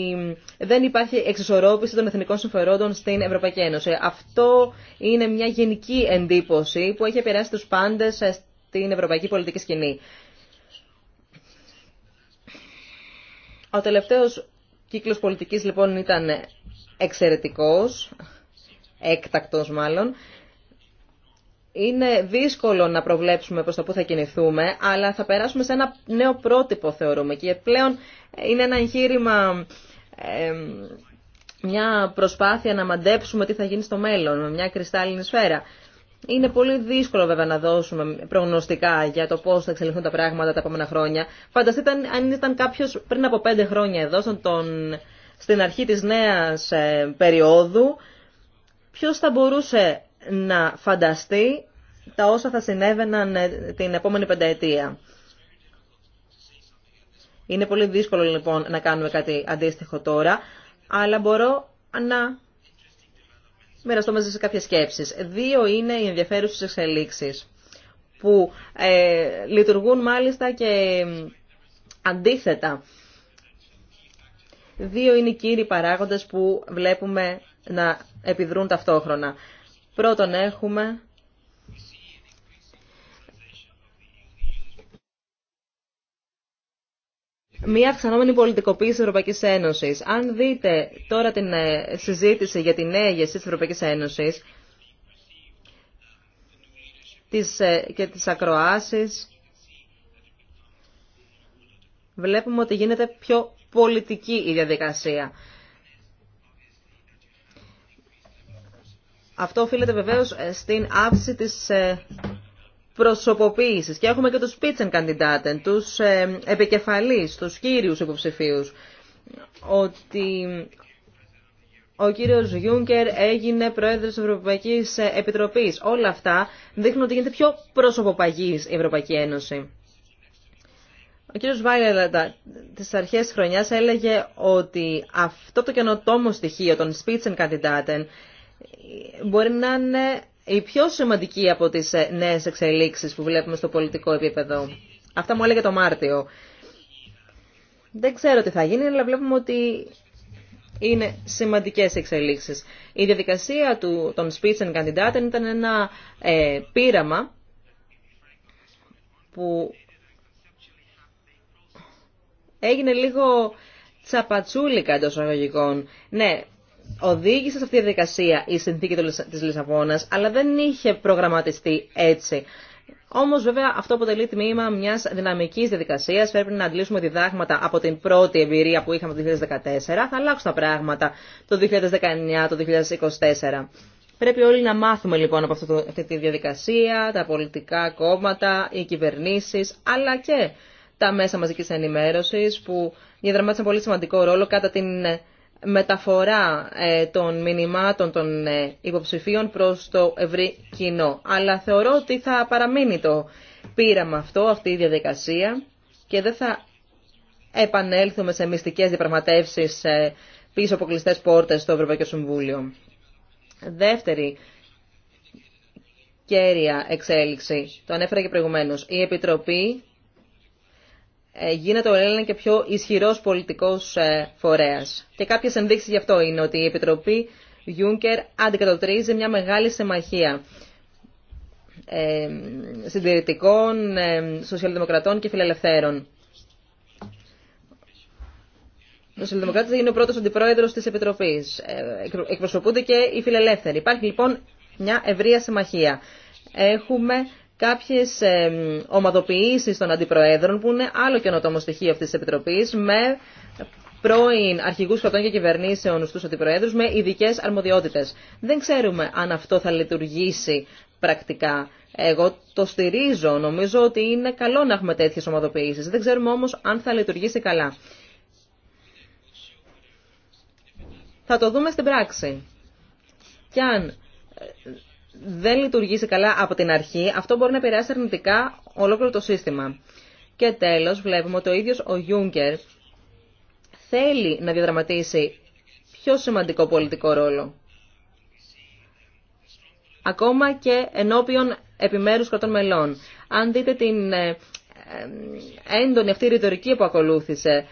δεν υπάρχει εξισορρόπηση των εθνικών συμφερόντων στην Ευρωπαϊκή Ένωση. Αυτό είναι μια γενική εντύπωση που έχει επηρεάσει τους πάντες ε, την ευρωπαϊκή πολιτική σκηνή. Ο τελευταίος κύκλος πολιτικής λοιπόν ήταν εξαιρετικός, έκτακτος μάλλον. Είναι δύσκολο να προβλέψουμε προς το που θα κινηθούμε, αλλά θα περάσουμε σε ένα νέο πρότυπο θεωρούμε και πλέον είναι ένα εγχείρημα, μια προσπάθεια να μαντέψουμε τι θα γίνει στο μέλλον, με μια κρυστάλλινη σφαίρα. Είναι πολύ δύσκολο βέβαια να δώσουμε προγνωστικά για το πώ θα εξελιχθούν τα πράγματα τα επόμενα χρόνια. Φανταστείτε αν ήταν κάποιο πριν από πέντε χρόνια εδώ, στον τον, στην αρχή τη νέα ε, περίοδου, ποιο θα μπορούσε να φανταστεί τα όσα θα συνέβαιναν ε, την επόμενη πενταετία. Είναι πολύ δύσκολο λοιπόν να κάνουμε κάτι αντίστοιχο τώρα, αλλά μπορώ να μοιραστώ μαζί σε κάποιες σκέψεις. Δύο είναι οι ενδιαφέρουσες εξελίξεις που ε, λειτουργούν μάλιστα και αντίθετα. Δύο είναι οι κύριοι παράγοντες που βλέπουμε να επιδρούν ταυτόχρονα. Πρώτον έχουμε μια αυξανόμενη πολιτικοποίηση της Ευρωπαϊκής Ένωσης. Αν δείτε τώρα την ε, συζήτηση για την νέα ηγεσία της Ευρωπαϊκής Ένωσης ε, και τις ακροάσεις, βλέπουμε ότι γίνεται πιο πολιτική η διαδικασία. Αυτό οφείλεται βεβαίως ε, στην αύξηση της προσωποποίησης και έχουμε και τους Spitzenkandidaten, τους ε, επικεφαλείς, τους κύριους υποψηφίους, ότι ο κύριος Γιούνκερ έγινε πρόεδρος της Ευρωπαϊκής Επιτροπής. Όλα αυτά δείχνουν ότι γίνεται πιο προσωποπαγής η Ευρωπαϊκή Ένωση. Ο κύριος Βάιλερ τις αρχές της χρονιάς έλεγε ότι αυτό το καινοτόμο στοιχείο των Spitzenkandidaten μπορεί να είναι η πιο σημαντική από τις ε, νέες εξελίξεις που βλέπουμε στο πολιτικό επίπεδο. Αυτά μου έλεγε το Μάρτιο. Δεν ξέρω τι θα γίνει, αλλά βλέπουμε ότι είναι σημαντικές εξελίξεις. Η διαδικασία του, των candidate ήταν ένα ε, πείραμα που έγινε λίγο τσαπατσούλικα εντό αγωγικών. Ναι, οδήγησε σε αυτή τη διαδικασία η συνθήκη της Λισαβόνας, αλλά δεν είχε προγραμματιστεί έτσι. Όμω, βέβαια, αυτό αποτελεί τμήμα μια δυναμική διαδικασία. Πρέπει να αντλήσουμε διδάγματα από την πρώτη εμπειρία που είχαμε το 2014. Θα αλλάξουν τα πράγματα το 2019, το 2024. Πρέπει όλοι να μάθουμε λοιπόν από αυτή τη διαδικασία, τα πολιτικά κόμματα, οι κυβερνήσει, αλλά και τα μέσα μαζική ενημέρωση που διαδραμάτισαν πολύ σημαντικό ρόλο κατά την μεταφορά ε, των μηνυμάτων των ε, υποψηφίων προς το ευρύ κοινό. Αλλά θεωρώ ότι θα παραμείνει το πείραμα αυτό, αυτή η διαδικασία και δεν θα επανέλθουμε σε μυστικές διαπραγματεύσεις ε, πίσω από κλειστές πόρτες στο Ευρωπαϊκό Συμβούλιο. Δεύτερη κέρια εξέλιξη, το ανέφερα και προηγουμένως, η Επιτροπή ε, γίνεται ο Έλληνα και πιο ισχυρό πολιτικό ε, φορέας. Και κάποιε ενδείξει γι' αυτό είναι ότι η Επιτροπή Γιούγκερ αντικατοπτρίζει μια μεγάλη συμμαχία ε, συντηρητικών, σοσιαλδημοκρατών και φιλελευθέρων. Ο Σοσιαλδημοκράτη είναι ο πρώτο αντιπρόεδρο τη Επιτροπή. Εκπροσωπούνται και οι φιλελεύθεροι. Υπάρχει λοιπόν μια ευρεία συμμαχία. Έχουμε κάποιες ομαδοποιήσεις των αντιπροέδρων που είναι άλλο καινοτόμο στοιχείο αυτής της Επιτροπής με πρώην αρχηγούς κρατών και κυβερνήσεων στους αντιπροέδρους με ειδικέ αρμοδιότητες. Δεν ξέρουμε αν αυτό θα λειτουργήσει πρακτικά. Εγώ το στηρίζω, νομίζω ότι είναι καλό να έχουμε τέτοιε ομαδοποιήσεις. Δεν ξέρουμε όμως αν θα λειτουργήσει καλά. Θα το δούμε στην πράξη. Και αν ε, δεν λειτουργήσει καλά από την αρχή, αυτό μπορεί να επηρεάσει αρνητικά ολόκληρο το σύστημα. Και τέλος βλέπουμε ότι ο ίδιος ο Γιούγκερ θέλει να διαδραματίσει πιο σημαντικό πολιτικό ρόλο. Ακόμα και ενώπιον επιμέρους κρατών μελών. Αν δείτε την ε, ε, έντονη αυτή ρητορική που ακολούθησε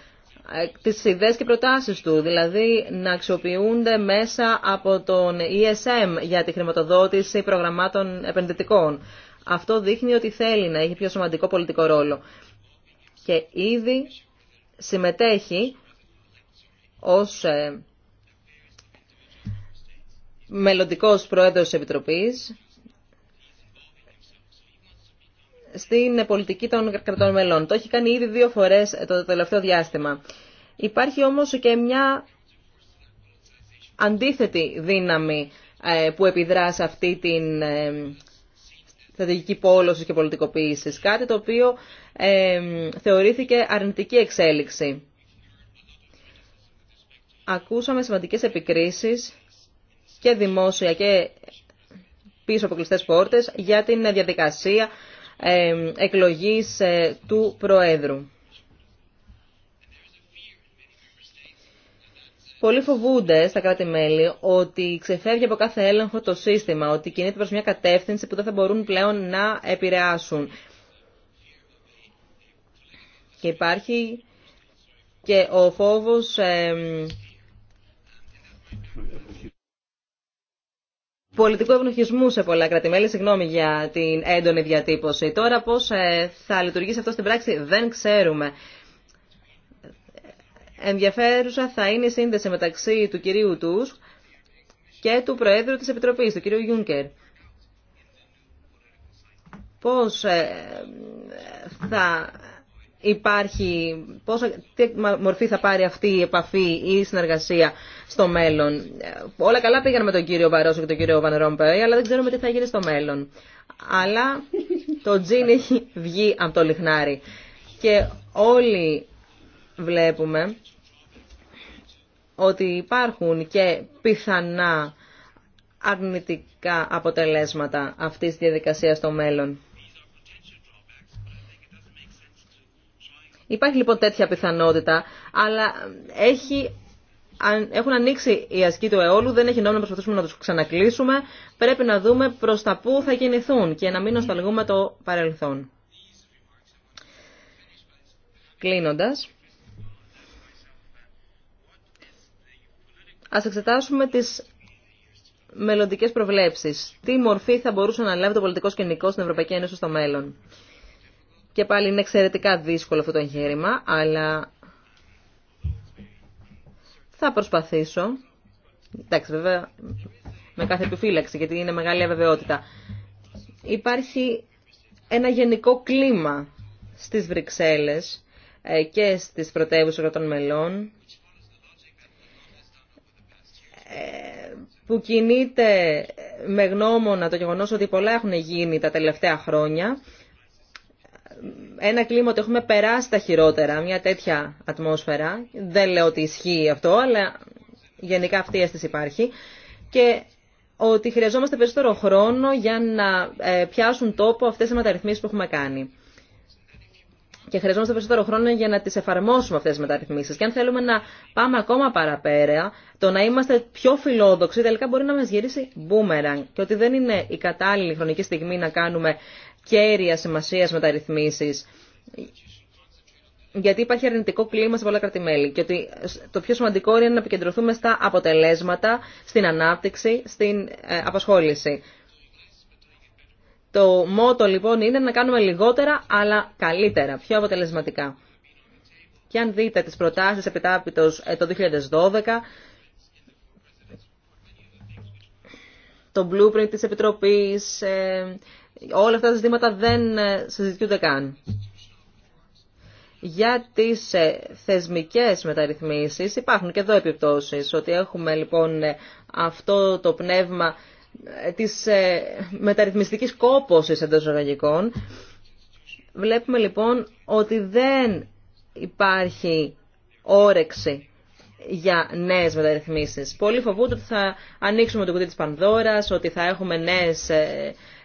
τις ιδέες και προτάσεις του, δηλαδή να αξιοποιούνται μέσα από τον ESM για τη χρηματοδότηση προγραμμάτων επενδυτικών. Αυτό δείχνει ότι θέλει να έχει πιο σημαντικό πολιτικό ρόλο. Και ήδη συμμετέχει ως ε, μελλοντικός πρόεδρος της Επιτροπής στην πολιτική των κρατών μελών. Το έχει κάνει ήδη δύο φορές το τελευταίο διάστημα. Υπάρχει όμως και μια αντίθετη δύναμη ε, που επιδρά σε αυτή την ε, στρατηγική πόλωση και πολιτικοποίηση. Κάτι το οποίο ε, θεωρήθηκε αρνητική εξέλιξη. Ακούσαμε σημαντικές επικρίσεις και δημόσια και πίσω από κλειστέ πόρτε για την διαδικασία εκλογής ε, του Προέδρου. Πολλοί φοβούνται στα κράτη-μέλη ότι ξεφεύγει από κάθε έλεγχο το σύστημα, ότι κινείται προς μια κατεύθυνση που δεν θα μπορούν πλέον να επηρεάσουν. Και υπάρχει και ο φόβος πολιτικού ευνοχισμού σε πολλά κρατημέλη. Συγγνώμη για την έντονη διατύπωση. Τώρα πώς ε, θα λειτουργήσει αυτό στην πράξη δεν ξέρουμε. Ενδιαφέρουσα θα είναι η σύνδεση μεταξύ του κυρίου Τούς και του Προέδρου της Επιτροπής, του κυρίου Γιούνκερ. Πώς ε, θα υπάρχει, πόσο, τι μορφή θα πάρει αυτή η επαφή ή η συνεργασία στο μέλλον. Όλα καλά πήγαν με τον κύριο Βαρόσο και τον κύριο Βαν αλλά δεν ξέρουμε τι θα γίνει στο μέλλον. Αλλά το τζιν έχει βγει από το λιχνάρι. Και όλοι βλέπουμε ότι υπάρχουν και πιθανά αρνητικά αποτελέσματα αυτής της διαδικασίας στο μέλλον. Υπάρχει λοιπόν τέτοια πιθανότητα, αλλά έχει αν έχουν ανοίξει οι ασκοί του αιώλου, δεν έχει νόημα να προσπαθήσουμε να τους ξανακλείσουμε. Πρέπει να δούμε προ τα πού θα κινηθούν και να μην νοσταλγούμε το παρελθόν. Κλείνοντα. ας εξετάσουμε τις μελλοντικέ προβλέψεις. Τι μορφή θα μπορούσε να λάβει το πολιτικό σκηνικό στην Ευρωπαϊκή Ένωση στο μέλλον. Και πάλι είναι εξαιρετικά δύσκολο αυτό το εγχείρημα, αλλά θα προσπαθήσω. Εντάξει, βέβαια, με κάθε επιφύλαξη, γιατί είναι μεγάλη αβεβαιότητα. Υπάρχει ένα γενικό κλίμα στις Βρυξέλλες ε, και στις πρωτεύουσες των μελών ε, που κινείται με γνώμονα το γεγονός ότι πολλά έχουν γίνει τα τελευταία χρόνια ένα κλίμα ότι έχουμε περάσει τα χειρότερα, μια τέτοια ατμόσφαιρα. Δεν λέω ότι ισχύει αυτό, αλλά γενικά αυτή η αίσθηση υπάρχει. Και ότι χρειαζόμαστε περισσότερο χρόνο για να ε, πιάσουν τόπο αυτές οι μεταρρυθμίσεις που έχουμε κάνει. Και χρειαζόμαστε περισσότερο χρόνο για να τις εφαρμόσουμε αυτές τις μεταρρυθμίσεις. Και αν θέλουμε να πάμε ακόμα παραπέρα, το να είμαστε πιο φιλόδοξοι τελικά μπορεί να μας γυρίσει μπούμεραν. Και ότι δεν είναι η κατάλληλη χρονική στιγμή να κάνουμε κέρια σημασία μεταρρυθμίσει. Γιατί υπάρχει αρνητικό κλίμα σε πολλά κρατημέλη και ότι το πιο σημαντικό είναι να επικεντρωθούμε στα αποτελέσματα, στην ανάπτυξη, στην ε, απασχόληση. Το μότο λοιπόν είναι να κάνουμε λιγότερα αλλά καλύτερα, πιο αποτελεσματικά. Και αν δείτε τις προτάσεις επιτάπητος ε, το 2012, το blueprint της Επιτροπής, ε, όλα αυτά τα ζητήματα δεν ε, συζητιούνται καν. Για τις ε, θεσμικές μεταρρυθμίσεις υπάρχουν και εδώ επιπτώσεις, ότι έχουμε λοιπόν ε, αυτό το πνεύμα της μεταρρυθμιστικής κόπωσης εντός οργανικών. Βλέπουμε λοιπόν ότι δεν υπάρχει όρεξη για νέε μεταρρυθμίσει. Πολύ φοβούνται ότι θα ανοίξουμε το κουτί τη Πανδώρα, ότι θα έχουμε νέε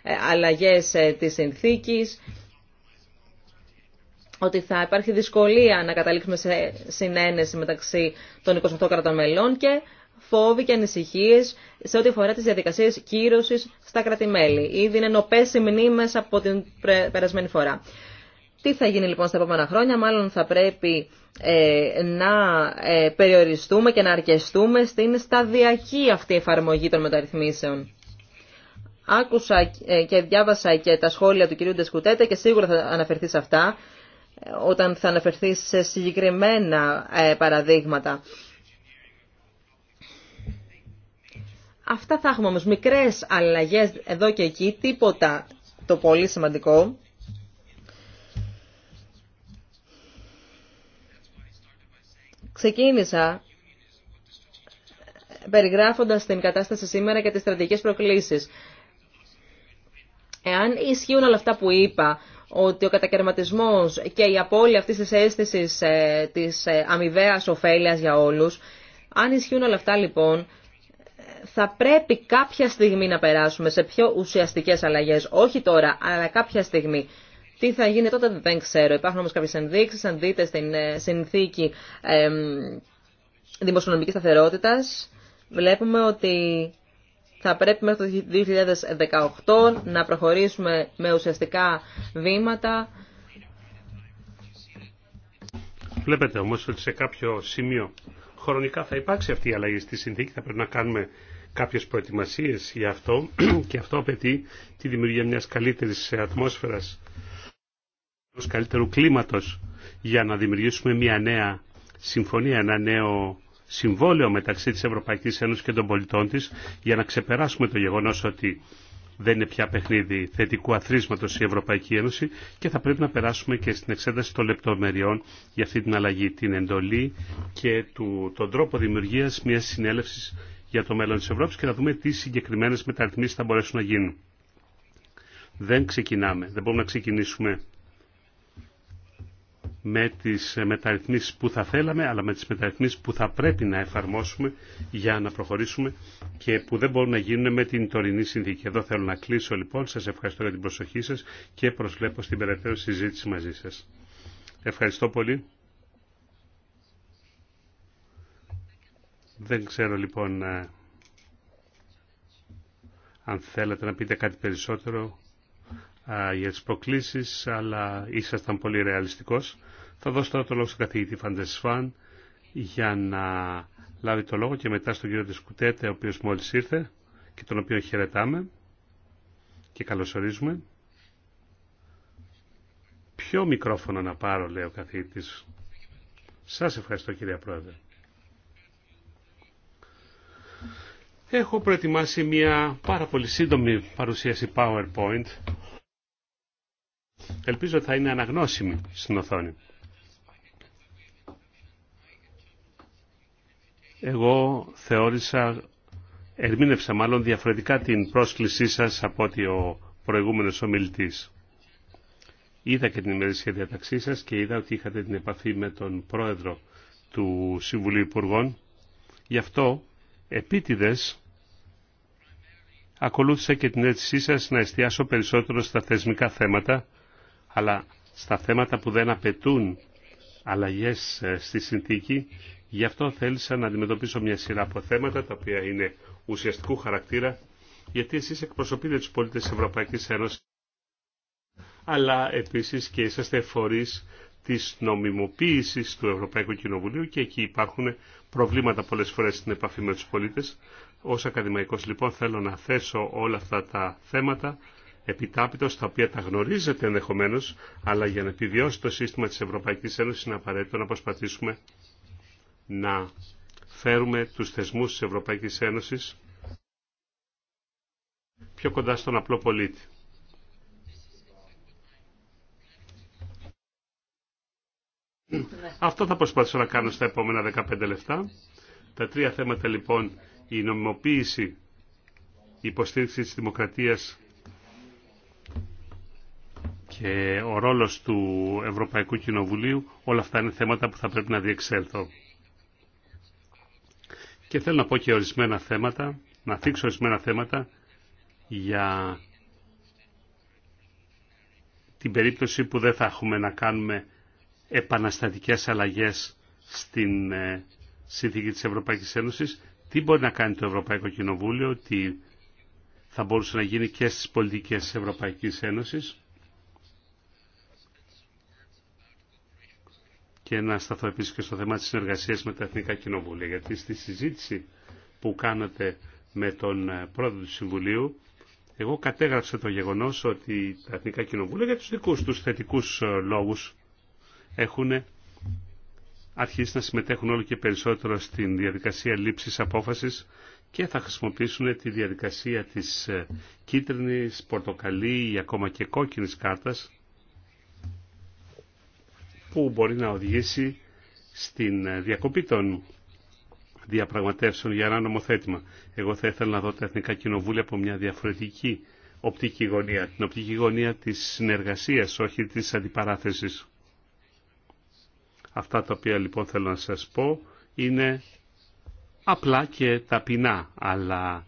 ε, αλλαγές ε, της συνθήκης, ότι θα υπάρχει δυσκολία να καταλήξουμε σε συνένεση μεταξύ των 28 κρατών μελών και φόβοι και ανησυχίε σε ό,τι αφορά τι διαδικασίε κύρωση στα κρατημέλη, Ήδη είναι νοπέ οι μνήμε από την περασμένη φορά. Τι θα γίνει λοιπόν στα επόμενα χρόνια, μάλλον θα πρέπει ε, να ε, περιοριστούμε και να αρκεστούμε στην σταδιακή αυτή εφαρμογή των μεταρρυθμίσεων. Άκουσα και διάβασα και τα σχόλια του κυρίου Ντεσκουτέτα και σίγουρα θα αναφερθεί σε αυτά όταν θα αναφερθεί σε συγκεκριμένα ε, παραδείγματα. Αυτά θα έχουμε όμως μικρές αλλαγές εδώ και εκεί, τίποτα το πολύ σημαντικό. Ξεκίνησα περιγράφοντας την κατάσταση σήμερα και τις στρατηγικές προκλήσεις. Εάν ισχύουν όλα αυτά που είπα, ότι ο κατακαιρματισμός και η απώλεια αυτής της αίσθησης ε, της ε, αμοιβαίας ωφέλειας για όλους, αν ισχύουν όλα αυτά λοιπόν, θα πρέπει κάποια στιγμή να περάσουμε σε πιο ουσιαστικές αλλαγές. Όχι τώρα, αλλά κάποια στιγμή. Τι θα γίνει τότε δεν ξέρω. Υπάρχουν όμως κάποιες ενδείξεις, αν δείτε στην ε, συνθήκη ε, δημοσιονομικής σταθερότητας, βλέπουμε ότι θα πρέπει μέχρι το 2018 να προχωρήσουμε με ουσιαστικά βήματα. Βλέπετε όμως ότι σε κάποιο σημείο χρονικά θα υπάρξει αυτή η αλλαγή στη συνθήκη, θα πρέπει να κάνουμε κάποιες προετοιμασίες για αυτό και αυτό απαιτεί τη δημιουργία μιας καλύτερης ατμόσφαιρας, ενός καλύτερου κλίματος για να δημιουργήσουμε μια νέα συμφωνία, ένα νέο συμβόλαιο μεταξύ της Ευρωπαϊκής Ένωσης και των πολιτών της για να ξεπεράσουμε το γεγονός ότι δεν είναι πια παιχνίδι θετικού αθρίσματος η Ευρωπαϊκή Ένωση και θα πρέπει να περάσουμε και στην εξέταση των λεπτομεριών για αυτή την αλλαγή, την εντολή και του, τον τρόπο δημιουργίας μιας συνέλευσης για το μέλλον της Ευρώπης και να δούμε τι συγκεκριμένες μεταρρυθμίσεις θα μπορέσουν να γίνουν. Δεν ξεκινάμε, δεν μπορούμε να ξεκινήσουμε με τις μεταρρυθμίσεις που θα θέλαμε, αλλά με τις μεταρρυθμίσεις που θα πρέπει να εφαρμόσουμε για να προχωρήσουμε και που δεν μπορούν να γίνουν με την τωρινή συνθήκη. Εδώ θέλω να κλείσω λοιπόν. Σας ευχαριστώ για την προσοχή σας και προσβλέπω στην περαιτέρω συζήτηση μαζί σας. Ευχαριστώ πολύ. Δεν ξέρω λοιπόν ε, αν θέλετε να πείτε κάτι περισσότερο ε, για τις προκλήσεις, αλλά ήσασταν πολύ ρεαλιστικός. Θα δώσω τώρα το λόγο στον καθηγητή Φαντεσφάν για να λάβει το λόγο και μετά στον κύριο Τισκουτέτε, ο οποίος μόλι ήρθε και τον οποίο χαιρετάμε και καλωσορίζουμε. Ποιο μικρόφωνο να πάρω, λέει ο καθηγήτη. Σας ευχαριστώ κυρία Πρόεδρε. Έχω προετοιμάσει μια πάρα πολύ σύντομη παρουσίαση PowerPoint. Ελπίζω θα είναι αναγνώσιμη στην οθόνη. Εγώ θεώρησα, ερμήνευσα μάλλον διαφορετικά την πρόσκλησή σας από ότι ο προηγούμενος ομιλητής. Είδα και την ημερήσια διαταξή σας και είδα ότι είχατε την επαφή με τον πρόεδρο του Συμβουλίου Υπουργών. Γι' αυτό επίτηδες ακολούθησα και την αίτησή σας να εστιάσω περισσότερο στα θεσμικά θέματα, αλλά στα θέματα που δεν απαιτούν αλλαγές ε, στη συνθήκη Γι' αυτό θέλησα να αντιμετωπίσω μια σειρά από θέματα τα οποία είναι ουσιαστικού χαρακτήρα γιατί εσείς εκπροσωπείτε τους πολίτες της Ευρωπαϊκής Ένωσης αλλά επίσης και είσαστε φορείς της νομιμοποίησης του Ευρωπαϊκού Κοινοβουλίου και εκεί υπάρχουν προβλήματα πολλές φορές στην επαφή με τους πολίτες. Ως ακαδημαϊκός λοιπόν θέλω να θέσω όλα αυτά τα θέματα επιτάπητος τα οποία τα γνωρίζετε ενδεχομένω, αλλά για να επιβιώσει το σύστημα της Ευρωπαϊκής Ένωσης είναι απαραίτητο να προσπαθήσουμε να φέρουμε τους θεσμούς της Ευρωπαϊκής Ένωσης πιο κοντά στον απλό πολίτη. Αυτό θα προσπαθήσω να κάνω στα επόμενα 15 λεπτά. Τα τρία θέματα λοιπόν, η νομιμοποίηση, η υποστήριξη της δημοκρατίας και ο ρόλος του Ευρωπαϊκού Κοινοβουλίου, όλα αυτά είναι θέματα που θα πρέπει να διεξέλθω. Και θέλω να πω και ορισμένα θέματα, να θίξω ορισμένα θέματα για την περίπτωση που δεν θα έχουμε να κάνουμε επαναστατικές αλλαγές στην ε, Συνθήκη της Ευρωπαϊκής Ένωσης. Τι μπορεί να κάνει το Ευρωπαϊκό Κοινοβούλιο, τι θα μπορούσε να γίνει και στις πολιτικές της Ευρωπαϊκής Ένωσης. και να σταθώ επίσης και στο θέμα της συνεργασίας με τα Εθνικά Κοινοβούλια, γιατί στη συζήτηση που κάνατε με τον ε, πρόεδρο του Συμβουλίου, εγώ κατέγραψα το γεγονός ότι τα Εθνικά Κοινοβούλια για τους δικούς τους θετικούς ε, λόγους έχουν αρχίσει να συμμετέχουν όλο και περισσότερο στην διαδικασία λήψης απόφασης και θα χρησιμοποιήσουν τη διαδικασία της ε, κίτρινης, πορτοκαλί ή ακόμα και κόκκινης κάρτας που μπορεί να οδηγήσει στην ε, διακοπή των διαπραγματεύσεων για ένα νομοθέτημα. Εγώ θα ήθελα να δω τα Εθνικά Κοινοβούλια από μια διαφορετική οπτική γωνία, την οπτική γωνία της συνεργασίας, όχι της αντιπαράθεσης. Αυτά τα οποία λοιπόν θέλω να σας πω είναι απλά και ταπεινά, αλλά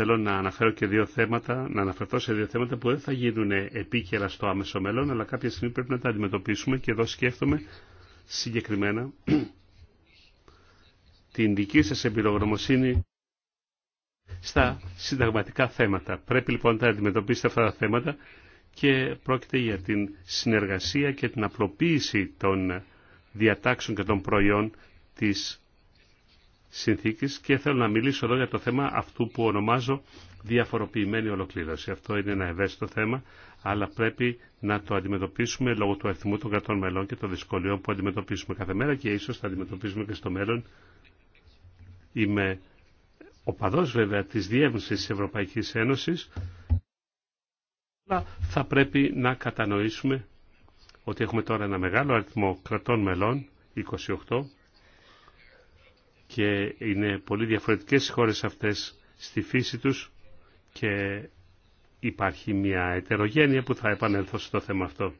Θέλω να αναφέρω και δύο θέματα, να αναφερθώ σε δύο θέματα που δεν θα γίνουν επίκαιρα στο άμεσο μέλλον, αλλά κάποια στιγμή πρέπει να τα αντιμετωπίσουμε και εδώ σκέφτομαι συγκεκριμένα την δική σας εμπειρογνωμοσύνη στα συνταγματικά θέματα. Πρέπει λοιπόν να τα αντιμετωπίσετε αυτά τα θέματα και πρόκειται για την συνεργασία και την απλοποίηση των διατάξεων και των προϊόν της και θέλω να μιλήσω εδώ για το θέμα αυτού που ονομάζω διαφοροποιημένη ολοκλήρωση. Αυτό είναι ένα ευαίσθητο θέμα, αλλά πρέπει να το αντιμετωπίσουμε λόγω του αριθμού των κρατών μελών και των δυσκολιών που αντιμετωπίσουμε κάθε μέρα και ίσως θα αντιμετωπίσουμε και στο μέλλον. Είμαι οπαδός βέβαια της διεύνησης της Ευρωπαϊκής Ένωσης, αλλά θα πρέπει να κατανοήσουμε ότι έχουμε τώρα ένα μεγάλο αριθμό κρατών μελών, 28, και είναι πολύ διαφορετικές οι χώρες αυτές στη φύση τους και υπάρχει μια ετερογένεια που θα επανέλθω στο θέμα αυτό.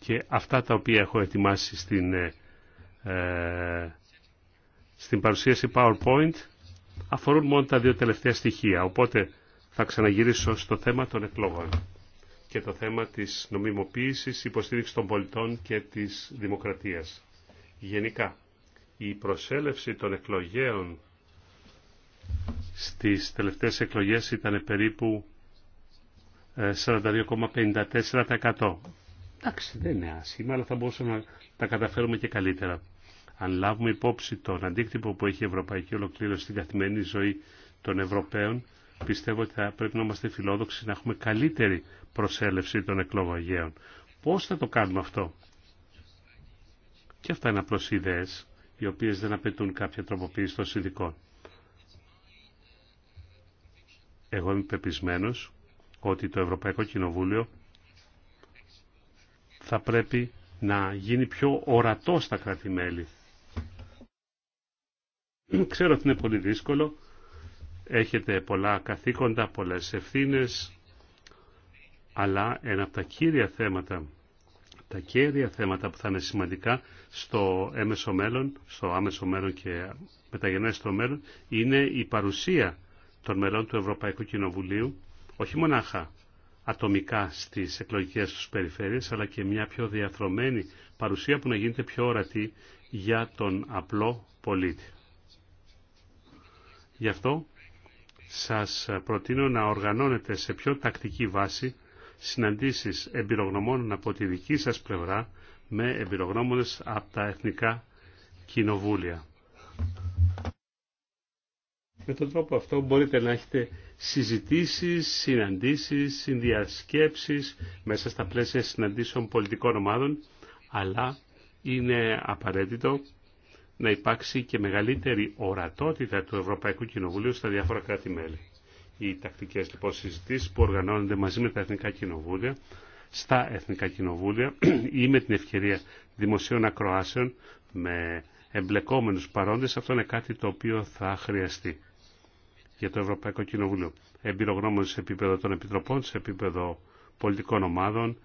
Και αυτά τα οποία έχω ετοιμάσει στην, ε, ε, στην παρουσίαση PowerPoint αφορούν μόνο τα δύο τελευταία στοιχεία. Οπότε θα ξαναγυρίσω στο θέμα των εκλογών και το θέμα της νομιμοποίησης, υποστήριξης των πολιτών και της δημοκρατίας γενικά. Η προσέλευση των εκλογέων στις τελευταίες εκλογές ήταν περίπου 42,54%. Ε, Εντάξει, δεν είναι άσχημα, αλλά θα μπορούσαμε να τα καταφέρουμε και καλύτερα. Αν λάβουμε υπόψη τον αντίκτυπο που έχει η ευρωπαϊκή ολοκλήρωση στην καθημερινή ζωή των Ευρωπαίων, πιστεύω ότι θα πρέπει να είμαστε φιλόδοξοι να έχουμε καλύτερη προσέλευση των εκλογέων. Πώς θα το κάνουμε αυτό. Και αυτά είναι απλώς ιδέες, οι οποίες δεν απαιτούν κάποια τροποποίηση των συνδικών. Εγώ είμαι πεπισμένος ότι το Ευρωπαϊκό Κοινοβούλιο θα πρέπει να γίνει πιο ορατό στα κράτη-μέλη. Ξέρω ότι είναι πολύ δύσκολο. Έχετε πολλά καθήκοντα, πολλές ευθύνες, αλλά ένα από τα κύρια θέματα τα και θέματα που θα είναι σημαντικά στο έμεσο μέλλον, στο άμεσο μέλλον και μεταγενέστερο μέλλον, είναι η παρουσία των μελών του Ευρωπαϊκού Κοινοβουλίου, όχι μονάχα ατομικά στις εκλογικές του περιφέρειες, αλλά και μια πιο διαθρωμένη παρουσία που να γίνεται πιο ορατή για τον απλό πολίτη. Γι' αυτό σας προτείνω να οργανώνετε σε πιο τακτική βάση συναντήσεις εμπειρογνωμών από τη δική σας πλευρά με εμπειρογνώμονες από τα εθνικά κοινοβούλια. Με τον τρόπο αυτό μπορείτε να έχετε συζητήσεις, συναντήσεις, συνδιασκέψεις μέσα στα πλαίσια συναντήσεων πολιτικών ομάδων, αλλά είναι απαραίτητο να υπάρξει και μεγαλύτερη ορατότητα του Ευρωπαϊκού Κοινοβουλίου στα διάφορα κράτη-μέλη οι τακτικές λοιπόν συζητήσεις που οργανώνονται μαζί με τα Εθνικά Κοινοβούλια, στα Εθνικά Κοινοβούλια ή με την ευκαιρία δημοσίων ακροάσεων με εμπλεκόμενους παρόντες, αυτό είναι κάτι το οποίο θα χρειαστεί για το Ευρωπαϊκό Κοινοβούλιο. Εμπειρογνώμων σε επίπεδο των επιτροπών, σε επίπεδο πολιτικών ομάδων,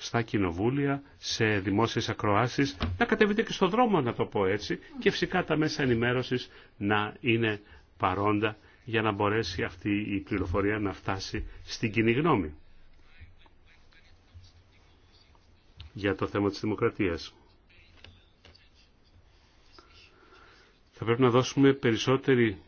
στα κοινοβούλια, σε δημόσιε ακροάσεις, να κατεβείτε και στον δρόμο να το πω έτσι και φυσικά τα μέσα ενημέρωση να είναι παρόντα για να μπορέσει αυτή η πληροφορία να φτάσει στην κοινή γνώμη για το θέμα της δημοκρατίας. Θα πρέπει να δώσουμε περισσότερη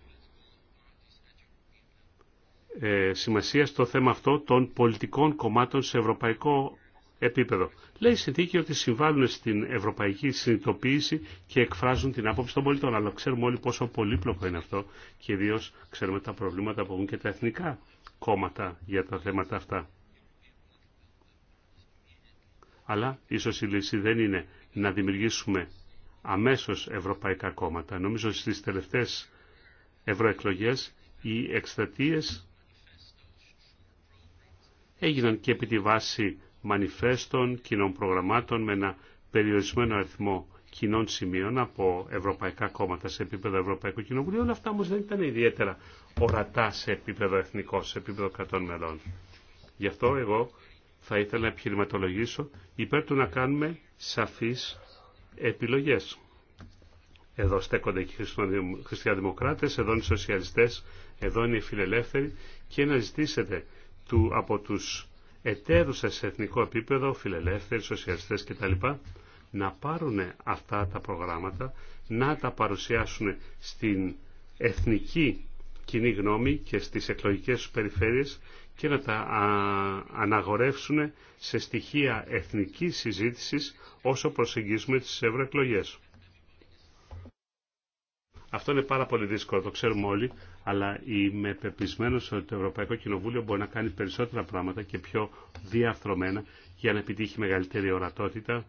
ε, σημασία στο θέμα αυτό των πολιτικών κομμάτων σε ευρωπαϊκό επίπεδο. Λέει η συνθήκη ότι συμβάλλουν στην ευρωπαϊκή συνειδητοποίηση και εκφράζουν την άποψη των πολιτών. Αλλά ξέρουμε όλοι πόσο πολύπλοκο είναι αυτό και ιδίω ξέρουμε τα προβλήματα που έχουν και τα εθνικά κόμματα για τα θέματα αυτά. Αλλά ίσως η λύση δεν είναι να δημιουργήσουμε αμέσως ευρωπαϊκά κόμματα. Νομίζω στις τελευταίες ευρωεκλογές οι εκστατείες έγιναν και επί τη βάση μανιφέστων, κοινών προγραμμάτων με ένα περιορισμένο αριθμό κοινών σημείων από ευρωπαϊκά κόμματα σε επίπεδο Ευρωπαϊκού Κοινοβουλίου. Όλα αυτά όμως δεν ήταν ιδιαίτερα ορατά σε επίπεδο εθνικό, σε επίπεδο κρατών μελών. Γι' αυτό εγώ θα ήθελα να επιχειρηματολογήσω υπέρ του να κάνουμε σαφείς επιλογές. Εδώ στέκονται οι χριστιανοδημοκράτες, εδώ είναι οι σοσιαλιστές, εδώ είναι οι φιλελεύθεροι και να ζητήσετε από τους εταίρους σε εθνικό επίπεδο, φιλελεύθεροι, σοσιαλιστές κτλ. να πάρουν αυτά τα προγράμματα, να τα παρουσιάσουν στην εθνική κοινή γνώμη και στις εκλογικές τους περιφέρειες και να τα αναγορεύσουν σε στοιχεία εθνικής συζήτησης όσο προσεγγίζουμε τις ευρωεκλογές. Αυτό είναι πάρα πολύ δύσκολο, το ξέρουμε όλοι, αλλά είμαι πεπισμένο ότι το Ευρωπαϊκό Κοινοβούλιο μπορεί να κάνει περισσότερα πράγματα και πιο διαρθρωμένα για να επιτύχει μεγαλύτερη ορατότητα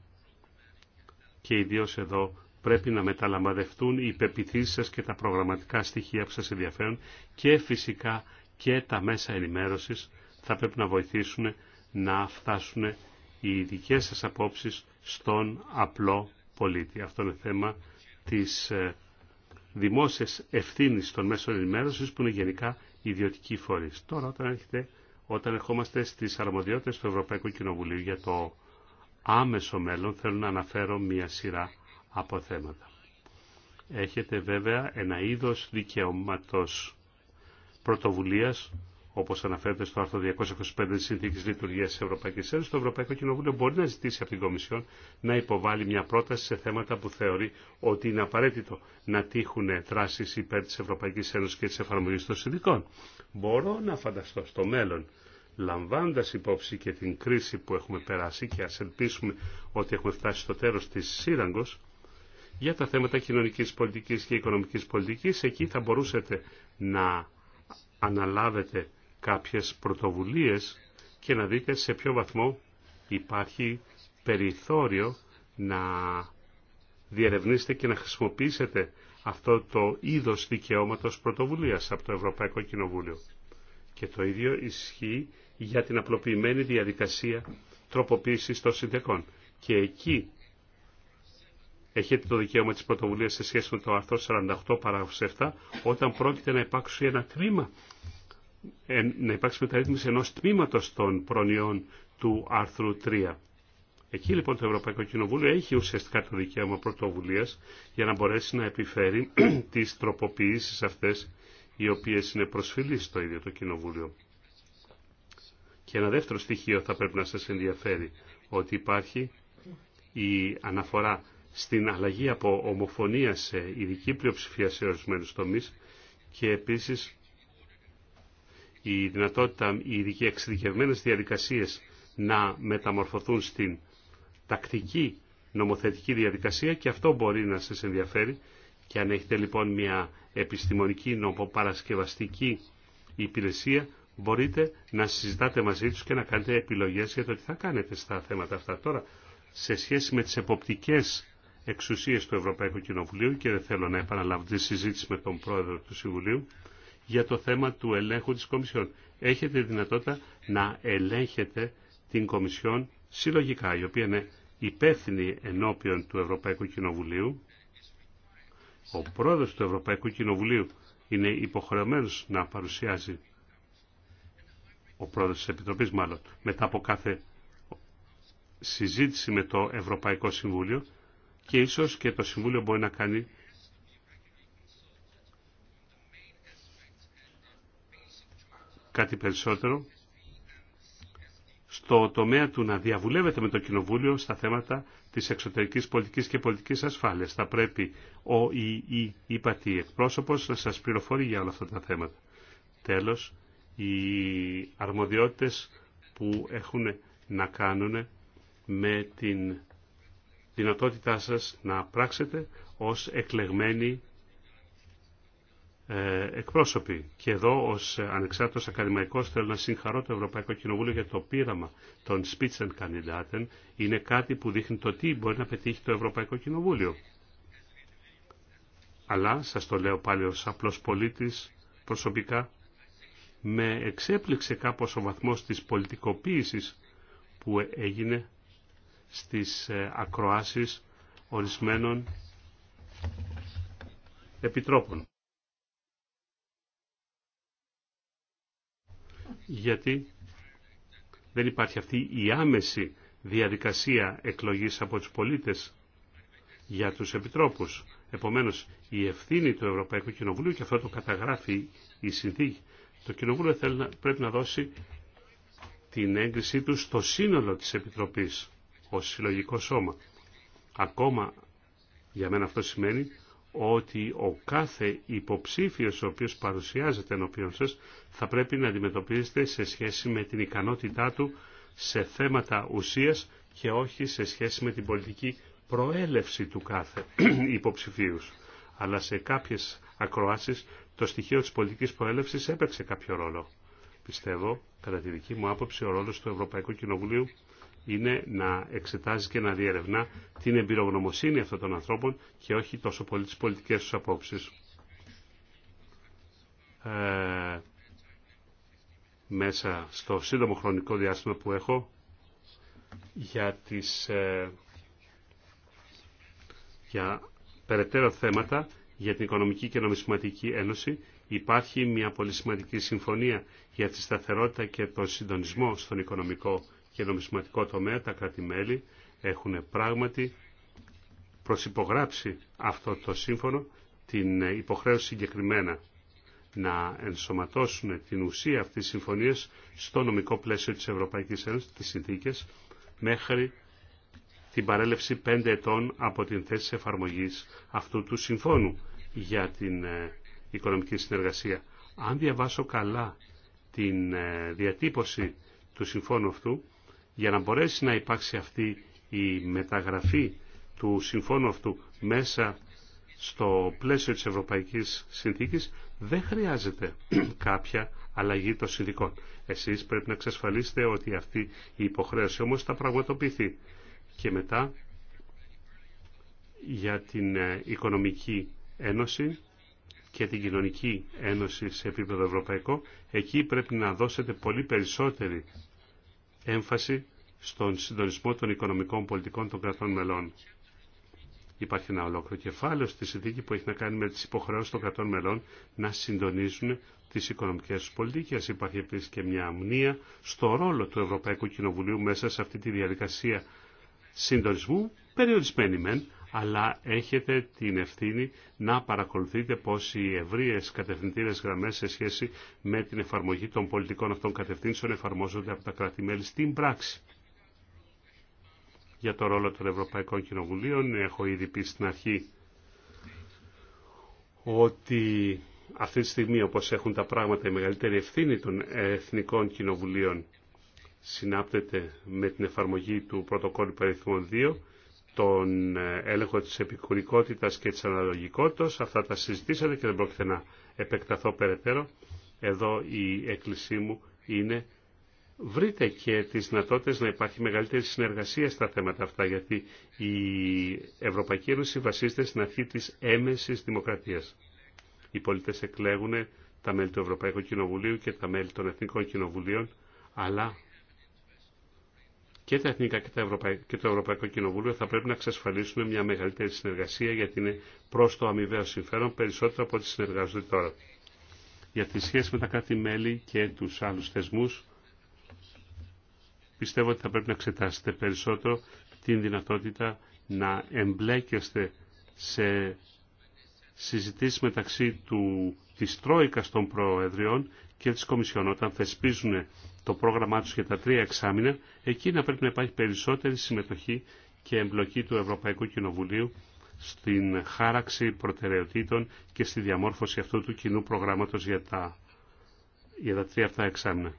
και ιδίως εδώ πρέπει να μεταλαμβαδευτούν οι πεπιθήσεις σας και τα προγραμματικά στοιχεία που σας ενδιαφέρουν και φυσικά και τα μέσα ενημέρωσης θα πρέπει να βοηθήσουν να φτάσουν οι δικές σας απόψεις στον απλό πολίτη. Αυτό είναι θέμα της ε, δημόσια ευθύνες των μέσων ενημέρωση που είναι γενικά ιδιωτικοί φορείς. Τώρα όταν, όταν ερχόμαστε στι αρμοδιότητες του Ευρωπαϊκού Κοινοβουλίου για το άμεσο μέλλον θέλω να αναφέρω μία σειρά από θέματα. Έχετε βέβαια ένα είδος δικαιώματο πρωτοβουλία. Όπω αναφέρεται στο άρθρο 225 τη Συνθήκη Λειτουργία τη Ευρωπαϊκή Ένωση, το Ευρωπαϊκό Κοινοβούλιο μπορεί να ζητήσει από την Κομισιόν να υποβάλει μια πρόταση σε θέματα που θεωρεί ότι είναι απαραίτητο να τύχουν δράσει υπέρ τη Ευρωπαϊκή Ένωση και τη εφαρμογή των συνδικών. Μπορώ να φανταστώ στο μέλλον, λαμβάνοντα υπόψη και την κρίση που έχουμε περάσει και α ελπίσουμε ότι έχουμε φτάσει στο τέλο τη σύραγγο, για τα θέματα κοινωνικής πολιτικής και οικονομικής πολιτικής, εκεί θα μπορούσατε να αναλάβετε κάποιες πρωτοβουλίες και να δείτε σε ποιο βαθμό υπάρχει περιθώριο να διερευνήσετε και να χρησιμοποιήσετε αυτό το είδος δικαιώματος πρωτοβουλίας από το Ευρωπαϊκό Κοινοβούλιο. Και το ίδιο ισχύει για την απλοποιημένη διαδικασία τροποποίησης των συνδεκών. Και εκεί έχετε το δικαίωμα της πρωτοβουλίας σε σχέση με το άρθρο 48 παράγραφος 7 όταν πρόκειται να υπάρξει ένα τμήμα να υπάρξει μεταρρύθμιση ενός τμήματος των προνοιών του άρθρου 3. Εκεί λοιπόν το Ευρωπαϊκό Κοινοβούλιο έχει ουσιαστικά το δικαίωμα πρωτοβουλίας για να μπορέσει να επιφέρει τις τροποποιήσεις αυτές οι οποίες είναι προσφυλή στο ίδιο το Κοινοβούλιο. Και ένα δεύτερο στοιχείο θα πρέπει να σας ενδιαφέρει, ότι υπάρχει η αναφορά στην αλλαγή από ομοφωνία σε ειδική πλειοψηφία σε ορισμένου τομεί και επίσης η δυνατότητα, οι εξειδικευμένες διαδικασίες να μεταμορφωθούν στην τακτική νομοθετική διαδικασία και αυτό μπορεί να σας ενδιαφέρει και αν έχετε λοιπόν μια επιστημονική νομοπαρασκευαστική υπηρεσία μπορείτε να συζητάτε μαζί τους και να κάνετε επιλογές για το τι θα κάνετε στα θέματα αυτά τώρα σε σχέση με τις εποπτικές εξουσίες του Ευρωπαϊκού Κοινοβουλίου και δεν θέλω να επαναλάβω τη συζήτηση με τον πρόεδρο του Συμβουλίου για το θέμα του ελέγχου της Κομισιόν. Έχετε δυνατότητα να ελέγχετε την Κομισιόν συλλογικά, η οποία είναι υπεύθυνη ενώπιον του Ευρωπαϊκού Κοινοβουλίου. Ο πρόεδρος του Ευρωπαϊκού Κοινοβουλίου είναι υποχρεωμένος να παρουσιάζει ο πρόεδρος της Επιτροπής μάλλον, μετά από κάθε συζήτηση με το Ευρωπαϊκό Συμβούλιο και ίσως και το Συμβούλιο μπορεί να κάνει κάτι περισσότερο στο τομέα του να διαβουλεύετε με το Κοινοβούλιο στα θέματα της εξωτερικής πολιτικής και πολιτικής ασφάλειας. Θα πρέπει ο ή η η ειπατη εκπρόσωπος να σας πληροφορεί για όλα αυτά τα θέματα. Τέλος, οι αρμοδιότητες που έχουν να κάνουν με την δυνατότητά σας να πράξετε ως εκλεγμένοι ε, εκπρόσωποι. Και εδώ ως ανεξάρτητος ακαδημαϊκός θέλω να συγχαρώ το Ευρωπαϊκό Κοινοβούλιο για το πείραμα των Spitzenkandidaten. Είναι κάτι που δείχνει το τι μπορεί να πετύχει το Ευρωπαϊκό Κοινοβούλιο. Αλλά, σας το λέω πάλι ως απλός πολίτης προσωπικά, με εξέπληξε κάπως ο βαθμός της πολιτικοποίησης που έγινε στις ε, ακροάσεις ορισμένων επιτρόπων. γιατί δεν υπάρχει αυτή η άμεση διαδικασία εκλογής από τους πολίτες για τους επιτρόπους. Επομένως, η ευθύνη του Ευρωπαϊκού Κοινοβουλίου, και αυτό το καταγράφει η συνθήκη, το Κοινοβούλιο θέλει, πρέπει να δώσει την έγκρισή του στο σύνολο της Επιτροπής, ως συλλογικό σώμα. Ακόμα, για μένα αυτό σημαίνει, ότι ο κάθε υποψήφιος ο οποίος παρουσιάζεται ενώπιον σας θα πρέπει να αντιμετωπίζεται σε σχέση με την ικανότητά του σε θέματα ουσίας και όχι σε σχέση με την πολιτική προέλευση του κάθε υποψηφίου. Αλλά σε κάποιες ακροάσεις το στοιχείο της πολιτικής προέλευσης έπαιξε κάποιο ρόλο. Πιστεύω, κατά τη δική μου άποψη, ο ρόλος του Ευρωπαϊκού Κοινοβουλίου είναι να εξετάζει και να διερευνά την εμπειρογνωμοσύνη αυτών των ανθρώπων και όχι τόσο πολύ τις πολιτικές τους απόψεις. Ε, μέσα στο σύντομο χρονικό διάστημα που έχω για, τις, ε, για περαιτέρω θέματα για την Οικονομική και Νομισματική Ένωση υπάρχει μια πολύ σημαντική συμφωνία για τη σταθερότητα και τον συντονισμό στον οικονομικό και νομισματικό τομέα τα κράτη-μέλη έχουν πράγματι προσυπογράψει αυτό το σύμφωνο την ε, υποχρέωση συγκεκριμένα να ενσωματώσουν την ουσία αυτής της συμφωνίας στο νομικό πλαίσιο της Ευρωπαϊκής Ένωσης, τις συνθήκες, μέχρι την παρέλευση πέντε ετών από την θέση εφαρμογής αυτού του συμφώνου για την ε, οικονομική συνεργασία. Αν διαβάσω καλά την ε, διατύπωση του συμφώνου αυτού, για να μπορέσει να υπάρξει αυτή η μεταγραφή του συμφώνου αυτού μέσα στο πλαίσιο της Ευρωπαϊκής Συνθήκης δεν χρειάζεται κάποια αλλαγή των συνδικών. Εσείς πρέπει να εξασφαλίσετε ότι αυτή η υποχρέωση όμως θα πραγματοποιηθεί. Και μετά για την ε, Οικονομική Ένωση και την Κοινωνική Ένωση σε επίπεδο ευρωπαϊκό, εκεί πρέπει να δώσετε πολύ περισσότερη έμφαση στον συντονισμό των οικονομικών πολιτικών των κρατών μελών. Υπάρχει ένα ολόκληρο κεφάλαιο στη συνθήκη που έχει να κάνει με τις υποχρεώσεις των κρατών μελών να συντονίζουν τις οικονομικές τους πολιτικές. Υπάρχει επίσης και μια αμνία στο ρόλο του Ευρωπαϊκού Κοινοβουλίου μέσα σε αυτή τη διαδικασία συντονισμού, περιορισμένη μεν, αλλά έχετε την ευθύνη να παρακολουθείτε πως οι ευρείες κατευθυντήρες γραμμές σε σχέση με την εφαρμογή των πολιτικών αυτών κατευθύνσεων εφαρμόζονται από τα κράτη-μέλη στην πράξη. Για το ρόλο των Ευρωπαϊκών Κοινοβουλίων έχω ήδη πει στην αρχή ότι αυτή τη στιγμή όπως έχουν τα πράγματα η μεγαλύτερη ευθύνη των Εθνικών Κοινοβουλίων συνάπτεται με την εφαρμογή του πρωτοκόλλου περιθμών 2 τον ε, έλεγχο της επικουρικότητας και της αναλογικότητας. Αυτά τα συζητήσατε και δεν πρόκειται να επεκταθώ περαιτέρω. Εδώ η έκκλησή μου είναι βρείτε και τις δυνατότητες να υπάρχει μεγαλύτερη συνεργασία στα θέματα αυτά, γιατί η Ευρωπαϊκή Ένωση βασίζεται στην αρχή της έμεσης δημοκρατίας. Οι πολίτες εκλέγουν τα μέλη του Ευρωπαϊκού Κοινοβουλίου και τα μέλη των Εθνικών Κοινοβουλίων, αλλά και τα Εθνικά και, τα και το Ευρωπαϊκό Κοινοβούλιο θα πρέπει να εξασφαλίσουν μια μεγαλύτερη συνεργασία γιατί είναι προ το αμοιβαίο συμφέρον περισσότερο από ό,τι συνεργάζονται τώρα. Για τη σχέση με τα κράτη-μέλη και του άλλου θεσμού, πιστεύω ότι θα πρέπει να εξετάσετε περισσότερο την δυνατότητα να εμπλέκεστε σε συζητήσεις μεταξύ του, της Τρόικας των Προεδριών και της Κομισιόν όταν θεσπίζουν το πρόγραμμά τους για τα τρία εξάμεινα, εκεί να πρέπει να υπάρχει περισσότερη συμμετοχή και εμπλοκή του Ευρωπαϊκού Κοινοβουλίου στην χάραξη προτεραιοτήτων και στη διαμόρφωση αυτού του κοινού προγράμματος για τα, για τα τρία αυτά εξάμεινα.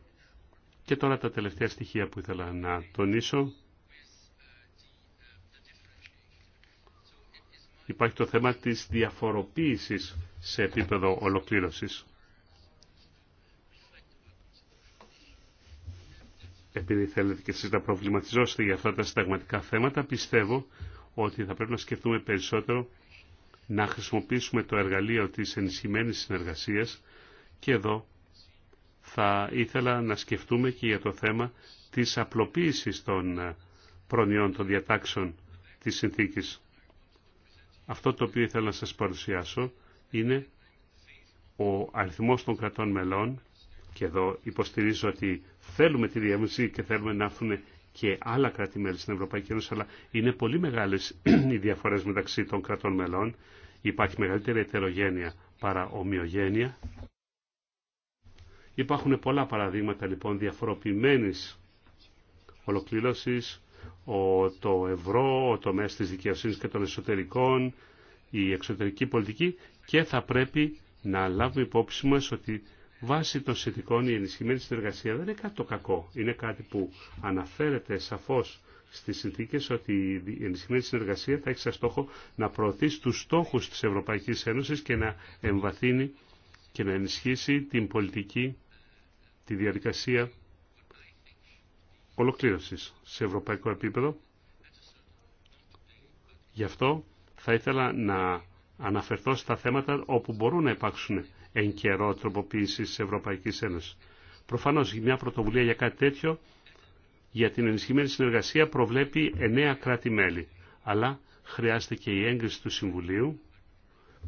Και τώρα τα τελευταία στοιχεία που ήθελα να τονίσω. Υπάρχει το θέμα της διαφοροποίησης σε επίπεδο ολοκλήρωσης. επειδή θέλετε και εσείς να προβληματιζόσετε για αυτά τα συνταγματικά θέματα, πιστεύω ότι θα πρέπει να σκεφτούμε περισσότερο να χρησιμοποιήσουμε το εργαλείο της ενισχυμένης συνεργασίας και εδώ θα ήθελα να σκεφτούμε και για το θέμα της απλοποίησης των ε, προνοιών των διατάξεων της συνθήκης. Αυτό το οποίο ήθελα να σας παρουσιάσω είναι ο αριθμός των κρατών μελών και εδώ υποστηρίζω ότι θέλουμε τη διεύρυνση και θέλουμε να έρθουν και άλλα κράτη-μέλη στην Ευρωπαϊκή Ένωση, αλλά είναι πολύ μεγάλε οι διαφορέ μεταξύ των κρατών μελών. Υπάρχει μεγαλύτερη ετερογένεια παρά ομοιογένεια. Υπάρχουν πολλά παραδείγματα λοιπόν διαφοροποιημένη ολοκλήρωση, το ευρώ, το τομέα τη δικαιοσύνη και των εσωτερικών, η εξωτερική πολιτική και θα πρέπει να λάβουμε υπόψη μας ότι βάσει των συνθηκών η ενισχυμένη συνεργασία δεν είναι κάτι το κακό. Είναι κάτι που αναφέρεται σαφώς στις συνθήκες ότι η ενισχυμένη συνεργασία θα έχει σαν στόχο να προωθήσει τους στόχους της Ευρωπαϊκής Ένωσης και να εμβαθύνει και να ενισχύσει την πολιτική, τη διαδικασία ολοκλήρωσης σε ευρωπαϊκό επίπεδο. Γι' αυτό θα ήθελα να αναφερθώ στα θέματα όπου μπορούν να υπάρξουν εν καιρό τροποποίηση τη Ευρωπαϊκής Ένωση. Προφανώς μια πρωτοβουλία για κάτι τέτοιο για την ενισχυμένη συνεργασία προβλέπει εννέα κράτη-μέλη. Αλλά χρειάζεται και η έγκριση του Συμβουλίου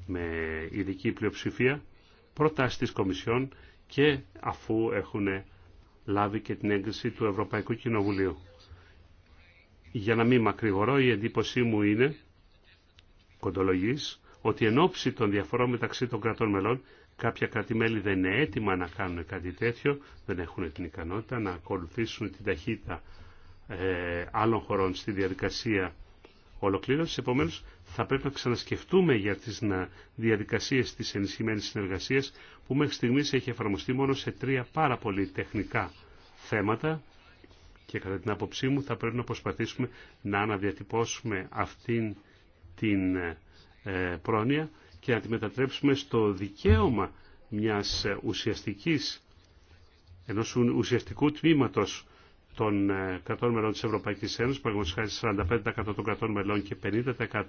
με ειδική πλειοψηφία, προτάσει τη Κομισιόν και αφού έχουν λάβει και την έγκριση του Ευρωπαϊκού Κοινοβουλίου. Για να μην μακρηγορώ, η εντύπωσή μου είναι, κοντολογής, ότι εν ώψη των διαφορών μεταξύ των κρατών μελών Κάποια κρατημέλη δεν είναι έτοιμα να κάνουν κάτι τέτοιο, δεν έχουν την ικανότητα να ακολουθήσουν την ταχύτητα ε, άλλων χωρών στη διαδικασία ολοκλήρωσης. Επομένως, θα πρέπει να ξανασκεφτούμε για τις διαδικασίες της ενισχυμένης συνεργασίας που μέχρι στιγμής έχει εφαρμοστεί μόνο σε τρία πάρα πολύ τεχνικά θέματα και κατά την άποψή μου θα πρέπει να προσπαθήσουμε να αναδιατυπώσουμε αυτήν την ε, πρόνοια και να τη μετατρέψουμε στο δικαίωμα μιας ουσιαστικής, ενός ουσιαστικού τμήματος των ε, κρατών μελών της Ευρωπαϊκής Ένωσης, είναι 45% των κρατών μελών και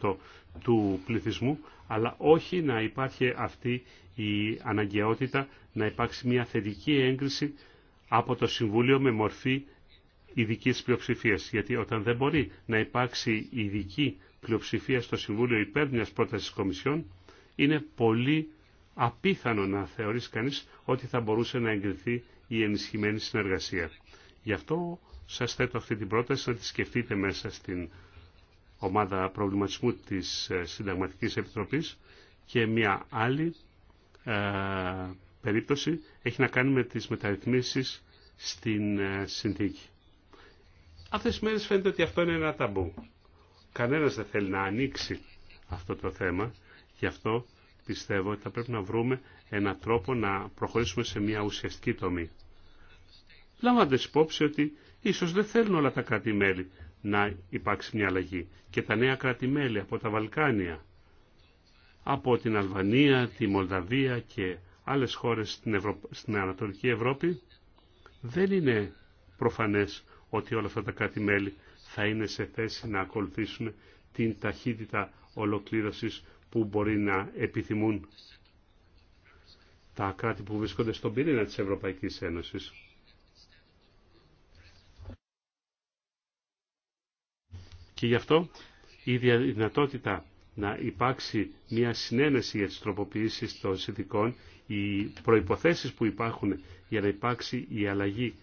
50% του πληθυσμού, αλλά όχι να υπάρχει αυτή η αναγκαιότητα να υπάρξει μια θετική έγκριση από το Συμβούλιο με μορφή ειδική πλειοψηφία. Γιατί όταν δεν μπορεί να υπάρξει ειδική πλειοψηφία στο Συμβούλιο υπέρ μια πρόταση Κομισιόν, είναι πολύ απίθανο να θεωρεί κανείς ότι θα μπορούσε να εγκριθεί η ενισχυμένη συνεργασία. Γι' αυτό σας θέτω αυτή την πρόταση να τη σκεφτείτε μέσα στην ομάδα προβληματισμού της ε, Συνταγματικής Επιτροπής και μια άλλη ε, περίπτωση έχει να κάνει με τις μεταρρυθμίσεις στην ε, συνθήκη. Αυτές τις μέρες φαίνεται ότι αυτό είναι ένα ταμπού. Κανένας δεν θέλει να ανοίξει αυτό το θέμα Γι' αυτό πιστεύω ότι θα πρέπει να βρούμε έναν τρόπο να προχωρήσουμε σε μια ουσιαστική τομή. Λάμβαντε υπόψη ότι ίσως δεν θέλουν όλα τα κράτη-μέλη να υπάρξει μια αλλαγή. Και τα νέα κράτη-μέλη από τα Βαλκάνια, από την Αλβανία, τη Μολδαβία και άλλες χώρες στην, στην Ανατολική Ευρώπη, δεν είναι προφανές ότι όλα αυτά τα κράτη-μέλη θα είναι σε θέση να ακολουθήσουν την ταχύτητα ολοκλήρωσης που μπορεί να επιθυμούν τα κράτη που βρίσκονται στον πυρήνα της Ευρωπαϊκής Ένωσης. Και γι' αυτό η δυνατότητα να υπάρξει μια συνένεση για τις τροποποιήσεις των συνθηκών... οι προϋποθέσεις που υπάρχουν για να υπάρξει η αλλαγή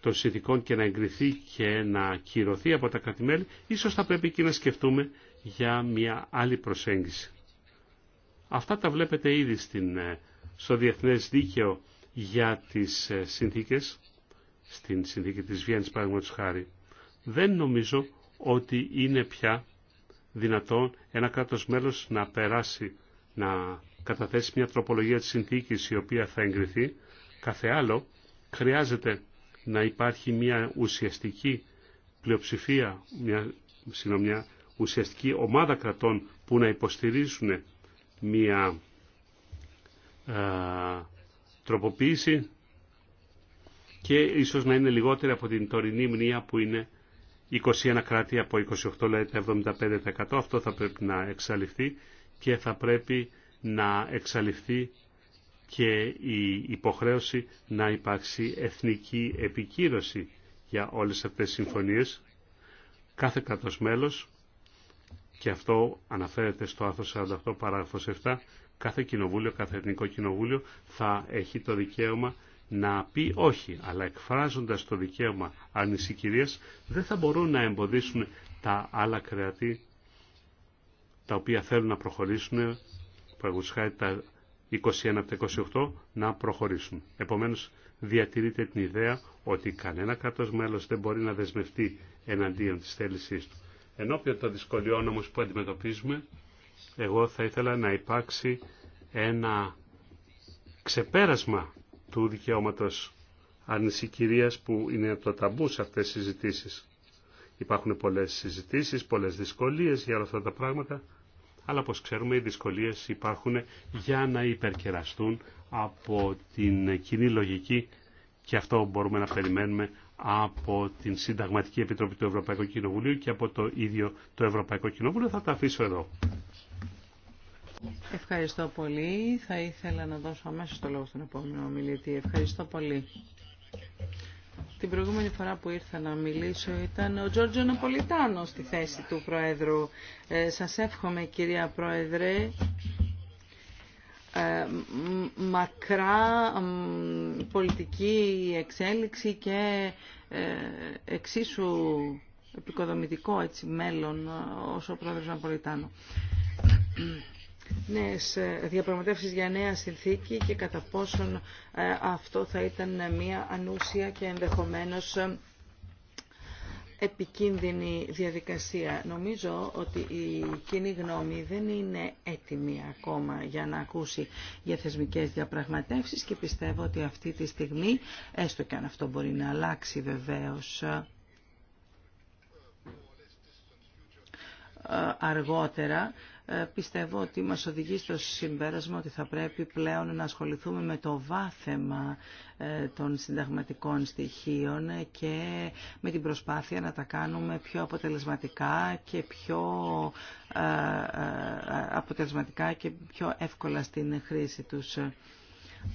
των συνθηκών... και να εγκριθεί και να κυρωθεί από τα κρατημέλη, ίσως θα πρέπει και να σκεφτούμε για μια άλλη προσέγγιση. Αυτά τα βλέπετε ήδη στην, ε, στο Διεθνές Δίκαιο για τις ε, συνθήκες, στην συνθήκη της Βιέννης παραδείγματος χάρη. Δεν νομίζω ότι είναι πια δυνατόν ένα κράτος μέλος να περάσει, να καταθέσει μια τροπολογία της συνθήκης η οποία θα εγκριθεί. Κάθε άλλο χρειάζεται να υπάρχει μια ουσιαστική πλειοψηφία, μια, συγγνώμη, ουσιαστική ομάδα κρατών που να υποστηρίζουν μια ε, τροποποίηση και ίσως να είναι λιγότερη από την τωρινή μνήμα που είναι 21 κράτη από 28 λέει 75%. Αυτό θα πρέπει να εξαλειφθεί και θα πρέπει να εξαλειφθεί και η υποχρέωση να υπάρξει εθνική επικύρωση για όλες αυτές τις συμφωνίες. Κάθε κράτος μέλος και αυτό αναφέρεται στο άρθρο 48 παράγραφος 7, κάθε κοινοβούλιο, κάθε εθνικό κοινοβούλιο θα έχει το δικαίωμα να πει όχι, αλλά εκφράζοντας το δικαίωμα ανησυχηρίας δεν θα μπορούν να εμποδίσουν τα άλλα κρεατή τα οποία θέλουν να προχωρήσουν, παραγωγικά τα 21 από τα 28, να προχωρήσουν. Επομένως, διατηρείται την ιδέα ότι κανένα κράτος μέλος δεν μπορεί να δεσμευτεί εναντίον της θέλησής του. Ενώπιον των δυσκολιών όμως που αντιμετωπίζουμε, εγώ θα ήθελα να υπάρξει ένα ξεπέρασμα του δικαιώματος αρνησικυρίας που είναι το ταμπού σε αυτές τις συζητήσεις. Υπάρχουν πολλές συζητήσεις, πολλές δυσκολίες για όλα αυτά τα πράγματα, αλλά όπως ξέρουμε οι δυσκολίες υπάρχουν για να υπερκεραστούν από την κοινή λογική και αυτό μπορούμε να περιμένουμε από την Συνταγματική Επιτροπή του Ευρωπαϊκού Κοινοβουλίου και από το ίδιο το Ευρωπαϊκό Κοινοβούλιο. Θα τα αφήσω εδώ. Ευχαριστώ πολύ. Θα ήθελα να δώσω αμέσω το λόγο στον επόμενο ομιλητή. Ευχαριστώ πολύ. Την προηγούμενη φορά που ήρθα να μιλήσω ήταν ο Τζόρτζο Ναπολιτάνο στη θέση του Προέδρου. Ε, σας εύχομαι κυρία Πρόεδρε ε, μακρά πολιτική εξέλιξη και ε, εξίσου επικοδομητικό έτσι, μέλλον ε, όσο ο πρόεδρος Ναπολιτάνο. Νέες διαπραγματεύσεις για νέα συνθήκη και κατά πόσον αυτό θα ήταν μια ανούσια και ενδεχομένως επικίνδυνη διαδικασία. Νομίζω ότι η κοινή γνώμη δεν είναι έτοιμη ακόμα για να ακούσει για θεσμικές διαπραγματεύσεις και πιστεύω ότι αυτή τη στιγμή, έστω και αν αυτό μπορεί να αλλάξει βεβαίως, αργότερα ε, πιστεύω ότι μας οδηγεί στο συμπέρασμα ότι θα πρέπει πλέον να ασχοληθούμε με το βάθεμα ε, των συνταγματικών στοιχείων και με την προσπάθεια να τα κάνουμε πιο αποτελεσματικά και πιο ε, αποτελεσματικά και πιο εύκολα στην χρήση τους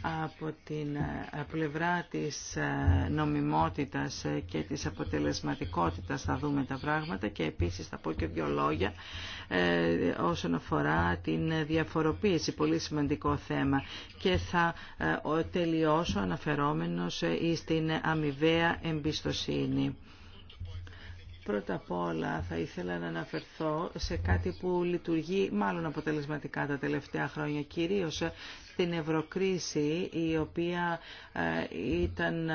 από την ε, πλευρά της ε, νομιμότητας ε, και της αποτελεσματικότητας θα δούμε τα πράγματα και επίσης θα πω και δύο λόγια όσον αφορά την διαφοροποίηση, πολύ σημαντικό θέμα και θα τελειώσω αναφερόμενος στην αμοιβαία εμπιστοσύνη. Πρώτα απ' όλα θα ήθελα να αναφερθώ σε κάτι που λειτουργεί μάλλον αποτελεσματικά τα τελευταία χρόνια, κυρίως στην Ευρωκρίση η οποία ε, ήταν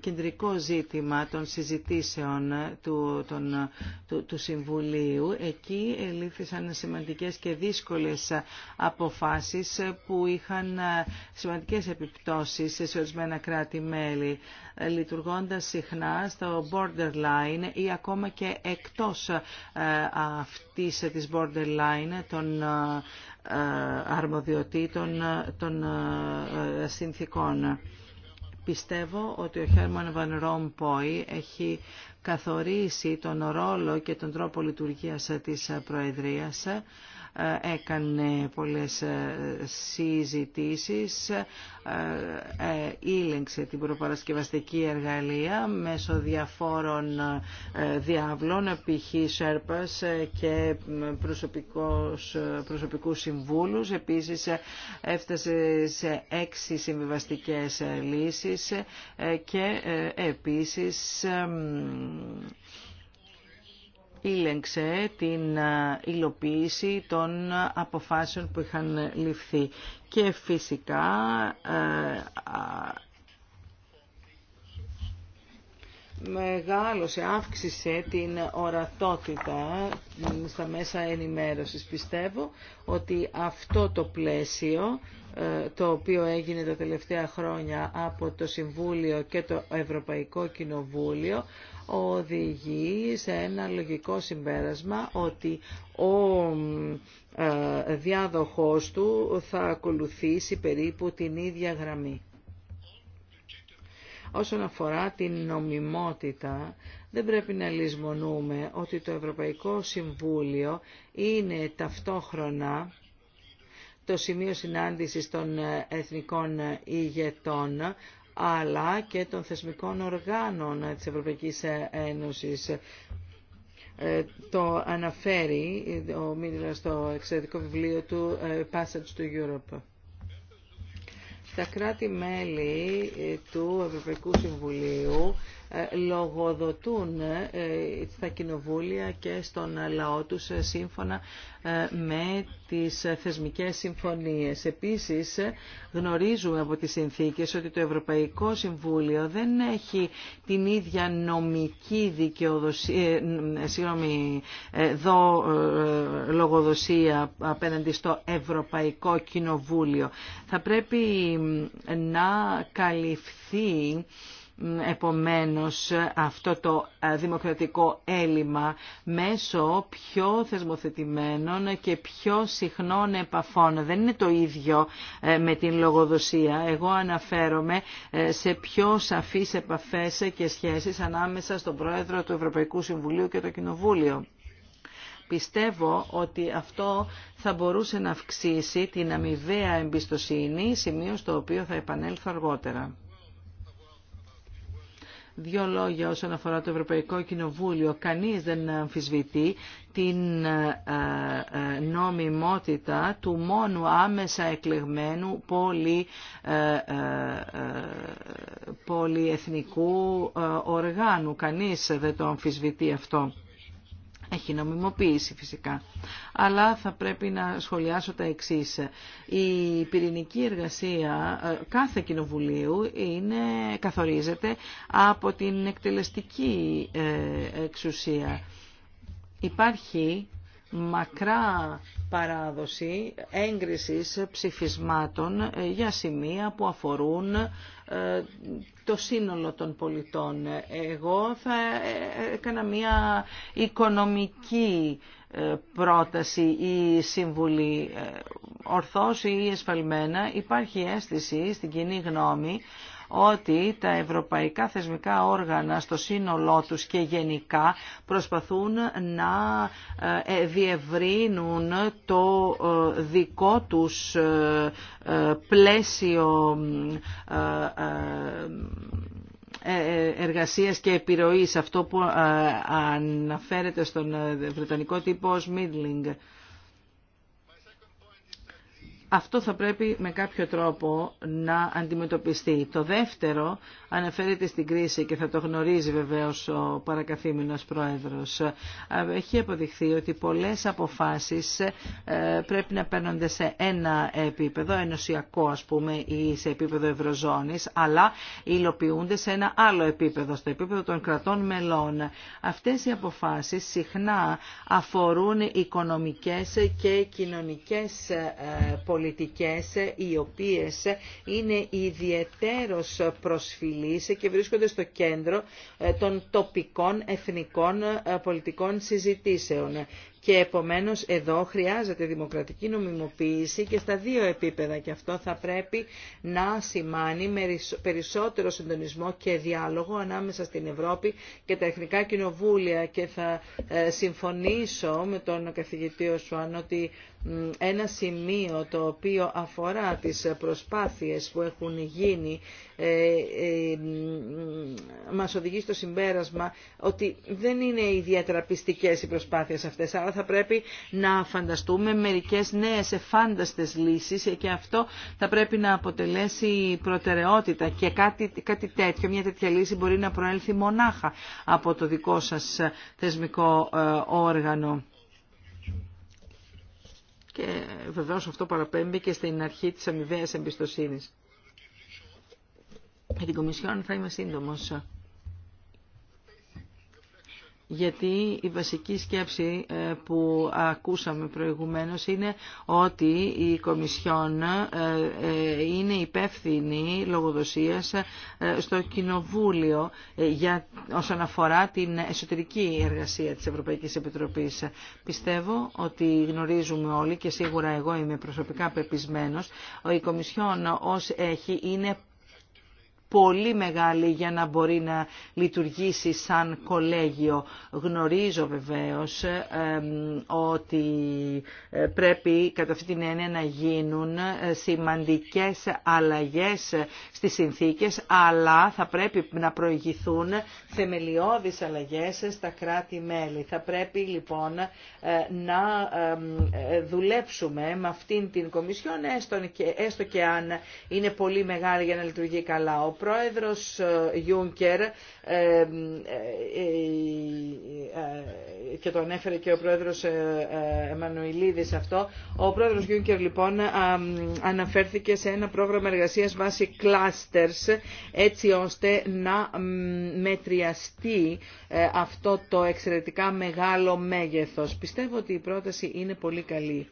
κεντρικό ζήτημα των συζητήσεων του, του, του Συμβουλίου. Εκεί ελήφθησαν σημαντικές και δύσκολες αποφάσεις που είχαν ε, σημαντικές επιπτώσεις σε ορισμένα κράτη-μέλη, λειτουργώντας συχνά στο borderline ή ακόμα και εκτός ε, αυτής της borderline των αρμοδιοτήτων ε, των ε, συνθήκων. Πιστεύω ότι ο Χέρμαν Βαν Ρόμποϊ έχει καθορίσει τον ρόλο και τον τρόπο λειτουργίας της Προεδρίας έκανε πολλές ε, συζητήσεις, ε, ε, ήλεγξε την προπαρασκευαστική εργαλεία μέσω διαφόρων διάβλων, π.χ. Σέρπας και προσωπικούς συμβούλους. Επίσης έφτασε σε έξι συμβιβαστικές λύσεις και επίσης ήλεγξε την ε, υλοποίηση των αποφάσεων που είχαν ληφθεί. Και φυσικά ε, μεγάλωσε, αύξησε την ορατότητα στα μέσα ενημέρωσης. Πιστεύω ότι αυτό το πλαίσιο ε, το οποίο έγινε τα τελευταία χρόνια από το Συμβούλιο και το Ευρωπαϊκό Κοινοβούλιο οδηγεί σε ένα λογικό συμπέρασμα ότι ο ε, διάδοχός του θα ακολουθήσει περίπου την ίδια γραμμή. Όσον αφορά την νομιμότητα, δεν πρέπει να λησμονούμε ότι το Ευρωπαϊκό Συμβούλιο είναι ταυτόχρονα το σημείο συνάντησης των εθνικών ηγετών, αλλά και των θεσμικών οργάνων της Ευρωπαϊκής Ένωσης. Ε, το αναφέρει ο Μίλας στο εξαιρετικό βιβλίο του ε, «Passage to Europe» τα κράτη-μέλη ε, του Ευρωπαϊκού Συμβουλίου ε, λογοδοτούν ε, στα κοινοβούλια και στον λαό τους ε, σύμφωνα με τις θεσμικές συμφωνίες. Επίσης γνωρίζουμε από τις συνθήκες ότι το Ευρωπαϊκό Συμβούλιο δεν έχει την ίδια νομική δικαιοδοσία, συγγνώμη, δο, λογοδοσία απέναντι στο Ευρωπαϊκό Κοινοβούλιο. Θα πρέπει να καλυφθεί επομένως αυτό το ε, δημοκρατικό έλλειμμα μέσω πιο θεσμοθετημένων και πιο συχνών επαφών. Δεν είναι το ίδιο ε, με την λογοδοσία. Εγώ αναφέρομαι ε, σε πιο σαφείς επαφές και σχέσεις ανάμεσα στον Πρόεδρο του Ευρωπαϊκού Συμβουλίου και το Κοινοβούλιο. Πιστεύω ότι αυτό θα μπορούσε να αυξήσει την αμοιβαία εμπιστοσύνη, σημείο στο οποίο θα επανέλθω αργότερα. Δύο λόγια όσον αφορά το Ευρωπαϊκό Κοινοβούλιο. Κανείς δεν αμφισβητεί την ε, ε, νομιμότητα του μόνου άμεσα εκλεγμένου πολυ, ε, πολυεθνικού οργάνου. Κανείς δεν το αμφισβητεί αυτό έχει νομιμοποίηση φυσικά. Αλλά θα πρέπει να σχολιάσω τα εξή. Η πυρηνική εργασία ε, κάθε κοινοβουλίου είναι, καθορίζεται από την εκτελεστική ε, εξουσία. Υπάρχει μακρά παράδοση έγκρισης ψηφισμάτων ε, για σημεία που αφορούν το σύνολο των πολιτών. Εγώ θα έκανα μια οικονομική ε, πρόταση ή συμβουλή ε, ορθώς ή εσφαλμένα. Υπάρχει αίσθηση στην κοινή γνώμη ότι τα ευρωπαϊκά θεσμικά όργανα στο σύνολό τους και γενικά προσπαθούν να ε, διευρύνουν το ε, δικό τους ε, πλαίσιο εργασίας και επιρροής, αυτό που αναφέρεται στον βρετανικό τύπο ως middling. Αυτό θα πρέπει με κάποιο τρόπο να αντιμετωπιστεί. Το δεύτερο αναφέρεται στην κρίση και θα το γνωρίζει βεβαίως ο παρακαθήμινος πρόεδρος. Έχει αποδειχθεί ότι πολλές αποφάσεις ε, πρέπει να παίρνονται σε ένα επίπεδο, ενωσιακό ας πούμε ή σε επίπεδο ευρωζώνης, αλλά υλοποιούνται σε ένα άλλο επίπεδο, στο επίπεδο των κρατών μελών. Αυτές οι αποφάσεις συχνά αφορούν οικονομικές και κοινωνικές πολιτικές ε, πολιτικές οι οποίες είναι ιδιαιτέρως προσφυλείς και βρίσκονται στο κέντρο ε, των τοπικών εθνικών ε, πολιτικών συζητήσεων και επομένως εδώ χρειάζεται δημοκρατική νομιμοποίηση και στα δύο επίπεδα και αυτό θα πρέπει να σημάνει περισσότερο συντονισμό και διάλογο ανάμεσα στην Ευρώπη και τα Εθνικά Κοινοβούλια και θα ε, συμφωνήσω με τον καθηγητή Οσουάν ότι ένα σημείο το οποίο αφορά τις προσπάθειες που έχουν γίνει ε, ε, μας οδηγεί στο συμπέρασμα ότι δεν είναι ιδιαίτερα πιστικές οι προσπάθειες αυτές, θα πρέπει να φανταστούμε μερικές νέες εφάνταστες λύσεις και αυτό θα πρέπει να αποτελέσει προτεραιότητα και κάτι, κάτι τέτοιο, μια τέτοια λύση μπορεί να προέλθει μονάχα από το δικό σας ε, θεσμικό ε, όργανο. Και βεβαίως αυτό παραπέμπει και στην αρχή της αμοιβαίας εμπιστοσύνης. Για την Κομισιόν θα είμαι σύντομος γιατί η βασική σκέψη ε, που ακούσαμε προηγουμένως είναι ότι η Κομισιόν ε, ε, είναι υπεύθυνη λογοδοσίας στο Κοινοβούλιο για, όσον αφορά την εσωτερική εργασία της Ευρωπαϊκής Επιτροπής. Πιστεύω ότι γνωρίζουμε όλοι και σίγουρα εγώ είμαι προσωπικά πεπισμένος, η Κομισιόν ως έχει είναι πολύ μεγάλη για να μπορεί να λειτουργήσει σαν κολέγιο. Γνωρίζω βεβαίως ότι ε, πρέπει κατά αυτή την έννοια να γίνουν ε, σημαντικές αλλαγές στις συνθήκες, αλλά θα πρέπει να προηγηθούν θεμελιώδεις αλλαγές στα κράτη-μέλη. Θα πρέπει λοιπόν ε, να δουλέψουμε με αυτήν την Κομισιόν, έστω και αν είναι πολύ μεγάλη για να λειτουργεί καλά πρόεδρος ε, Γιούγκερ, ε, ε, και το ανέφερε και ο πρόεδρος Εμμανουηλίδης αυτό, ο πρόεδρος Γιούγκερ λοιπόν αναφέρθηκε σε ένα πρόγραμμα εργασίας βάσει clusters έτσι ώστε να μετριαστεί αυτό το εξαιρετικά μεγάλο μέγεθος. Πιστεύω ότι η πρόταση είναι πολύ καλή.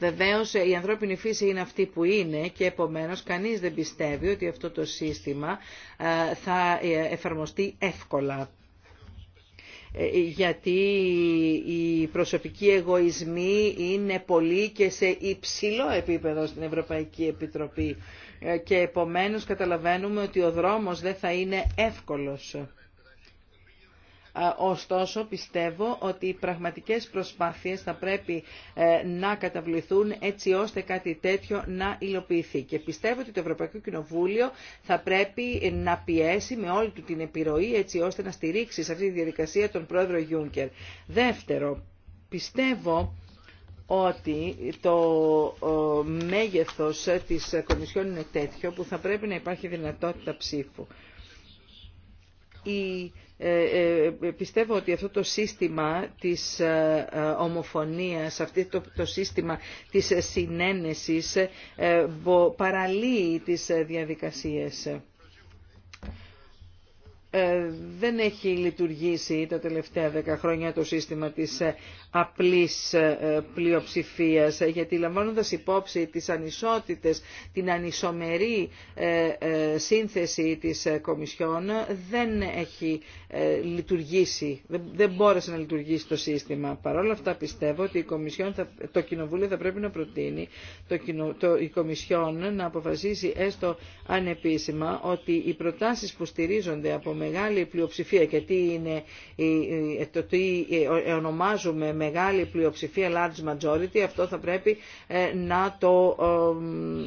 Βεβαίω, η ανθρώπινη φύση είναι αυτή που είναι και επομένως κανείς δεν πιστεύει ότι αυτό το σύστημα ε, θα ε, εφαρμοστεί εύκολα ε, γιατί οι προσωπικοί εγωισμοί είναι πολύ και σε υψηλό επίπεδο στην Ευρωπαϊκή Επιτροπή και επομένως καταλαβαίνουμε ότι ο δρόμος δεν θα είναι εύκολος. Ε, ωστόσο πιστεύω ότι οι πραγματικές προσπάθειες θα πρέπει ε, να καταβληθούν έτσι ώστε κάτι τέτοιο να υλοποιηθεί. Και πιστεύω ότι το Ευρωπαϊκό Κοινοβούλιο θα πρέπει να πιέσει με όλη του την επιρροή έτσι ώστε να στηρίξει σε αυτή τη διαδικασία τον πρόεδρο Γιούνκερ. Δεύτερο, πιστεύω ότι το μέγεθος της Κομισιόν είναι τέτοιο που θα πρέπει να υπάρχει δυνατότητα ψήφου. Ε, ε, πιστεύω ότι αυτό το σύστημα της ε, ομοφωνίας, αυτό το σύστημα της συνένεσης παραλύει τις διαδικασίες. Ε, δεν έχει λειτουργήσει τα τελευταία δέκα χρόνια το σύστημα της ε, απλής ε, πλειοψηφίας γιατί λαμβάνοντας υπόψη τις ανισότητες, την ανισομερή σύνθεση της Κομισιόν δεν έχει λειτουργήσει, δεν μπόρεσε να λειτουργήσει το σύστημα. Παρ' όλα αυτά πιστεύω ότι η Κομισιόν το Κοινοβούλιο θα πρέπει να προτείνει το, το, η Κομισιόν να αποφασίσει έστω ανεπίσημα ότι οι προτάσεις που στηρίζονται από μεγάλη πλειοψηφία και τι είναι το τι ε, ε, ονομάζουμε μεγάλη πλειοψηφία large majority αυτό θα πρέπει ε, να το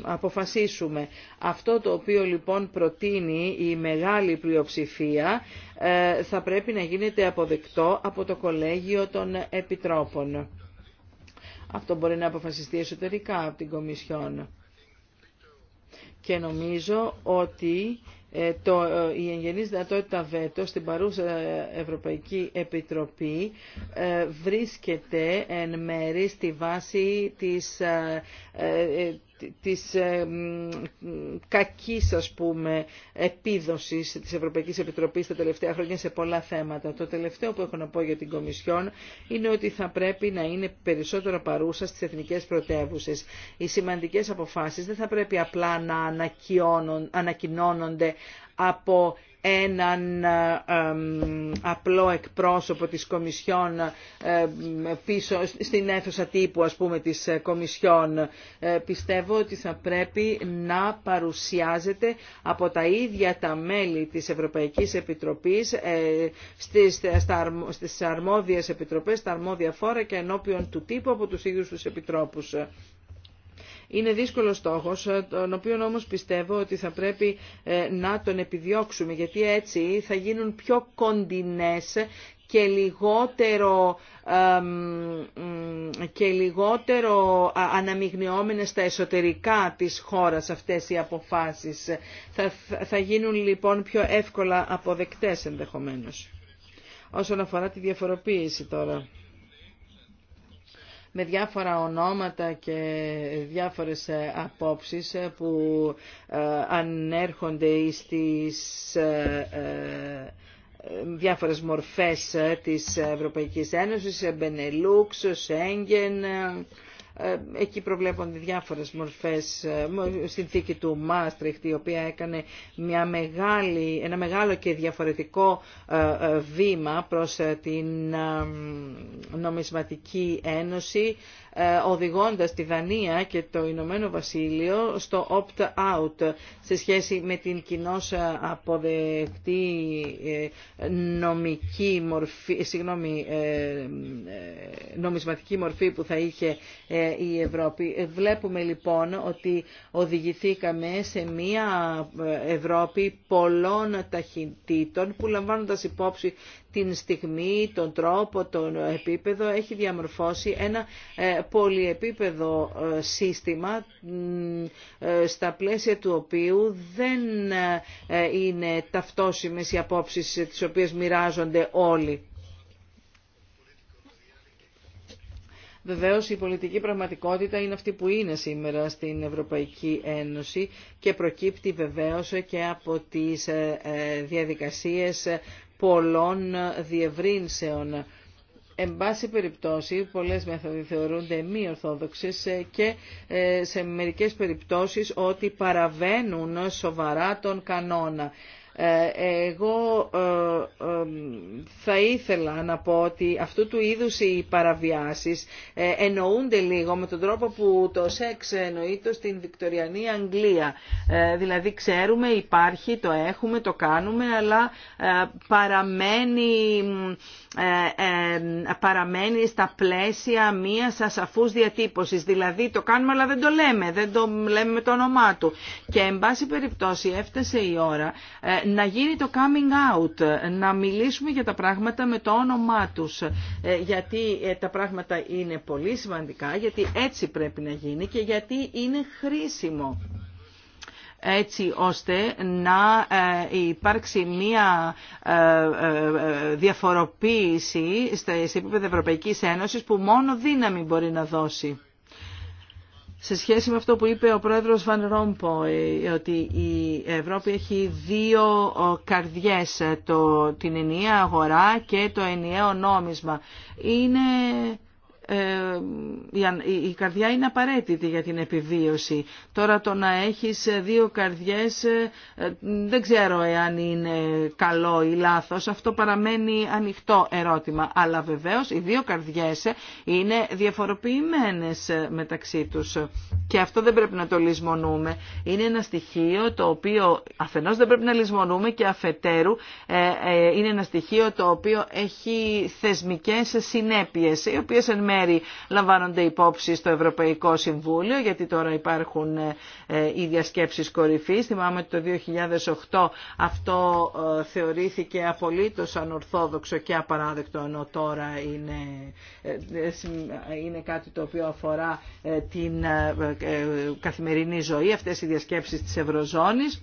αποφασίσουμε. Αυτό το οποίο λοιπόν προτείνει η μεγάλη πλειοψηφία θα πρέπει να γίνεται αποδεκτό από το Κολέγιο των Επιτρόπων. Αυτό μπορεί να αποφασιστεί εσωτερικά από την Κομισιόν. Και νομίζω ότι ε, το, ε, η εγγενής δυνατότητα βέτο στην παρούσα ε, Ευρωπαϊκή Επιτροπή βρίσκεται εν μέρη στη βάση της της ε, κακής ας πούμε επίδοσης της Ευρωπαϊκής Επιτροπής τα τελευταία χρόνια σε πολλά θέματα. Το τελευταίο που έχω να πω για την Κομισιόν είναι ότι θα πρέπει να είναι περισσότερο παρούσα στις εθνικές πρωτεύουσες. Οι σημαντικές αποφάσεις δεν θα πρέπει απλά να ανακοινώνονται από έναν ε, ε, απλό εκπρόσωπο της Κομισιόν ε, πίσω στην αίθουσα τύπου ας πούμε της Κομισιόν. Πιστεύω ότι θα πρέπει να παρουσιάζεται από τα ίδια τα μέλη της Ευρωπαϊκής Επιτροπής στις, στις αρμόδιες επιτροπές, στα αρμόδια φόρα και ενώπιον του τύπου από τους ίδιους τους επιτρόπους. Είναι δύσκολος στόχος, τον οποίο όμως πιστεύω ότι θα πρέπει ε, να τον επιδιώξουμε, γιατί έτσι θα γίνουν πιο κοντινές και λιγότερο, και λιγότερο αναμειγνυόμενες στα εσωτερικά της χώρας αυτές οι αποφάσεις. Θα, θα γίνουν λοιπόν πιο εύκολα αποδεκτές ενδεχομένως. Όσον αφορά τη διαφοροποίηση τώρα με διάφορα ονόματα και διάφορες ε, απόψεις ε, που ε, ανέρχονται στις διάφορες μορφές της Ευρωπαϊκής Ένωσης, Μπενελούξ, Σέγγεν, ε, εκεί προβλέπονται διάφορες μορφές, ε, συνθήκη του Μάστριχτ, η οποία έκανε μια μεγάλη, ένα μεγάλο και διαφορετικό ε, βήμα προς την νομισματική ένωση, οδηγώντας τη Δανία και το Ηνωμένο Βασίλειο στο opt-out σε σχέση με την κοινώς αποδεκτή νομική μορφή, συγγνώμη, νομισματική μορφή που θα είχε η Ευρώπη. Βλέπουμε λοιπόν ότι οδηγηθήκαμε σε μια Ευρώπη πολλών ταχυτήτων που λαμβάνοντας υπόψη την στιγμή, τον τρόπο, τον επίπεδο έχει διαμορφώσει ένα ε, πολυεπίπεδο ε, σύστημα ε, στα πλαίσια του οποίου δεν είναι ταυτόσιμες οι απόψεις τις οποίες μοιράζονται όλοι. Βεβαίω, η πολιτική πραγματικότητα είναι αυτή που είναι σήμερα στην Ευρωπαϊκή Ένωση και προκύπτει βεβαίως και από τις ε, ε, διαδικασίες πολλών διευρύνσεων. Εν πάση περιπτώσει, πολλές μέθοδοι θεωρούνται μη ορθόδοξες και ε, σε μερικές περιπτώσεις ότι παραβαίνουν σοβαρά τον κανόνα. Ε, εγώ ε, ε, θα ήθελα να πω ότι αυτού του είδους οι παραβιάσεις εννοούνται λίγο με τον τρόπο που το σεξ εννοείται στην Βικτοριανή Αγγλία. Δηλαδή ξέρουμε υπάρχει, το έχουμε, το κάνουμε, αλλά παραμένει ε, παραμένει στα πλαίσια μίας ασαφούς διατύπωσης. Δηλαδή το κάνουμε αλλά δεν το λέμε, δεν το λέμε με το όνομά του. Και εν πάση περιπτώσει έφτασε η ώρα ε, να γίνει το coming out, να μιλήσουμε για τα πράγματα με το όνομά τους. Ε, γιατί τα πράγματα είναι πολύ σημαντικά, γιατί έτσι πρέπει να γίνει και γιατί είναι χρήσιμο έτσι ώστε να ε, υπάρξει μία ε, ε, διαφοροποίηση σε επίπεδο Ευρωπαϊκής Ένωσης που μόνο δύναμη μπορεί να δώσει. Σε σχέση με αυτό που είπε ο πρόεδρος Βαν Ρόμπο, ότι η Ευρώπη έχει δύο καρδιές, το, την ενιαία αγορά και το ενιαίο νόμισμα. Είναι ε, η καρδιά είναι απαραίτητη για την επιβίωση. Τώρα το να έχεις ε, δύο καρδιές ε, δεν ξέρω εάν είναι καλό ή λάθος. Αυτό παραμένει ανοιχτό ερώτημα. Αλλά βεβαίως οι δύο καρδιές είναι διαφοροποιημένες μεταξύ τους. Και αυτό δεν πρέπει να το λησμονούμε. Είναι ένα στοιχείο το οποίο αφενός δεν πρέπει να λησμονούμε και αφετέρου είναι ένα στοιχείο το οποίο έχει θεσμικές συνέπειες οι οποίες εν λαμβάνονται υπόψη στο Ευρωπαϊκό Συμβούλιο, γιατί τώρα υπάρχουν ε, ε, οι διασκέψεις κορυφής. Θυμάμαι ότι το 2008 αυτό ε, θεωρήθηκε απολύτως ανορθόδοξο και απαράδεκτο, ενώ τώρα είναι, είναι κάτι το οποίο αφορά την καθημερινή ζωή, αυτές οι διασκέψεις της Ευρωζώνης.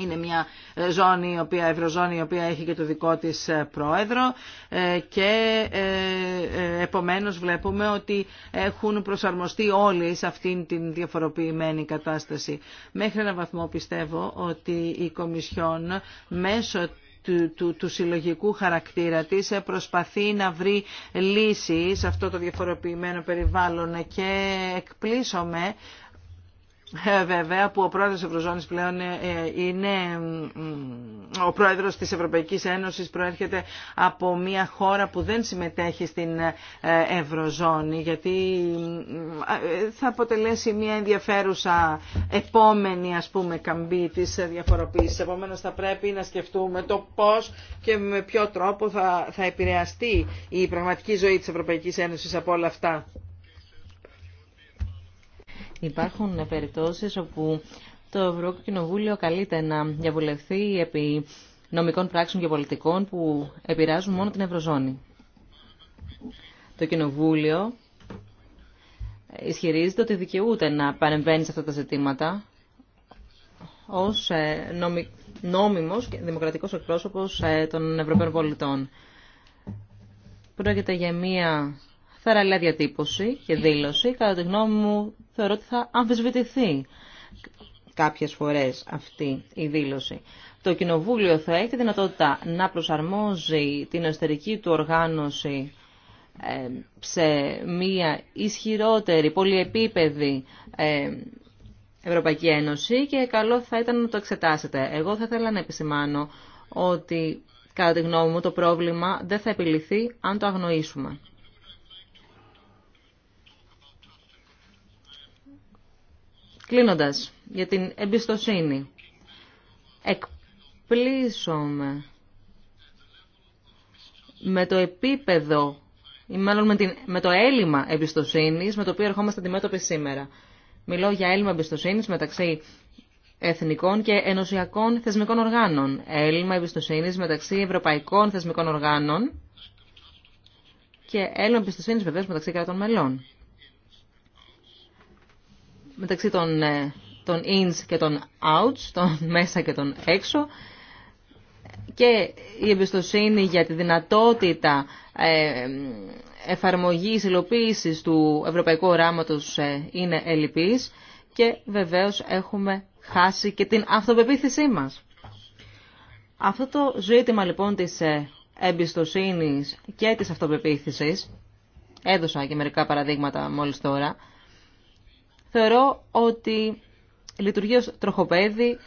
Είναι μια ε, ζώνη, οποία, ευρωζώνη η οποία έχει και το δικό της ε, πρόεδρο ε, και επομένως βλέπουμε ότι έχουν προσαρμοστεί όλοι σε αυτήν την διαφοροποιημένη κατάσταση. Μέχρι έναν βαθμό πιστεύω ότι η Κομισιόν μέσω του, του, συλλογικού χαρακτήρα της προσπαθεί να βρει λύση σε αυτό το διαφοροποιημένο περιβάλλον και εκπλήσωμε ε, βέβαια που ο πρόεδρος της Ευρωζώνης πλέον ε, ε, είναι ο πρόεδρος της Ευρωπαϊκής Ένωσης προέρχεται από μια χώρα που δεν συμμετέχει στην Ευρωζώνη γιατί θα αποτελέσει μια ενδιαφέρουσα επόμενη ας πούμε καμπή της διαφοροποίησης. Επομένως θα πρέπει να σκεφτούμε το πώς και με ποιο τρόπο θα, επηρεαστεί η πραγματική ζωή της Ευρωπαϊκής Ένωσης από όλα αυτά. Υπάρχουν περιπτώσεις όπου το Ευρωπαϊκό Κοινοβούλιο καλείται να διαβουλευθεί επί νομικών πράξεων και πολιτικών που επηρεάζουν μόνο την Ευρωζώνη. Το Κοινοβούλιο ισχυρίζεται ότι δικαιούται να παρεμβαίνει σε αυτά τα ζητήματα ως ε, νόμιμος και δημοκρατικός εκπρόσωπος ε, των Ευρωπαίων πολιτών. Πρόκειται για μία θεραλέα διατύπωση και δήλωση, κατά τη γνώμη μου θεωρώ ότι θα αμφισβητηθεί κάποιες φορές αυτή η δήλωση. Το Κοινοβούλιο θα έχει τη δυνατότητα να προσαρμόζει την εσωτερική του οργάνωση ε, σε μια ισχυρότερη, πολυεπίπεδη ε, Ευρωπαϊκή Ένωση και καλό θα ήταν να το εξετάσετε. Εγώ θα ήθελα να επισημάνω ότι κατά τη γνώμη μου το πρόβλημα δεν θα επιληθεί αν το αγνοήσουμε. Κλείνοντας, για την εμπιστοσύνη. Εκπλήσωμε με το επίπεδο με, το έλλειμμα εμπιστοσύνης με το οποίο ερχόμαστε αντιμέτωποι σήμερα. Μιλώ για έλλειμμα εμπιστοσύνης μεταξύ εθνικών και ενωσιακών θεσμικών οργάνων. Έλλειμμα εμπιστοσύνης μεταξύ ευρωπαϊκών θεσμικών οργάνων και έλλειμμα εμπιστοσύνης βεβαίως μεταξύ κρατών μελών μεταξύ των, ε, των ins και των outs, των μέσα και των έξω και η εμπιστοσύνη για τη δυνατότητα ε, εφαρμογής υλοποίησης του ευρωπαϊκού οράματος ε, είναι ελλειπής και βεβαίως έχουμε χάσει και την αυτοπεποίθησή μας. Αυτό το ζήτημα λοιπόν της εμπιστοσύνης και της αυτοπεποίθησης, έδωσα και μερικά παραδείγματα μόλις τώρα, θεωρώ ότι λειτουργεί ως τροχοπέδι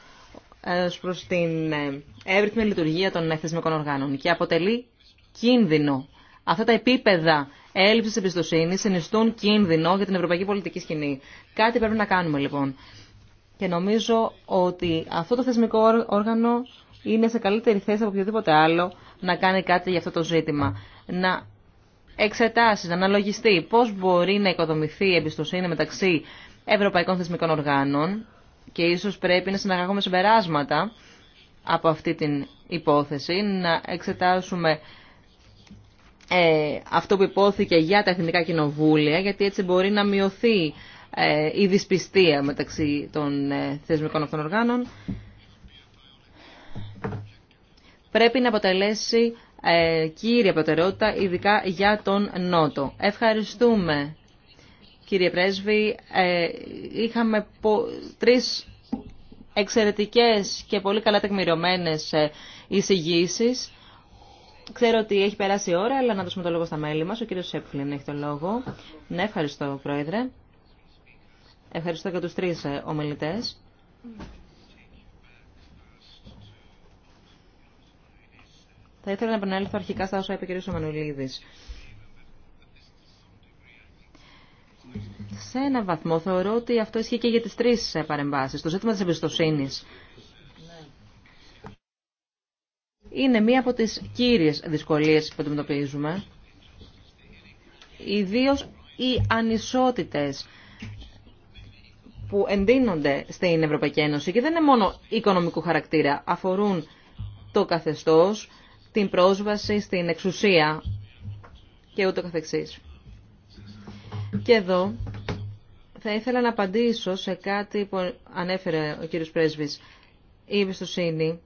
ε, ως προς την ε, εύρυθμη λειτουργία των ε, θεσμικών οργάνων και αποτελεί κίνδυνο. Αυτά τα επίπεδα έλλειψης εμπιστοσύνη συνιστούν κίνδυνο για την ευρωπαϊκή πολιτική σκηνή. Κάτι πρέπει να κάνουμε λοιπόν. Και νομίζω ότι αυτό το θεσμικό όργανο είναι σε καλύτερη θέση από οποιοδήποτε άλλο να κάνει κάτι για αυτό το ζήτημα. Να εξετάσει, να αναλογιστεί πώς μπορεί να οικοδομηθεί η εμπιστοσύνη μεταξύ ευρωπαϊκών θεσμικών οργάνων και ίσως πρέπει να συναγάγουμε συμπεράσματα από αυτή την υπόθεση, να εξετάσουμε ε, αυτό που υπόθηκε για τα εθνικά κοινοβούλια, γιατί έτσι μπορεί να μειωθεί ε, η δυσπιστία μεταξύ των ε, θεσμικών αυτών οργάνων. Πρέπει να αποτελέσει ε, κύρια προτεραιότητα, ειδικά για τον Νότο. Ευχαριστούμε κύριε Πρέσβη. Ε, είχαμε τρεις εξαιρετικές και πολύ καλά τεκμηριωμένες ε, εισηγήσει. Ξέρω ότι έχει περάσει η ώρα, αλλά να δώσουμε το λόγο στα μέλη μας. Ο κύριος Σέπφλιν έχει το λόγο. Ναι, ευχαριστώ, Πρόεδρε. Ευχαριστώ και τους τρεις ε, ομιλητές. Θα ήθελα να επανέλθω αρχικά στα όσα είπε ο κ. Μανουλίδης. σε ένα βαθμό θεωρώ ότι αυτό ισχύει και για τις τρεις ε, παρεμβάσεις. Το ζήτημα της εμπιστοσύνη. είναι μία από τις κύριες δυσκολίες που αντιμετωπίζουμε. Ιδίως οι ανισότητες που εντείνονται στην Ευρωπαϊκή Ένωση και δεν είναι μόνο οικονομικού χαρακτήρα, αφορούν το καθεστώς, την πρόσβαση στην εξουσία και ούτω καθεξής. Και εδώ θα ήθελα να απαντήσω σε κάτι που ανέφερε ο κύριος Πρέσβης. Η εμπιστοσύνη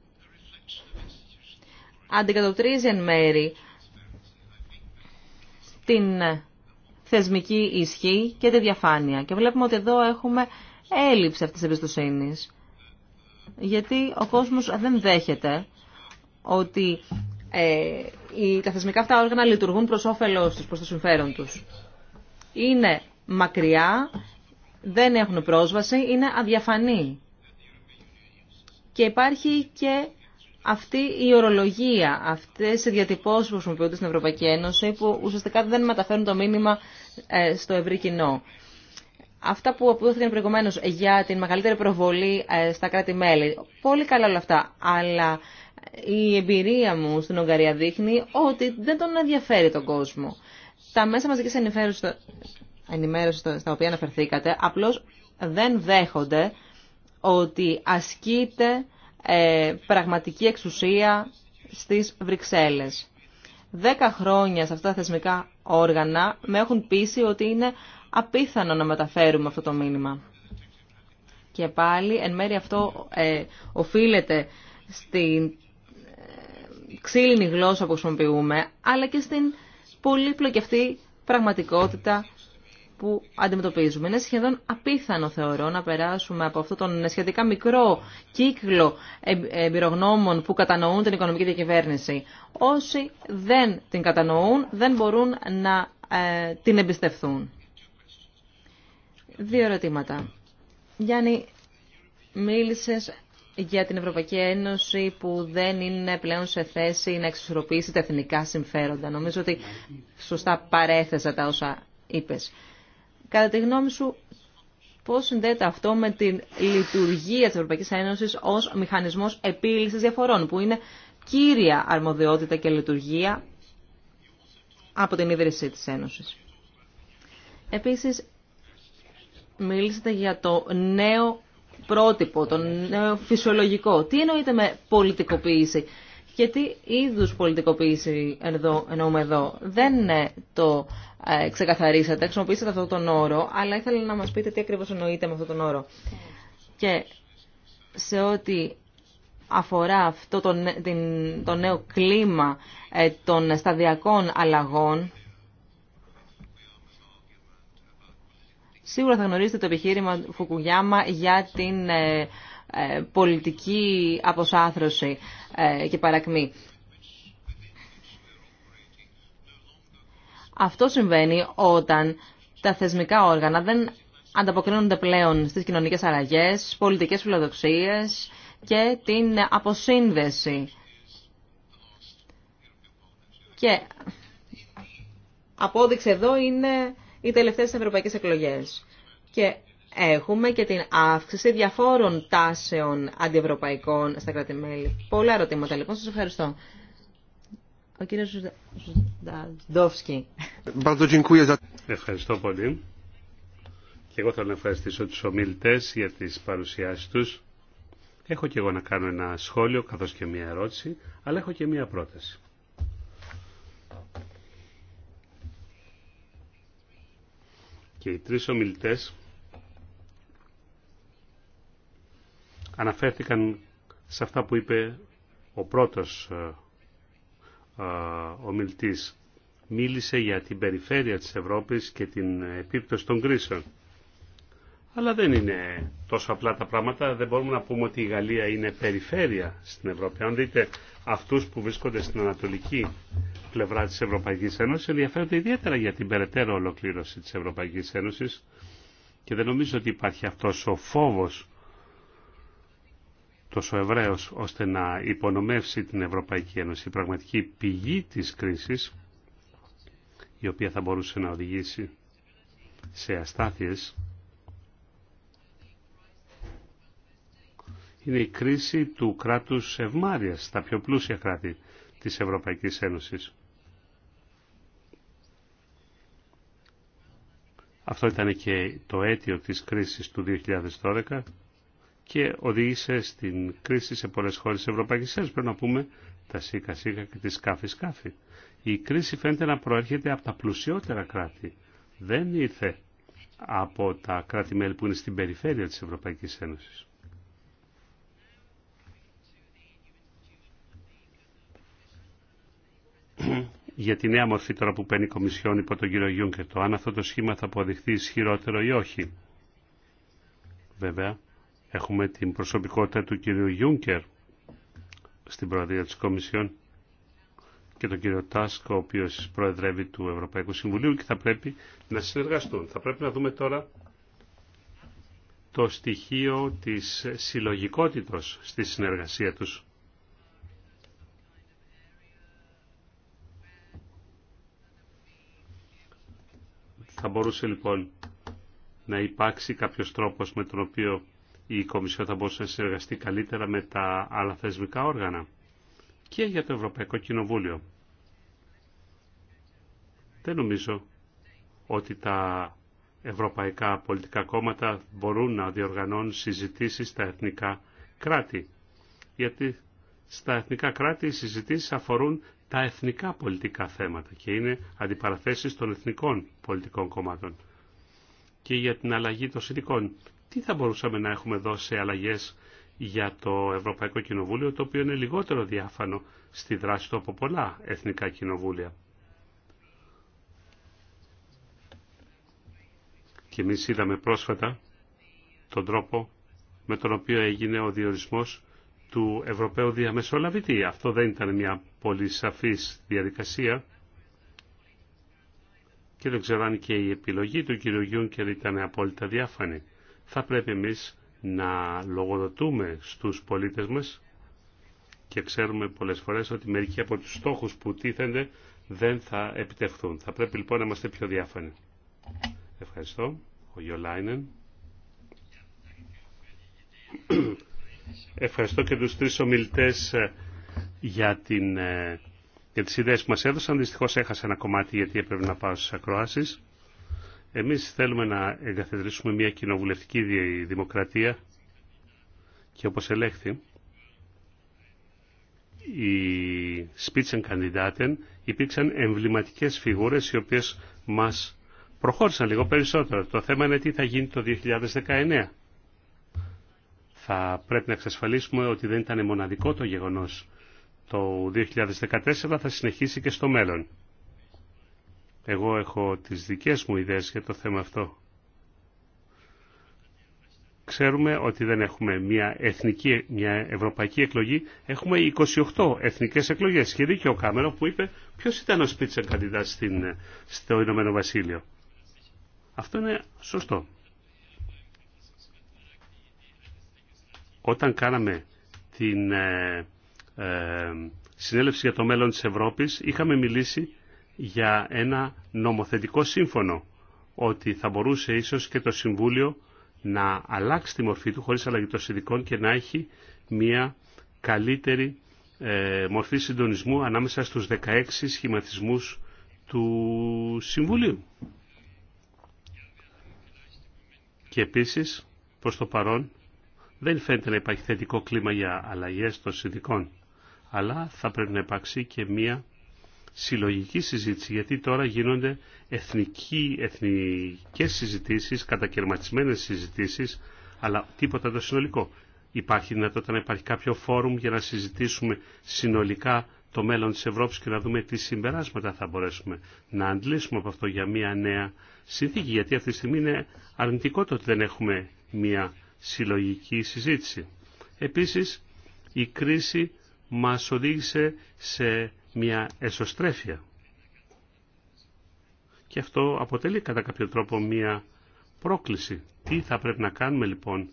αντικατοπτρίζει εν μέρη την θεσμική ισχύ και τη διαφάνεια. Και βλέπουμε ότι εδώ έχουμε έλλειψη αυτής της εμπιστοσύνης. Γιατί ο κόσμος δεν δέχεται ότι ε, οι, τα θεσμικά αυτά όργανα λειτουργούν προς όφελός τους, προς το συμφέρον τους. Είναι μακριά δεν έχουν πρόσβαση είναι αδιαφανή. Και υπάρχει και αυτή η ορολογία, αυτές οι διατυπώσεις που χρησιμοποιούνται στην Ευρωπαϊκή Ένωση που ουσιαστικά δεν μεταφέρουν το μήνυμα ε, στο ευρύ κοινό. Αυτά που αποδόθηκαν προηγουμένω για την μεγαλύτερη προβολή ε, στα κράτη-μέλη. Πολύ καλά όλα αυτά. Αλλά η εμπειρία μου στην Ουγγαρία δείχνει ότι δεν τον ενδιαφέρει τον κόσμο. Τα μέσα μαζική ενημέρωση ενημέρωση στα οποία αναφερθήκατε, απλώς δεν δέχονται ότι ασκείται ε, πραγματική εξουσία στις Βρυξέλλες. Δέκα χρόνια σε αυτά τα θεσμικά όργανα με έχουν πείσει ότι είναι απίθανο να μεταφέρουμε αυτό το μήνυμα. Και πάλι, εν μέρει αυτό ε, οφείλεται στην ε, ξύλινη γλώσσα που χρησιμοποιούμε, αλλά και στην πολύπλοκη αυτή πραγματικότητα που αντιμετωπίζουμε. Είναι σχεδόν απίθανο, θεωρώ, να περάσουμε από αυτόν τον σχετικά μικρό κύκλο εμπειρογνώμων που κατανοούν την οικονομική διακυβέρνηση. Όσοι δεν την κατανοούν, δεν μπορούν να ε, την εμπιστευθούν. Δύο ερωτήματα. Γιάννη, μίλησες για την Ευρωπαϊκή Ένωση που δεν είναι πλέον σε θέση να εξισορροπήσει τα εθνικά συμφέροντα. Νομίζω ότι σωστά παρέθεσα τα όσα είπες. Κατά τη γνώμη σου, πώς συνδέεται αυτό με την λειτουργία της Ευρωπαϊκής Ένωσης ως μηχανισμός επίλυσης διαφορών, που είναι κύρια αρμοδιότητα και λειτουργία από την ίδρυσή της Ένωσης. Επίσης, μίλησατε για το νέο πρότυπο, το νέο φυσιολογικό. Τι εννοείται με πολιτικοποίηση και τι είδους πολιτικοποίηση εδώ, εννοούμε εδώ. Δεν ε, το ε, ξεκαθαρίσατε, χρησιμοποιήσατε αυτόν τον όρο, αλλά ήθελα να μας πείτε τι ακριβώς εννοείτε με αυτόν τον όρο. Και σε ό,τι αφορά αυτό το, την, το νέο κλίμα ε, των σταδιακών αλλαγών, σίγουρα θα γνωρίζετε το επιχείρημα Φουκουγιάμα για την... Ε, ε, πολιτική αποσάθρωση ε, και παρακμή. Αυτό συμβαίνει όταν τα θεσμικά όργανα δεν ανταποκρίνονται πλέον στις κοινωνικές αλλαγές, πολιτικές φιλοδοξίες και την αποσύνδεση. Και απόδειξη εδώ είναι οι τελευταίες ευρωπαϊκές εκλογές. Και έχουμε και την αύξηση διαφόρων τάσεων αντιευρωπαϊκών στα κράτη-μέλη. Πολλά ερωτήματα λοιπόν. Σας ευχαριστώ. Ο κύριος Ζουδάντοφσκι. Ευχαριστώ πολύ. Και εγώ θέλω να ευχαριστήσω τους ομιλητές για τις παρουσιάσεις τους. Έχω και εγώ να κάνω ένα σχόλιο καθώς και μία ερώτηση, αλλά έχω και μία πρόταση. Και οι τρεις ομιλητές αναφέρθηκαν σε αυτά που είπε ο πρώτος ε, ε, ομιλητής. Μίλησε για την περιφέρεια της Ευρώπης και την επίπτωση των κρίσεων. Αλλά δεν είναι τόσο απλά τα πράγματα. Δεν μπορούμε να πούμε ότι η Γαλλία είναι περιφέρεια στην Ευρώπη. Αν δείτε αυτούς που βρίσκονται στην ανατολική πλευρά της Ευρωπαϊκής Ένωσης ενδιαφέρονται ιδιαίτερα για την περαιτέρω ολοκλήρωση της Ευρωπαϊκής Ένωσης και δεν νομίζω ότι υπάρχει αυτός ο φόβος τόσο ευρέως ώστε να υπονομεύσει την Ευρωπαϊκή Ένωση. Η πραγματική πηγή της κρίσης, η οποία θα μπορούσε να οδηγήσει σε αστάθειες, είναι η κρίση του κράτους ευμάρειας τα πιο πλούσια κράτη της Ευρωπαϊκής Ένωσης. Αυτό ήταν και το αίτιο της κρίσης του 2012 και οδήγησε στην κρίση σε πολλές χώρες της Ευρωπαϊκής Ένωσης. Πρέπει να πούμε τα σίκα σίκα και τη σκάφη σκάφη. Η κρίση φαίνεται να προέρχεται από τα πλουσιότερα κράτη. Δεν ήρθε από τα κράτη-μέλη που είναι στην περιφέρεια της Ευρωπαϊκής Ένωσης. για τη νέα μορφή τώρα που παίρνει η Κομισιόν υπό τον κύριο Γιούνκερ, το αν αυτό το σχήμα θα αποδειχθεί ισχυρότερο ή όχι. Βέβαια, Έχουμε την προσωπικότητα του κυρίου Γιούνκερ στην Προεδρία της Κομισιόν και τον κύριο Τάσκ, ο οποίος προεδρεύει του Ευρωπαϊκού Συμβουλίου και θα πρέπει να συνεργαστούν. Θα πρέπει να δούμε τώρα το στοιχείο της συλλογικότητας στη συνεργασία τους. Θα μπορούσε λοιπόν να υπάρξει κάποιος τρόπος με τον οποίο η Κομισιό θα μπορούσε να συνεργαστεί καλύτερα με τα άλλα θεσμικά όργανα και για το Ευρωπαϊκό Κοινοβούλιο. Δεν νομίζω ότι τα ευρωπαϊκά πολιτικά κόμματα μπορούν να διοργανώνουν συζητήσεις στα εθνικά κράτη. Γιατί στα εθνικά κράτη οι συζητήσεις αφορούν τα εθνικά πολιτικά θέματα και είναι αντιπαραθέσεις των εθνικών πολιτικών κομμάτων και για την αλλαγή των συνδικών τι θα μπορούσαμε να έχουμε δώσει αλλαγές για το Ευρωπαϊκό Κοινοβούλιο, το οποίο είναι λιγότερο διάφανο στη δράση του από πολλά εθνικά κοινοβούλια. Και εμεί είδαμε πρόσφατα τον τρόπο με τον οποίο έγινε ο διορισμός του Ευρωπαίου Διαμεσολαβητή. Αυτό δεν ήταν μια πολύ σαφής διαδικασία και δεν ξέρω αν και η επιλογή του κ. Γιούνκερ ήταν απόλυτα διάφανη θα πρέπει εμείς να λογοδοτούμε στους πολίτες μας και ξέρουμε πολλές φορές ότι μερικοί από τους στόχους που τίθενται δεν θα επιτευχθούν. Θα πρέπει λοιπόν να είμαστε πιο διάφανοι. Ευχαριστώ. Ο Γιολάινεν. Ευχαριστώ και τους τρεις ομιλητές ε, για, την, ε, για τις ιδέες που μας έδωσαν. Δυστυχώς έχασα ένα κομμάτι γιατί έπρεπε να πάω στις ακροάσεις. Εμείς θέλουμε να εγκαθιδρύσουμε μια κοινοβουλευτική δημοκρατία και όπως ελέγχθη, οι Spitzenkandidaten υπήρξαν εμβληματικές φιγούρες οι οποίες μας προχώρησαν λίγο περισσότερο. Το θέμα είναι τι θα γίνει το 2019. Θα πρέπει να εξασφαλίσουμε ότι δεν ήταν μοναδικό το γεγονός. Το 2014 θα συνεχίσει και στο μέλλον. Εγώ έχω τις δικές μου ιδέες για το θέμα αυτό. Ξέρουμε ότι δεν έχουμε μια, εθνική, μια ευρωπαϊκή εκλογή, έχουμε 28 εθνικές εκλογές. Και δίκαιο ο Κάμερο που είπε ποιος ήταν ο σπίτσα καντιδάς στην, στο Ηνωμένο Βασίλειο. Αυτό είναι σωστό. Όταν κάναμε την ε, ε συνέλευση για το μέλλον της Ευρώπης, είχαμε μιλήσει για ένα νομοθετικό σύμφωνο, ότι θα μπορούσε ίσως και το Συμβούλιο να αλλάξει τη μορφή του χωρίς αλλαγή των συνδικών και να έχει μια καλύτερη ε, μορφή συντονισμού ανάμεσα στους 16 σχηματισμούς του Συμβουλίου. Και επίσης, προς το παρόν, δεν φαίνεται να υπάρχει θετικό κλίμα για αλλαγές των συνδικών, αλλά θα πρέπει να υπάρξει και μία συλλογική συζήτηση, γιατί τώρα γίνονται εθνικοί εθνικές συζητήσεις, κατακαιρματισμένες συζητήσεις, αλλά τίποτα το συνολικό. Υπάρχει δυνατότητα να υπάρχει κάποιο φόρουμ για να συζητήσουμε συνολικά το μέλλον της Ευρώπης και να δούμε τι συμπεράσματα θα μπορέσουμε να αντλήσουμε από αυτό για μια νέα συνθήκη, γιατί αυτή τη στιγμή είναι αρνητικό το ότι δεν έχουμε μια συλλογική συζήτηση. Επίσης, η κρίση μας οδήγησε σε μια εσωστρέφεια. Και αυτό αποτελεί κατά κάποιο τρόπο μια πρόκληση. Τι θα πρέπει να κάνουμε λοιπόν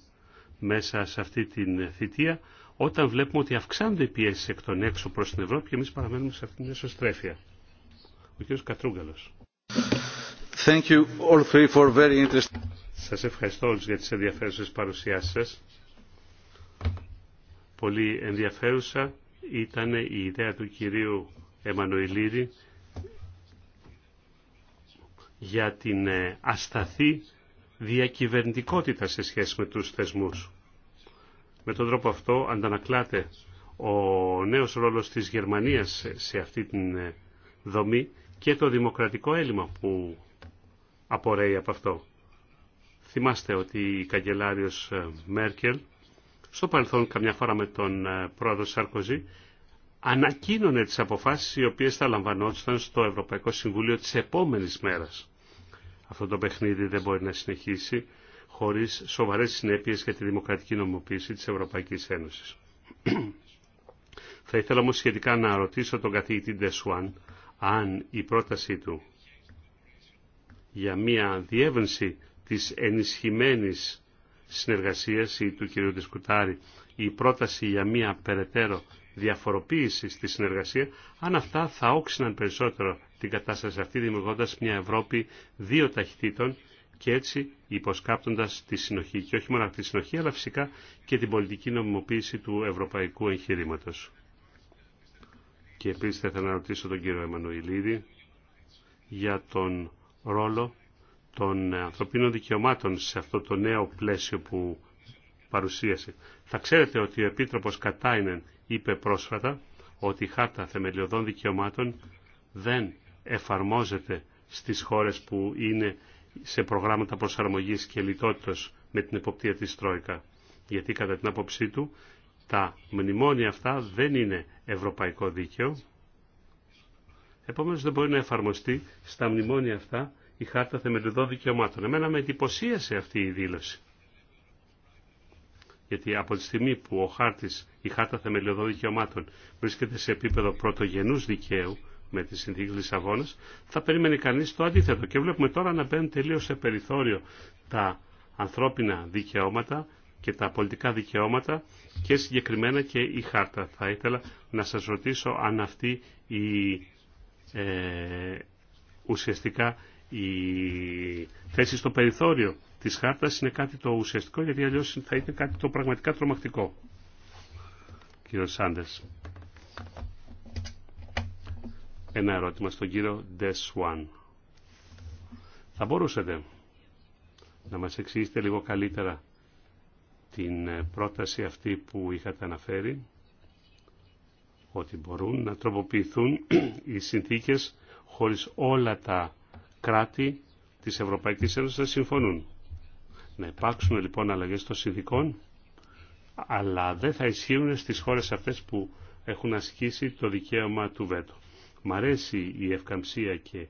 μέσα σε αυτή την θητεία όταν βλέπουμε ότι αυξάνονται οι πιέσει εκ των έξω προς την Ευρώπη και εμείς παραμένουμε σε αυτήν την εσωστρέφεια. Ο κ. Κατρούγκαλος. Thank Σας ευχαριστώ όλους για τις ενδιαφέρουσες παρουσιάσεις σας. Πολύ ενδιαφέρουσα ήταν η ιδέα του κυρίου Εμμανουηλίδη για την ε, ασταθή διακυβερνητικότητα σε σχέση με τους θεσμούς. Με τον τρόπο αυτό αντανακλάται ο νέος ρόλος της Γερμανίας σε αυτή την ε, δομή και το δημοκρατικό έλλειμμα που απορρέει από αυτό. Θυμάστε ότι η καγκελάριος ε, Μέρκελ στο παρελθόν καμιά φορά με τον ε, πρόεδρο Σαρκοζή, ανακοίνωνε τις αποφάσεις οι οποίες θα λαμβανόταν στο Ευρωπαϊκό Συμβούλιο της επόμενης μέρας. Αυτό το παιχνίδι δεν μπορεί να συνεχίσει χωρίς σοβαρές συνέπειες για τη δημοκρατική νομοποίηση της Ευρωπαϊκής Ένωσης. θα ήθελα όμως σχετικά να ρωτήσω τον καθηγητή Ντεσουάν αν η πρότασή του για μια διεύρυνση της ενισχυμένης συνεργασίας ή του κ. Δισκουτάρη η πρόταση για μια περαιτέρω διαφοροποίηση στη συνεργασία, αν αυτά θα όξυναν περισσότερο την κατάσταση αυτή, δημιουργώντας μια Ευρώπη δύο ταχυτήτων και έτσι υποσκάπτοντας τη συνοχή και όχι μόνο τη συνοχή, αλλά φυσικά και την πολιτική νομιμοποίηση του ευρωπαϊκού εγχειρήματο. Και επίσης θα ήθελα να ρωτήσω τον κύριο Εμμανουηλίδη για τον ρόλο των ανθρωπίνων δικαιωμάτων σε αυτό το νέο πλαίσιο που παρουσίασε. Θα ξέρετε ότι ο Επίτροπος Κατάινεν είπε πρόσφατα ότι η Χάρτα Θεμελιωδών Δικαιωμάτων δεν εφαρμόζεται στις χώρες που είναι σε προγράμματα προσαρμογής και λιτότητας με την εποπτεία της Τρόικα. Γιατί κατά την άποψή του τα μνημόνια αυτά δεν είναι ευρωπαϊκό δίκαιο. Επομένως δεν μπορεί να εφαρμοστεί στα μνημόνια αυτά η Χάρτα Θεμελιωδών Δικαιωμάτων. Εμένα με εντυπωσίασε αυτή η δήλωση. Γιατί από τη στιγμή που ο χάρτης, η Χάρτα Θεμελιωδών Δικαιωμάτων βρίσκεται σε επίπεδο πρωτογενούς δικαίου με τη συνθήκη Λισαβόνα, θα περίμενε κανείς το αντίθετο. Και βλέπουμε τώρα να μπαίνουν τελείω σε περιθώριο τα ανθρώπινα δικαιώματα και τα πολιτικά δικαιώματα και συγκεκριμένα και η χάρτα. Θα ήθελα να σας ρωτήσω αν αυτή η, ε, ουσιαστικά η θέση στο περιθώριο της χάρτας είναι κάτι το ουσιαστικό γιατί αλλιώς θα είναι κάτι το πραγματικά τρομακτικό. Κύριο Σάντερς. Ένα ερώτημα στον κύριο Ντεσουάν. Θα μπορούσατε να μας εξηγήσετε λίγο καλύτερα την ε, πρόταση αυτή που είχατε αναφέρει ότι μπορούν να τροποποιηθούν οι συνθήκες χωρίς όλα τα κράτη της Ευρωπαϊκής Ένωσης να συμφωνούν. Να υπάρξουν λοιπόν αλλαγές των συνδικών, αλλά δεν θα ισχύουν στις χώρες αυτές που έχουν ασκήσει το δικαίωμα του βέτο. Μ' αρέσει η ευκαμψία και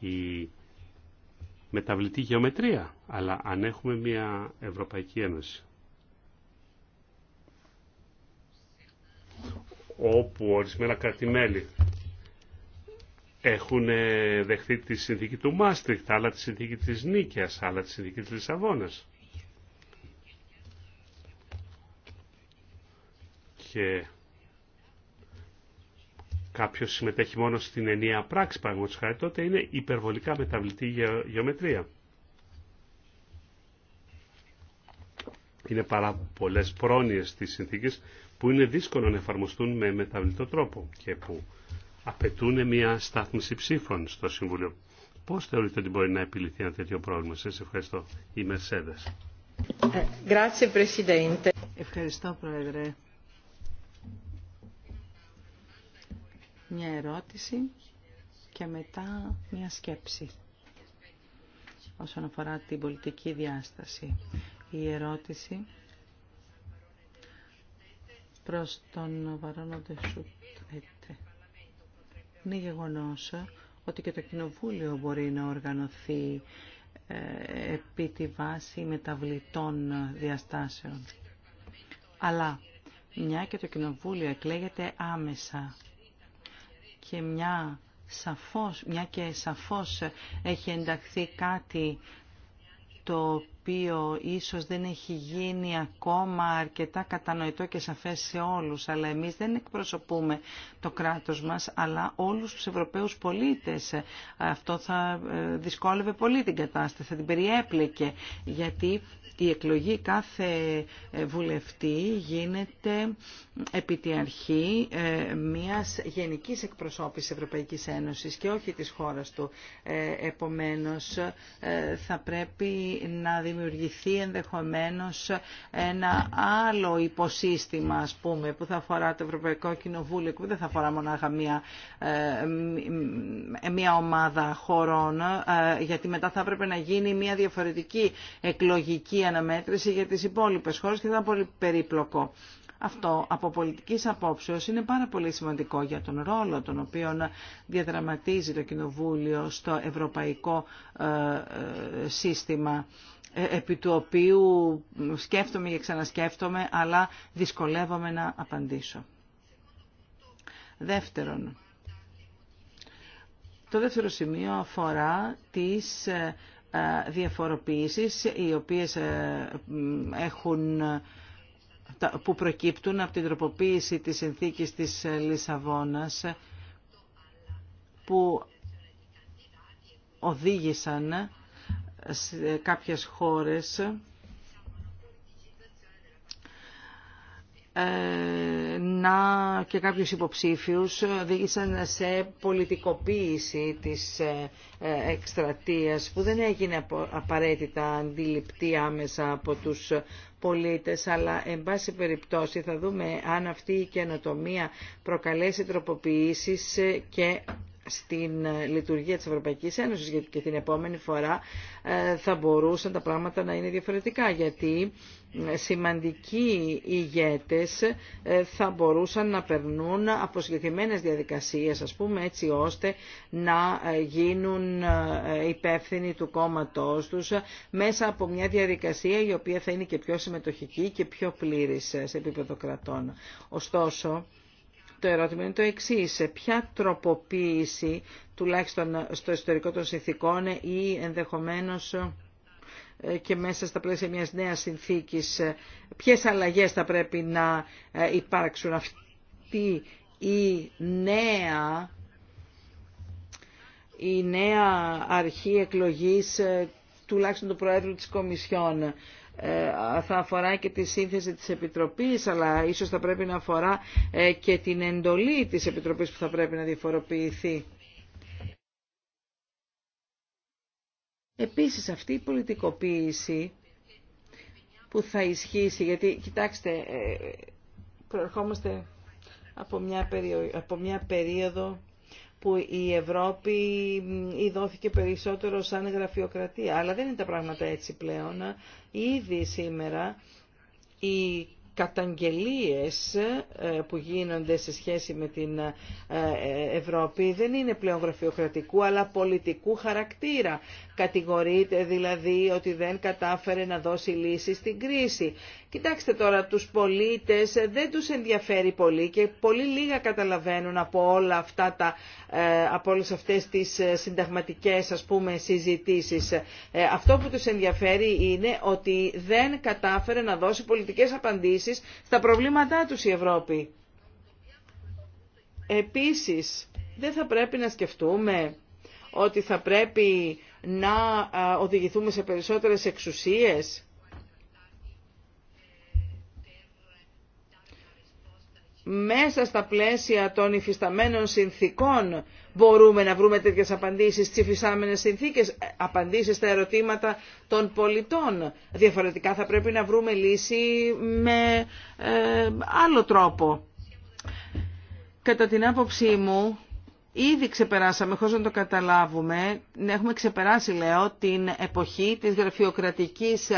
η μεταβλητή γεωμετρία, αλλά αν έχουμε μια Ευρωπαϊκή Ένωση όπου ορισμένα κρατημέλη έχουν ε, δεχθεί τη συνθήκη του Μάστριχτ, άλλα τη συνθήκη της Νίκαιας, άλλα τη συνθήκη της Λισαβόνας. Και κάποιος συμμετέχει μόνο στην ενιαία πράξη, παραγωγή χάρη, τότε είναι υπερβολικά μεταβλητή γεωμετρία. Είναι πάρα πολλές πρόνοιες στις συνθήκες που είναι δύσκολο να εφαρμοστούν με μεταβλητό τρόπο και που απαιτούν μια στάθμιση ψήφων στο Συμβουλίο. Πώς θεωρείτε ότι μπορεί να επιληθεί ένα τέτοιο πρόβλημα. Σας ευχαριστώ. Η Μερσέδες. Ευχαριστώ, Πρόεδρε. Μια ερώτηση και μετά μια σκέψη όσον αφορά την πολιτική διάσταση. Η ερώτηση προς τον Βαρόνο Ντεσούτ είναι γεγονός ότι και το Κοινοβούλιο μπορεί να οργανωθεί ε, επί τη βάση μεταβλητών διαστάσεων. Αλλά μια και το Κοινοβούλιο εκλέγεται άμεσα και μια, σαφώς, μια και σαφώς έχει ενταχθεί κάτι το οποίο ίσως δεν έχει γίνει ακόμα αρκετά κατανοητό και σαφές σε όλους, αλλά εμείς δεν εκπροσωπούμε το κράτος μας, αλλά όλους τους Ευρωπαίους πολίτες. Αυτό θα ε, δυσκόλευε πολύ την κατάσταση, θα την περιέπλεκε, γιατί η εκλογή κάθε ε, βουλευτή γίνεται επί τη αρχή ε, μιας γενικής εκπροσώπησης Ευρωπαϊκής Ένωσης και όχι της χώρας του. Επομένως, θα πρέπει να δημιουργήσουμε δημιουργηθεί ενδεχομένως ένα άλλο υποσύστημα, ας πούμε, που θα αφορά το Ευρωπαϊκό Κοινοβούλιο και που δεν θα αφορά μονάχα μία, ε, μία ομάδα χωρών, ε, γιατί μετά θα έπρεπε να γίνει μία διαφορετική εκλογική αναμέτρηση για τις υπόλοιπες χώρες και θα ήταν πολύ περίπλοκο. Αυτό από πολιτικής απόψεως είναι πάρα πολύ σημαντικό για τον ρόλο τον οποίο διαδραματίζει το Κοινοβούλιο στο ευρωπαϊκό ε, σύστημα. Ε, επί του οποίου σκέφτομαι και ξανασκέφτομαι, αλλά δυσκολεύομαι να απαντήσω. Δεύτερον, το δεύτερο σημείο αφορά τις ε, ε, διαφοροποιήσεις οι οποίες έχουν που προκύπτουν από την τροποποίηση της συνθήκης της Λισαβόνας που οδήγησαν σε κάποιες χώρες ε, να και κάποιους υποψήφιους οδήγησαν σε πολιτικοποίηση της ε, ε, εκστρατείας που δεν έγινε απαραίτητα αντιληπτή άμεσα από τους πολίτες αλλά εν πάση περιπτώσει θα δούμε αν αυτή η καινοτομία προκαλέσει τροποποιήσεις και στην ε, λειτουργία της Ευρωπαϊκής Ένωσης γιατί και την επόμενη φορά ε, θα μπορούσαν τα πράγματα να είναι διαφορετικά γιατί ε, σημαντικοί ηγέτες θα μπορούσαν να περνούν από συγκεκριμένες διαδικασίες ας πούμε έτσι ώστε να γίνουν υπεύθυνοι του κόμματός τους μέσα από μια διαδικασία η οποία θα είναι και πιο συμμετοχική και πιο πλήρης σε επίπεδο κρατών. Ωστόσο, το ερώτημα είναι το εξή. Σε ποια τροποποίηση, τουλάχιστον στο ιστορικό των συνθήκων ή ενδεχομένως ε, και μέσα στα πλαίσια μιας νέας συνθήκης, ε, ποιες αλλαγές θα πρέπει να ε, υπάρξουν αυτή η νέα η νέα αρχή εκλογής τουλάχιστον του Προέδρου της Κομισιόν ε, θα αφορά και τη σύνθεση της Επιτροπής, αλλά ίσως θα πρέπει να αφορά ε, και την εντολή της Επιτροπής που θα πρέπει να διαφοροποιηθεί. Επίσης αυτή η πολιτικοποίηση που θα ισχύσει, γιατί κοιτάξτε, ε, προερχόμαστε από από μια περίοδο που η Ευρώπη ειδώθηκε περισσότερο σαν γραφειοκρατία. Αλλά δεν είναι τα πράγματα έτσι πλέον. Ήδη σήμερα η καταγγελίες ε, που γίνονται σε σχέση με την ε, Ευρώπη δεν είναι πλέον γραφειοκρατικού αλλά πολιτικού χαρακτήρα. Κατηγορείται δηλαδή ότι δεν κατάφερε να δώσει λύση στην κρίση. Κοιτάξτε τώρα, τους πολίτες ε, δεν τους ενδιαφέρει πολύ και πολύ λίγα καταλαβαίνουν από, όλα αυτά τα, ε, από όλες αυτές τις ε, συνταγματικές ας πούμε, συζητήσεις. Αυτό που τους ενδιαφέρει είναι ότι δεν κατάφερε να δώσει πολιτικές απαντήσεις στα προβλήματά τους η Ευρώπη. Επίσης, δεν θα πρέπει να σκεφτούμε ότι θα πρέπει να οδηγηθούμε σε περισσότερες εξουσίες μέσα στα πλαίσια των υφισταμένων συνθήκων μπορούμε να βρούμε τέτοιες απαντήσεις στις υφισάμενες συνθήκες, ε, απαντήσεις στα ερωτήματα των πολιτών. Διαφορετικά θα πρέπει να βρούμε λύση με ε, άλλο τρόπο. Κατά την άποψή μου, Ήδη ξεπεράσαμε, χωρίς να το καταλάβουμε, έχουμε ξεπεράσει, λέω, την εποχή της γραφειοκρατικής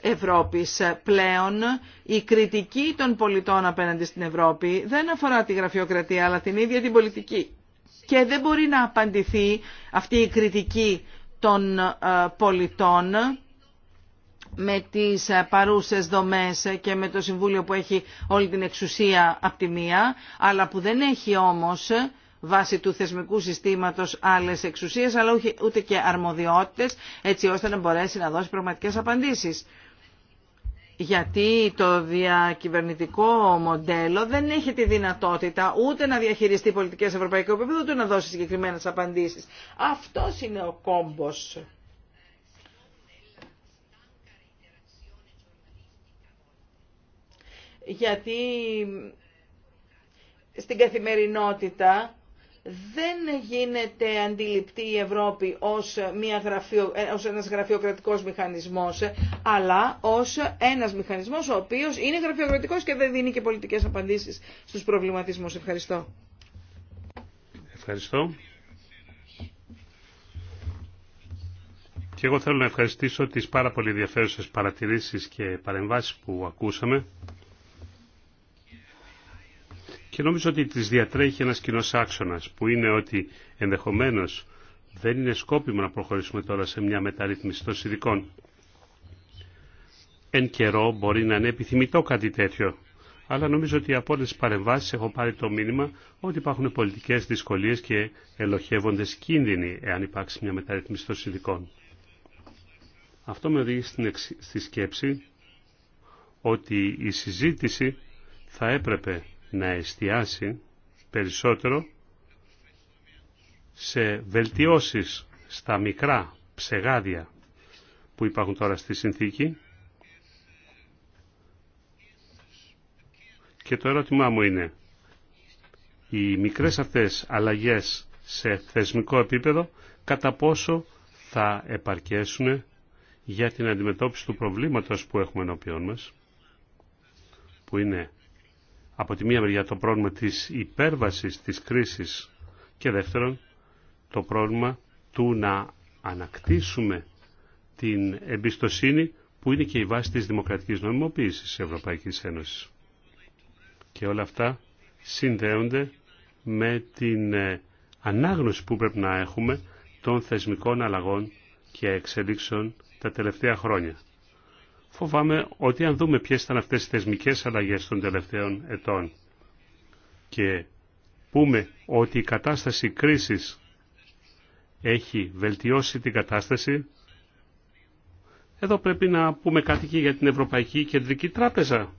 Ευρώπης. Πλέον, η κριτική των πολιτών απέναντι στην Ευρώπη δεν αφορά τη γραφειοκρατία, αλλά την ίδια την πολιτική. Και δεν μπορεί να απαντηθεί αυτή η κριτική των ε, πολιτών με τις ε, παρούσες δομές και με το Συμβούλιο που έχει όλη την εξουσία από τη μία, αλλά που δεν έχει όμως βάσει του θεσμικού συστήματος άλλες εξουσίες αλλά ούτε και αρμοδιότητες έτσι ώστε να μπορέσει να δώσει πραγματικές απαντήσεις. Γιατί το διακυβερνητικό μοντέλο δεν έχει τη δυνατότητα ούτε να διαχειριστεί πολιτικές σε ευρωπαϊκό επίπεδο, ούτε να δώσει συγκεκριμένες απαντήσεις. Αυτό είναι ο κόμπο. γιατί στην καθημερινότητα δεν γίνεται αντιληπτή η Ευρώπη ως, μια γραφειο, ε, ως ένας γραφειοκρατικός μηχανισμός, αλλά ως ένας μηχανισμός ο οποίος είναι γραφειοκρατικός και δεν δίνει και πολιτικές απαντήσεις στους προβληματισμούς. Ευχαριστώ. Ευχαριστώ. Και εγώ θέλω να ευχαριστήσω τις πάρα πολύ ενδιαφέρουσες παρατηρήσεις και παρεμβάσεις που ακούσαμε. Και νομίζω ότι τις διατρέχει ένας κοινό άξονας που είναι ότι ενδεχομένως δεν είναι σκόπιμο να προχωρήσουμε τώρα σε μια μεταρρύθμιση των συνδικών. Εν καιρό μπορεί να είναι επιθυμητό κάτι τέτοιο. Αλλά νομίζω ότι από όλε τι παρεμβάσει έχω πάρει το μήνυμα ότι υπάρχουν πολιτικές δυσκολίε και ελοχεύονται κίνδυνοι εάν υπάρξει μια μεταρρύθμιση των συνδικών. Αυτό με οδηγεί στη σκέψη ότι η συζήτηση θα έπρεπε να εστιάσει περισσότερο σε βελτιώσεις στα μικρά ψεγάδια που υπάρχουν τώρα στη συνθήκη. Και το ερώτημά μου είναι, οι μικρές αυτές αλλαγές σε θεσμικό επίπεδο, κατά πόσο θα επαρκέσουν για την αντιμετώπιση του προβλήματος που έχουμε ενώπιόν μας, που είναι από τη μία μεριά το πρόβλημα της υπέρβασης της κρίσης και δεύτερον το πρόβλημα του να ανακτήσουμε την εμπιστοσύνη που είναι και η βάση της δημοκρατικής νομιμοποίησης της Ευρωπαϊκής Ένωσης. Και όλα αυτά συνδέονται με την ε, ανάγνωση που πρέπει να έχουμε των θεσμικών αλλαγών και εξελίξεων τα τελευταία χρόνια. Φοβάμαι ότι αν δούμε ποιες ήταν αυτές οι θεσμικές αλλαγές των τελευταίων ετών και πούμε ότι η κατάσταση κρίσης έχει βελτιώσει την κατάσταση, εδώ πρέπει να πούμε κάτι και για την Ευρωπαϊκή Κεντρική Τράπεζα.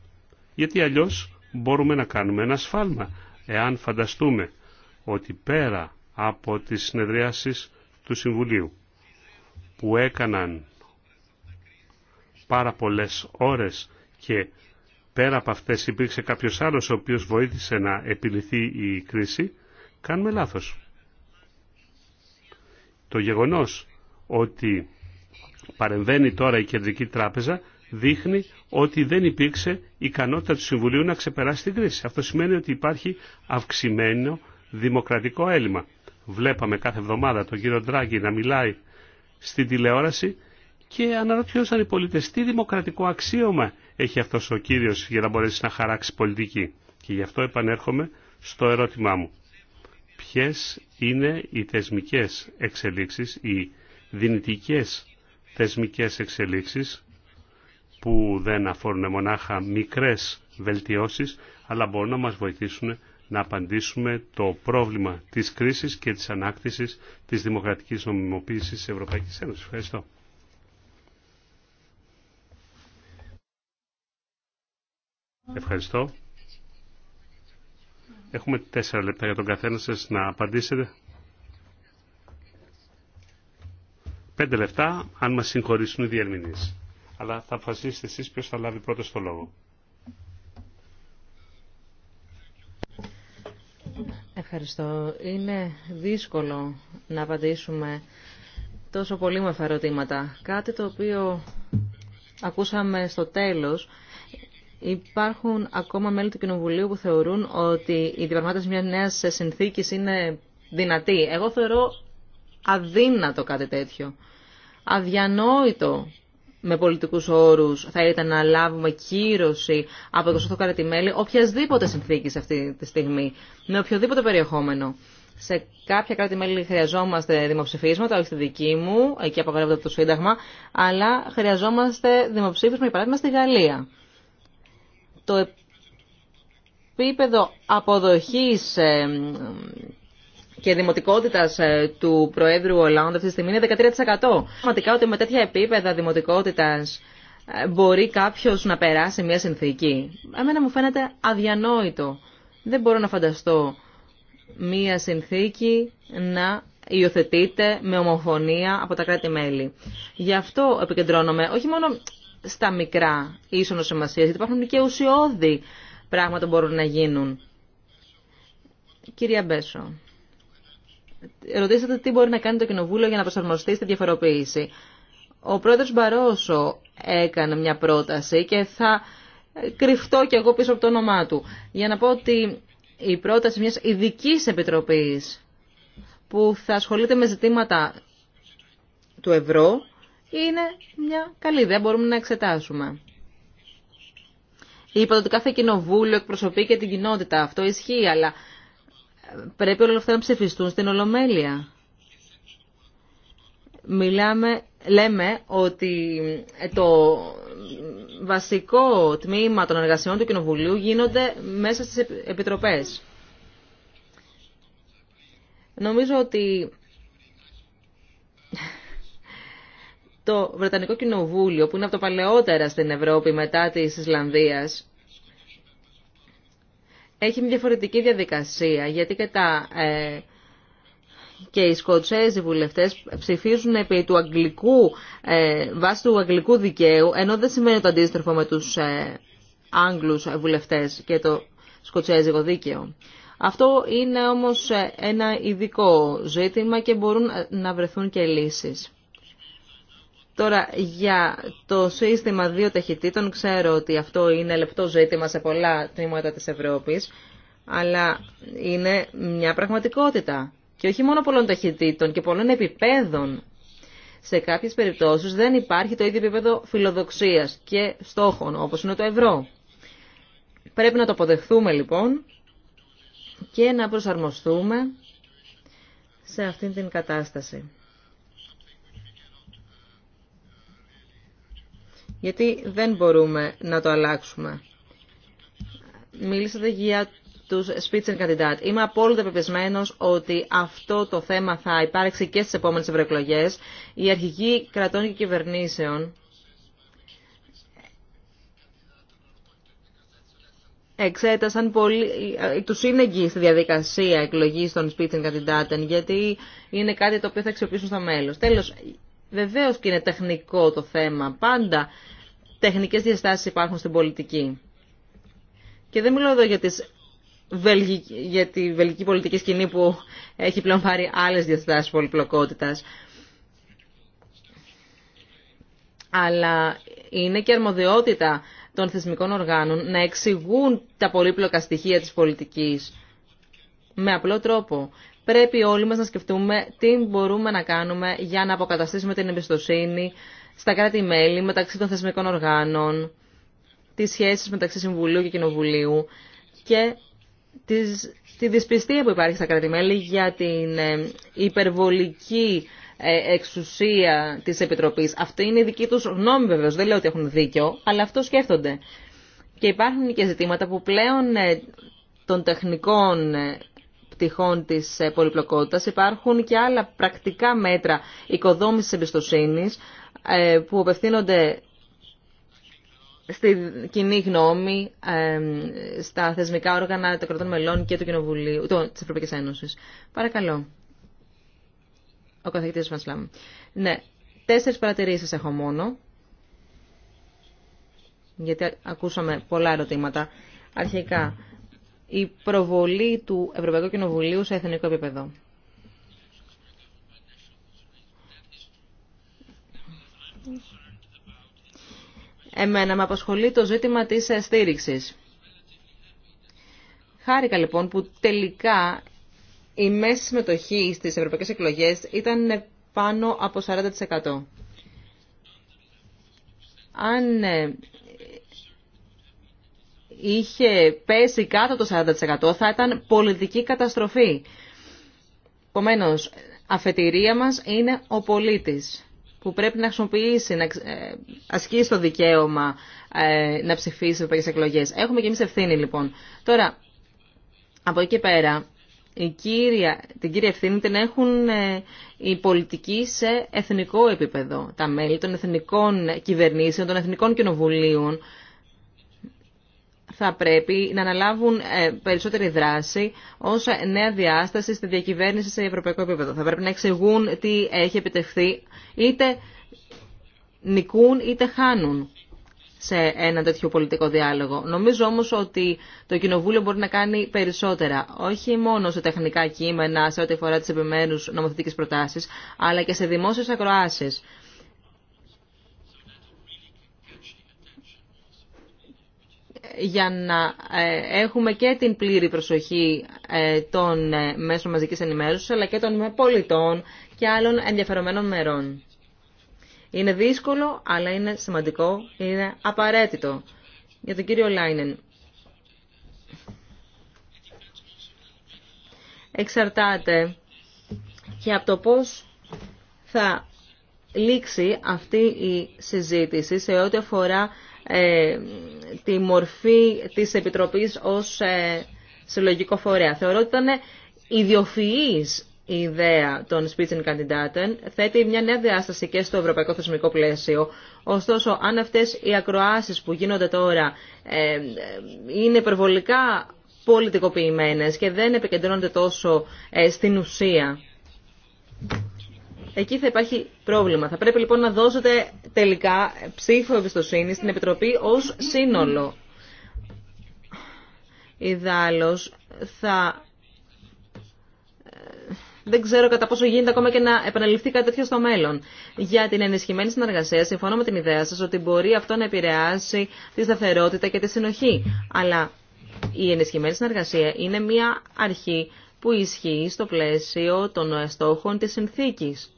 Γιατί αλλιώς μπορούμε να κάνουμε ένα σφάλμα, εάν φανταστούμε ότι πέρα από τις συνεδριάσεις του Συμβουλίου που έκαναν πάρα πολλές ώρες και πέρα από αυτές υπήρξε κάποιος άλλος ο οποίος βοήθησε να επιληθεί η κρίση, κάνουμε λάθος. Το γεγονός ότι παρεμβαίνει τώρα η Κεντρική Τράπεζα δείχνει ότι δεν υπήρξε ικανότητα του Συμβουλίου να ξεπεράσει την κρίση. Αυτό σημαίνει ότι υπάρχει αυξημένο δημοκρατικό έλλειμμα. Βλέπαμε κάθε εβδομάδα τον κύριο Ντράγκη να μιλάει στην τηλεόραση και αναρωτιόταν οι πολίτε, τι δημοκρατικό αξίωμα έχει αυτός ο κύριο για να μπορέσει να χαράξει πολιτική. Και γι' αυτό επανέρχομαι στο ερώτημά μου. Ποιες είναι οι θεσμικέ εξελίξεις, οι δυνητικέ θεσμικέ εξελίξεις που δεν αφορούν μονάχα μικρές βελτιώσεις αλλά μπορούν να μας βοηθήσουν να απαντήσουμε το πρόβλημα της κρίσης και της ανάκτησης της δημοκρατικής νομιμοποίησης της Ευρωπαϊκής Ένωσης. Ευχαριστώ. Ευχαριστώ. Έχουμε τέσσερα λεπτά για τον καθένα σας να απαντήσετε. Πέντε λεπτά, αν μας συγχωρήσουν οι διερμηνείς. Αλλά θα αποφασίσετε εσείς ποιος θα λάβει πρώτος το λόγο. Ευχαριστώ. Είναι δύσκολο να απαντήσουμε τόσο πολύ με ερωτήματα. Κάτι το οποίο ακούσαμε στο τέλος Υπάρχουν ακόμα μέλη του Κοινοβουλίου που θεωρούν ότι η διαπραγμάτευση μια νέα συνθήκη είναι δυνατή. Εγώ θεωρώ αδύνατο κάτι τέτοιο. Αδιανόητο με πολιτικού όρου θα ήταν να λάβουμε κύρωση από 28 κράτη-μέλη οποιασδήποτε συνθήκη αυτή τη στιγμή, με οποιοδήποτε περιεχόμενο. Σε κάποια κράτη-μέλη χρειαζόμαστε δημοψηφίσματα, όχι στη δική μου, εκεί απαγορεύεται το Σύνταγμα, αλλά χρειαζόμαστε δημοψήφισμα, για παράδειγμα, στη Γαλλία το επίπεδο αποδοχής ε, και δημοτικότητας ε, του Προέδρου Ολάντα αυτή τη στιγμή είναι 13%. Πραγματικά ότι με τέτοια επίπεδα δημοτικότητας ε, μπορεί κάποιος να περάσει μια συνθήκη. Εμένα μου φαίνεται αδιανόητο. Δεν μπορώ να φανταστώ μια συνθήκη να υιοθετείται με ομοφωνία από τα κράτη-μέλη. Γι' αυτό επικεντρώνομαι όχι μόνο στα μικρά ίσονο σημασία, γιατί υπάρχουν και ουσιώδη πράγματα που μπορούν να γίνουν. Κυρία Μπέσο, ρωτήσατε τι μπορεί να κάνει το Κοινοβούλιο για να προσαρμοστεί στη διαφοροποίηση. Ο πρόεδρος Μπαρόσο έκανε μια πρόταση και θα κρυφτώ κι εγώ πίσω από το όνομά του. Για να πω ότι η πρόταση μιας ειδική επιτροπής που θα ασχολείται με ζητήματα του ευρώ είναι μια καλή ιδέα, μπορούμε να εξετάσουμε. Είπατε ότι κάθε κοινοβούλιο εκπροσωπεί και την κοινότητα. Αυτό ισχύει, αλλά πρέπει όλα αυτά να ψηφιστούν στην Ολομέλεια. Μιλάμε, λέμε ότι ε, το βασικό τμήμα των εργασιών του Κοινοβουλίου γίνονται μέσα στις επιτροπές. Νομίζω ότι το Βρετανικό Κοινοβούλιο, που είναι από το παλαιότερα στην Ευρώπη μετά τη Ισλανδίας, έχει μια διαφορετική διαδικασία, γιατί και, τα, ε, και οι Σκοτσέζοι βουλευτές ψηφίζουν επί του αγγλικού, ε, βάσει του αγγλικού δικαίου, ενώ δεν σημαίνει το αντίστροφο με τους ε, Άγγλους βουλευτές και το Σκοτσέζικο δίκαιο. Αυτό είναι όμως ε, ένα ειδικό ζήτημα και μπορούν ε, να βρεθούν και λύσεις. Τώρα, για το σύστημα δύο ταχυτήτων, ξέρω ότι αυτό είναι λεπτό ζήτημα σε πολλά τμήματα της Ευρώπης, αλλά είναι μια πραγματικότητα. Και όχι μόνο πολλών ταχυτήτων και πολλών επιπέδων. Σε κάποιες περιπτώσεις δεν υπάρχει το ίδιο επίπεδο φιλοδοξίας και στόχων, όπως είναι το ευρώ. Πρέπει να το αποδεχθούμε λοιπόν και να προσαρμοστούμε σε αυτήν την κατάσταση. γιατί δεν μπορούμε να το αλλάξουμε. Μίλησατε για τους Spitzenkandidat. Είμαι απόλυτα πεπισμένος ότι αυτό το θέμα θα υπάρξει και στις επόμενες ευρωεκλογέ. Οι αρχηγοί κρατών και κυβερνήσεων εξέτασαν πολύ, τους είναι στη διαδικασία εκλογής των Spitzenkandidaten γιατί είναι κάτι το οποίο θα αξιοποιήσουν στο μέλλον. Τέλος, βεβαίως και είναι τεχνικό το θέμα. Πάντα τεχνικές διαστάσεις υπάρχουν στην πολιτική. Και δεν μιλώ εδώ για, τη βελγική πολιτική σκηνή που έχει πλέον πάρει άλλες διαστάσεις πολυπλοκότητας. Αλλά είναι και αρμοδιότητα των θεσμικών οργάνων να εξηγούν τα πολύπλοκα στοιχεία της πολιτικής με απλό τρόπο. Πρέπει όλοι μας να σκεφτούμε τι μπορούμε να κάνουμε για να αποκαταστήσουμε την εμπιστοσύνη στα κράτη-μέλη, μεταξύ των θεσμικών οργάνων, τις σχέσεις μεταξύ Συμβουλίου και Κοινοβουλίου και τη δυσπιστία που υπάρχει στα κράτη-μέλη για την ε, υπερβολική ε, εξουσία της Επιτροπής. Αυτή είναι η δική τους γνώμη βεβαίως, δεν λέω ότι έχουν δίκιο, αλλά αυτό σκέφτονται. Και υπάρχουν και ζητήματα που πλέον ε, των τεχνικών πτυχών της πολυπλοκότητας υπάρχουν και άλλα πρακτικά μέτρα οικοδόμησης εμπιστοσύνης ε, που απευθύνονται στη κοινή γνώμη, ε, στα θεσμικά όργανα των κρατών μελών και του Κοινοβουλίου, το, της Ευρωπαϊκής Ένωσης. Παρακαλώ. Ο καθηγητής Φανσλάμ. Ναι, τέσσερις παρατηρήσεις έχω μόνο, γιατί ακούσαμε πολλά ερωτήματα. Αρχικά, η προβολή του Ευρωπαϊκού Κοινοβουλίου σε εθνικό επίπεδο. Εμένα με απασχολεί το ζήτημα της στήριξης. Χάρηκα λοιπόν που τελικά η μέση συμμετοχή στις ευρωπαϊκές εκλογές ήταν πάνω από 40%. Αν ε, είχε πέσει κάτω το 40% θα ήταν πολιτική καταστροφή. Επομένω, αφετηρία μας είναι ο πολίτης που πρέπει να χρησιμοποιήσει, να ε, ασκήσει το δικαίωμα ε, να ψηφίσει σε ευρωπαϊκέ εκλογέ. Έχουμε και εμεί ευθύνη λοιπόν. Τώρα, από εκεί πέρα, η κύρια, την κύρια ευθύνη την έχουν ε, οι πολιτικοί σε εθνικό επίπεδο. Τα μέλη των εθνικών κυβερνήσεων, των εθνικών κοινοβουλίων, θα πρέπει να αναλάβουν ε, περισσότερη δράση ω νέα διάσταση στη διακυβέρνηση σε ευρωπαϊκό επίπεδο. Θα πρέπει να εξηγούν τι έχει επιτευχθεί είτε νικούν είτε χάνουν σε ένα τέτοιο πολιτικό διάλογο. Νομίζω όμως ότι το Κοινοβούλιο μπορεί να κάνει περισσότερα, όχι μόνο σε τεχνικά κείμενα, σε ό,τι αφορά τις επιμέρους νομοθετικές προτάσεις, αλλά και σε δημόσιες ακροάσεις. για να ε, έχουμε και την πλήρη προσοχή ε, των ε, μέσων μαζικής ενημέρωσης αλλά και των πολιτών και άλλων ενδιαφερομένων μερών. Είναι δύσκολο, αλλά είναι σημαντικό, είναι απαραίτητο. Για τον κύριο Λάινεν. Εξαρτάται και από το πώς θα λήξει αυτή η συζήτηση σε ό,τι αφορά ε, τη μορφή της Επιτροπής ως ε, συλλογικό φορέα. Θεωρώ ότι ήταν ιδιοφυής η ιδέα των Spitzenkandidaten θέτει μια νέα διάσταση και στο ευρωπαϊκό θεσμικό πλαίσιο. Ωστόσο, αν αυτές οι ακροάσεις που γίνονται τώρα ε, είναι υπερβολικά πολιτικοποιημένες και δεν επικεντρώνονται τόσο στην ουσία εκεί θα υπάρχει πρόβλημα. Θα πρέπει λοιπόν να δώσετε τελικά ψήφο εμπιστοσύνη στην Επιτροπή ως σύνολο. Ιδάλλως θα... Ε, δεν ξέρω κατά πόσο γίνεται ακόμα και να επαναληφθεί κάτι τέτοιο στο μέλλον. Για την ενισχυμένη συνεργασία, συμφωνώ με την ιδέα σας ότι μπορεί αυτό να επηρεάσει τη σταθερότητα και τη συνοχή. Αλλά η ενισχυμένη συνεργασία είναι μια αρχή που ισχύει στο πλαίσιο των στόχων της συνθήκης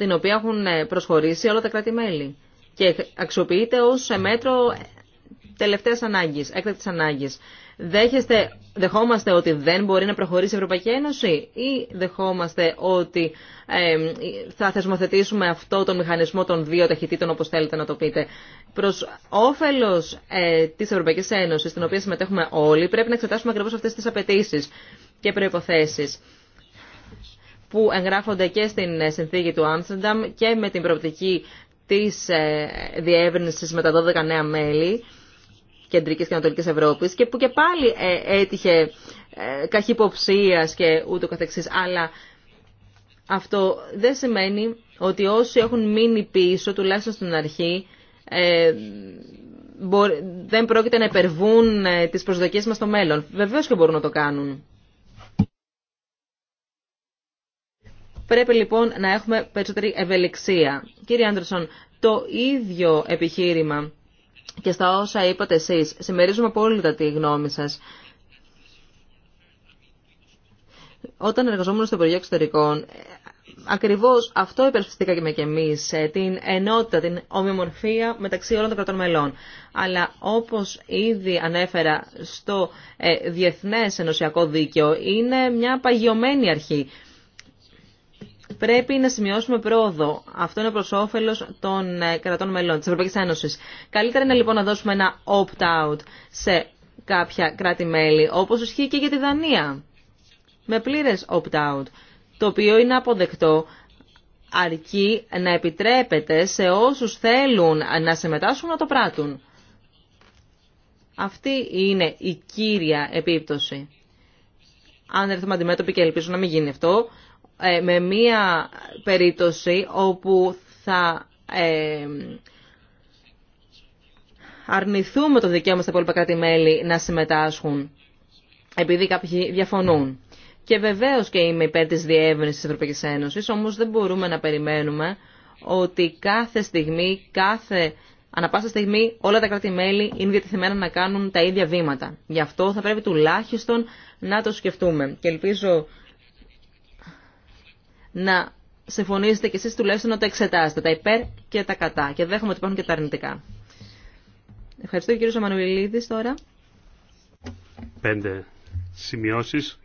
την οποία έχουν ε, προσχωρήσει όλα τα κράτη-μέλη και αξιοποιείται ως ε, μέτρο τελευταίας ανάγκης, έκτακτης ανάγκης. Δέχεστε, δεχόμαστε ότι δεν μπορεί να προχωρήσει η Ευρωπαϊκή Ένωση ή δεχόμαστε ότι ε, θα θεσμοθετήσουμε αυτό τον μηχανισμό των δύο ταχυτήτων όπως θέλετε να το πείτε. Προς όφελος ε, της Ευρωπαϊκής Ένωσης, στην οποία συμμετέχουμε όλοι, πρέπει να εξετάσουμε ακριβώς αυτές τις απαιτήσει και προϋποθέσεις που εγγράφονται και στην ε, συνθήκη του Άμστερνταμ και με την προοπτική της ε, διεύρυνσης με τα 12 νέα μέλη Κεντρικής και Ανατολικής Ευρώπης και που και πάλι ε, έτυχε καχυποψίας και ούτω καθεξής. Αλλά αυτό δεν σημαίνει ότι όσοι έχουν μείνει πίσω, τουλάχιστον στην αρχή, δεν πρόκειται να υπερβούν τις προσδοκίες μας στο μέλλον. Βεβαίως και μπορούν να το κάνουν. Πρέπει λοιπόν να έχουμε περισσότερη ευελιξία. Κύριε Άντρεσον, το ίδιο επιχείρημα και στα όσα είπατε εσείς, συμμερίζουμε απόλυτα τη γνώμη σας. Όταν εργαζόμουν στο Υπουργείο Εξωτερικών, ακριβώς αυτό υπερασπιστήκαμε και εμείς, ε, την ενότητα, την ομοιομορφία μεταξύ όλων των κρατών μελών. Αλλά όπως ήδη ανέφερα στο ε, Διεθνές Ενωσιακό Δίκαιο, είναι μια παγιωμένη αρχή πρέπει να σημειώσουμε πρόοδο. Αυτό είναι προ όφελο των ε, κρατών μελών τη Ευρωπαϊκή Ένωση. Καλύτερα είναι λοιπόν να δώσουμε ένα opt-out σε κάποια κράτη-μέλη, όπω ισχύει και για τη Δανία. Με πλήρε opt-out, το οποίο είναι αποδεκτό αρκεί να επιτρέπεται σε όσους θέλουν να συμμετάσχουν να το πράττουν. Αυτή είναι η κύρια επίπτωση. Αν έρθουμε αντιμέτωποι και ελπίζω να μην γίνει αυτό, ε, με μία περίπτωση όπου θα ε, αρνηθούμε το δικαίωμα στα υπόλοιπα κράτη-μέλη να συμμετάσχουν επειδή κάποιοι διαφωνούν. Και βεβαίως και είμαι υπέρ της διεύρυνσης της Ευρωπαϊκής Ένωσης, όμως δεν μπορούμε να περιμένουμε ότι κάθε στιγμή, κάθε Ανά πάσα στιγμή όλα τα κράτη-μέλη είναι διατεθειμένα να κάνουν τα ίδια βήματα. Γι' αυτό θα πρέπει τουλάχιστον να το σκεφτούμε. Και ελπίζω να συμφωνήσετε κι εσείς τουλάχιστον να το εξετάσετε, τα υπέρ και τα κατά. Και δέχομαι ότι υπάρχουν και τα αρνητικά. Ευχαριστώ κύριο Σαμανουηλίδης τώρα. Πέντε σημειώσεις.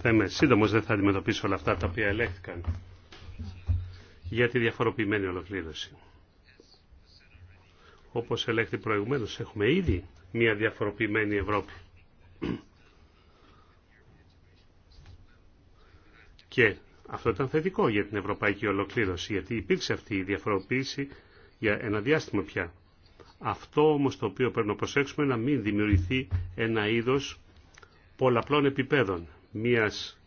Θα είμαι σύντομος, δεν θα αντιμετωπίσω όλα αυτά τα οποία ελέγχθηκαν για τη διαφοροποιημένη ολοκλήρωση. Όπως ελέγχθη προηγουμένως, έχουμε ήδη μια διαφοροποιημένη Ευρώπη. Και αυτό ήταν θετικό για την ευρωπαϊκή ολοκλήρωση, γιατί υπήρξε αυτή η διαφοροποίηση για ένα διάστημα πια. Αυτό όμως το οποίο πρέπει να προσέξουμε να μην δημιουργηθεί ένα είδος πολλαπλών επιπέδων, μιας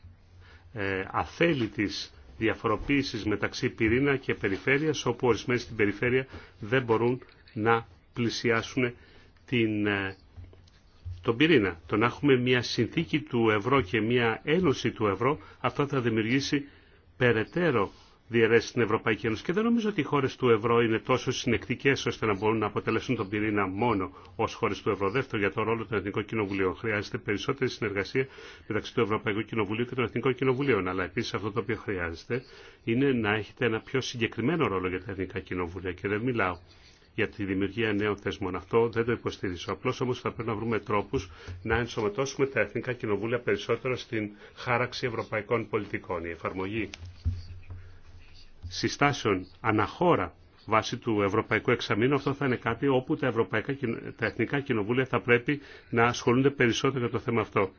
ε, αθέλητης διαφοροποίησης μεταξύ πυρήνα και περιφέρειας, όπου ορισμένοι στην περιφέρεια δεν μπορούν να πλησιάσουν την ε, τον πυρήνα. Το να έχουμε μια συνθήκη του ευρώ και μια ένωση του ευρώ, αυτό θα δημιουργήσει περαιτέρω διαιρέσει στην Ευρωπαϊκή Ένωση. Και δεν νομίζω ότι οι χώρε του ευρώ είναι τόσο συνεκτικέ ώστε να μπορούν να αποτελέσουν τον πυρήνα μόνο ω χώρε του ευρώ. Δεύτερο, για το ρόλο των Εθνικών Κοινοβουλίων. Χρειάζεται περισσότερη συνεργασία μεταξύ του Ευρωπαϊκού Κοινοβουλίου και των Εθνικών Κοινοβουλίων. Αλλά επίση αυτό το οποίο χρειάζεται είναι να έχετε ένα πιο συγκεκριμένο ρόλο για τα Εθνικά Κοινοβούλια. Και δεν μιλάω για τη δημιουργία νέων θεσμών. Αυτό δεν το υποστηρίζω. Απλώ όμω θα πρέπει να βρούμε τρόπου να ενσωματώσουμε τα εθνικά κοινοβούλια περισσότερο στην χάραξη ευρωπαϊκών πολιτικών. Η εφαρμογή συστάσεων αναχώρα βάσει του Ευρωπαϊκού Εξαμήνου, αυτό θα είναι κάτι όπου τα, ευρωπαϊκά, τα εθνικά κοινοβούλια θα πρέπει να ασχολούνται περισσότερο για το θέμα αυτό.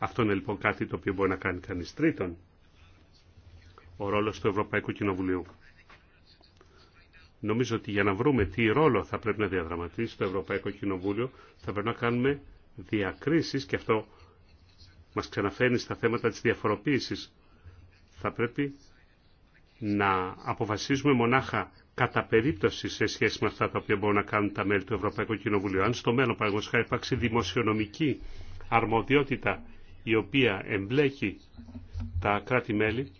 Αυτό είναι λοιπόν κάτι το οποίο μπορεί να κάνει κανείς. Τρίτον, ο ρόλο του Ευρωπαϊκού Κοινοβουλίου. Νομίζω ότι για να βρούμε τι ρόλο θα πρέπει να διαδραματίσει το Ευρωπαϊκό Κοινοβούλιο θα πρέπει να κάνουμε διακρίσεις και αυτό μας ξαναφέρνει στα θέματα της διαφοροποίησης. Θα πρέπει να αποφασίζουμε μονάχα κατά περίπτωση σε σχέση με αυτά τα οποία μπορούν να κάνουν τα μέλη του Ευρωπαϊκού Κοινοβουλίου. Αν στο μέλλον, παραγωγικά, υπάρξει δημοσιονομική αρμοδιότητα η οποία εμπλέκει τα κράτη-μέλη,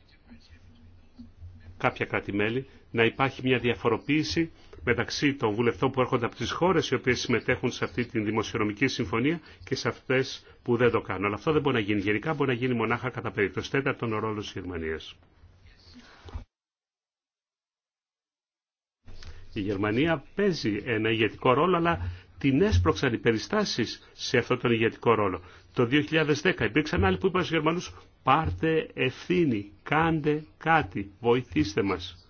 κάποια κράτη-μέλη, να υπάρχει μια διαφοροποίηση μεταξύ των βουλευτών που έρχονται από τι χώρε οι οποίε συμμετέχουν σε αυτή τη δημοσιονομική συμφωνία και σε αυτέ που δεν το κάνουν. Αλλά αυτό δεν μπορεί να γίνει γενικά, μπορεί να γίνει μονάχα κατά περίπτωση. Τέταρτον ο ρόλο της Γερμανίας. Η Γερμανία παίζει ένα ηγετικό ρόλο, αλλά την έσπρωξαν οι περιστάσει σε αυτόν τον ηγετικό ρόλο. Το 2010 υπήρξαν άλλοι που είπαν στου Γερμανού: Πάρτε ευθύνη, κάντε κάτι, βοηθήστε μας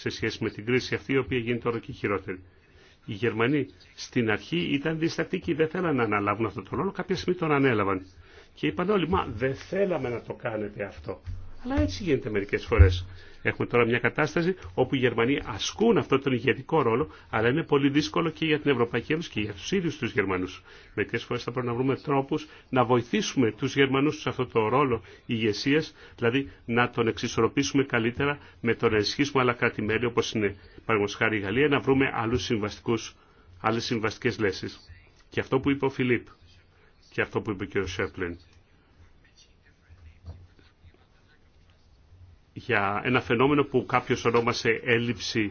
σε σχέση με την κρίση αυτή, η οποία γίνεται όλο και χειρότερη. Οι Γερμανοί στην αρχή ήταν διστακτικοί, δεν θέλανε να αναλάβουν αυτό τον ρόλο, κάποια στιγμή τον ανέλαβαν. Και είπαν όλοι, μα δεν θέλαμε να το κάνετε αυτό. Αλλά έτσι γίνεται μερικέ φορέ. Έχουμε τώρα μια κατάσταση όπου οι Γερμανοί ασκούν αυτόν τον ηγετικό ρόλο, αλλά είναι πολύ δύσκολο και για την Ευρωπαϊκή Ένωση και για του ίδιου του Γερμανού. Μερικέ φορέ θα πρέπει να βρούμε τρόπου να βοηθήσουμε του Γερμανού σε αυτόν το ρόλο ηγεσία, δηλαδή να τον εξισορροπήσουμε καλύτερα με το να ενισχύσουμε άλλα κράτη-μέλη όπω είναι παραδείγματο χάρη η Γαλλία, να βρούμε άλλε συμβαστικέ λέσει. Και αυτό που είπε ο Φιλίπ και αυτό που είπε ο κ. για ένα φαινόμενο που κάποιος ονόμασε έλλειψη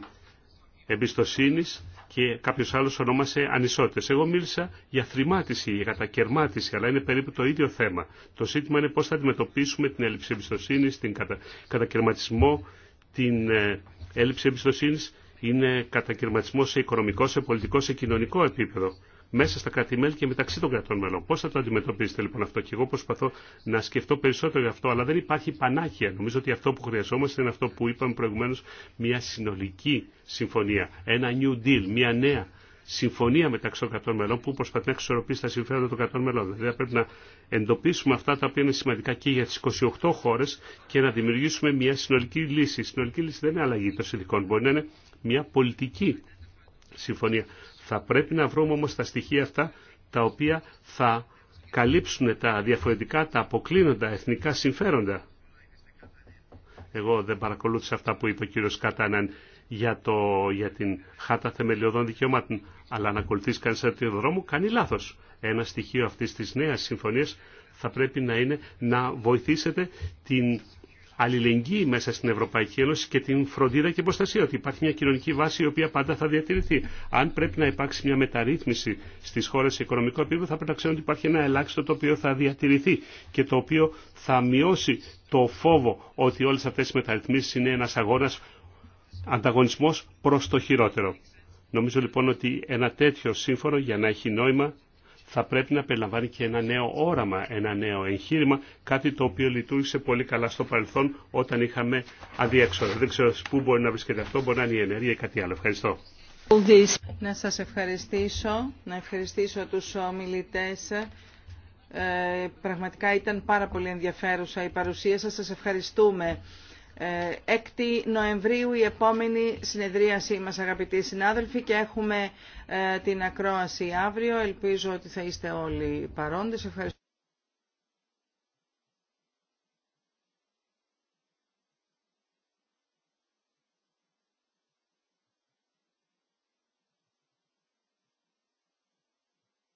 εμπιστοσύνης και κάποιος άλλος ονόμασε ανισότητες. Εγώ μίλησα για θρημάτιση, για κατακαιρμάτιση, αλλά είναι περίπου το ίδιο θέμα. Το ζήτημα είναι πώς θα αντιμετωπίσουμε την έλλειψη εμπιστοσύνη, την κατα... κατακαιρματισμό, την ε, έλλειψη εμπιστοσύνη είναι κατακαιρματισμό σε οικονομικό, σε πολιτικό, σε κοινωνικό επίπεδο μέσα στα κράτη-μέλη και μεταξύ των κρατών μελών. Πώ θα το αντιμετωπίσετε λοιπόν αυτό, και εγώ προσπαθώ να σκεφτώ περισσότερο γι' αυτό, αλλά δεν υπάρχει πανάκια. Νομίζω ότι αυτό που χρειαζόμαστε είναι αυτό που είπαμε προηγουμένω, μια συνολική συμφωνία, ένα new deal, μια νέα συμφωνία μεταξύ των κρατών μελών που προσπαθεί να εξορροπήσει τα συμφέροντα των κρατών μελών. Δηλαδή πρέπει να εντοπίσουμε αυτά τα οποία είναι σημαντικά και για τι 28 χώρε και να δημιουργήσουμε μια συνολική λύση. Η συνολική λύση δεν είναι αλλαγή των συνδικών, μπορεί να είναι μια πολιτική συμφωνία θα πρέπει να βρούμε όμως τα στοιχεία αυτά τα οποία θα καλύψουν τα διαφορετικά, τα αποκλίνοντα εθνικά συμφέροντα. Εγώ δεν παρακολούθησα αυτά που είπε ο κύριος Κατάναν για, το, για την χάτα θεμελιωδών δικαιωμάτων, αλλά αν ακολουθήσει κανείς τέτοιο δρόμο κάνει λάθος. Ένα στοιχείο αυτής της νέας συμφωνίας θα πρέπει να είναι να βοηθήσετε την αλληλεγγύη μέσα στην Ευρωπαϊκή Ένωση και την φροντίδα και προστασία ότι υπάρχει μια κοινωνική βάση η οποία πάντα θα διατηρηθεί. Αν πρέπει να υπάρξει μια μεταρρύθμιση στις χώρες σε οικονομικό επίπεδο θα πρέπει να ξέρουν ότι υπάρχει ένα ελάχιστο το οποίο θα διατηρηθεί και το οποίο θα μειώσει το φόβο ότι όλες αυτές οι μεταρρυθμίσεις είναι ένας αγώνας ανταγωνισμός προς το χειρότερο. Νομίζω λοιπόν ότι ένα τέτοιο σύμφωνο για να έχει νόημα θα πρέπει να περιλαμβάνει και ένα νέο όραμα, ένα νέο εγχείρημα, κάτι το οποίο λειτουργήσε πολύ καλά στο παρελθόν όταν είχαμε αδιέξοδο. Δεν ξέρω πού μπορεί να βρίσκεται αυτό, μπορεί να είναι η ενέργεια ή κάτι άλλο. Ευχαριστώ. Να σας ευχαριστήσω, να ευχαριστήσω τους ομιλητές. Ε, πραγματικά ήταν πάρα πολύ ενδιαφέρουσα η παρουσία σας. Σας ευχαριστούμε. 6 ε, Νοεμβρίου η επόμενη συνεδρίασή μας αγαπητοί συνάδελφοι και έχουμε ε, την ακρόαση αύριο. Ελπίζω ότι θα είστε όλοι παρόντες. Ευχαριστώ.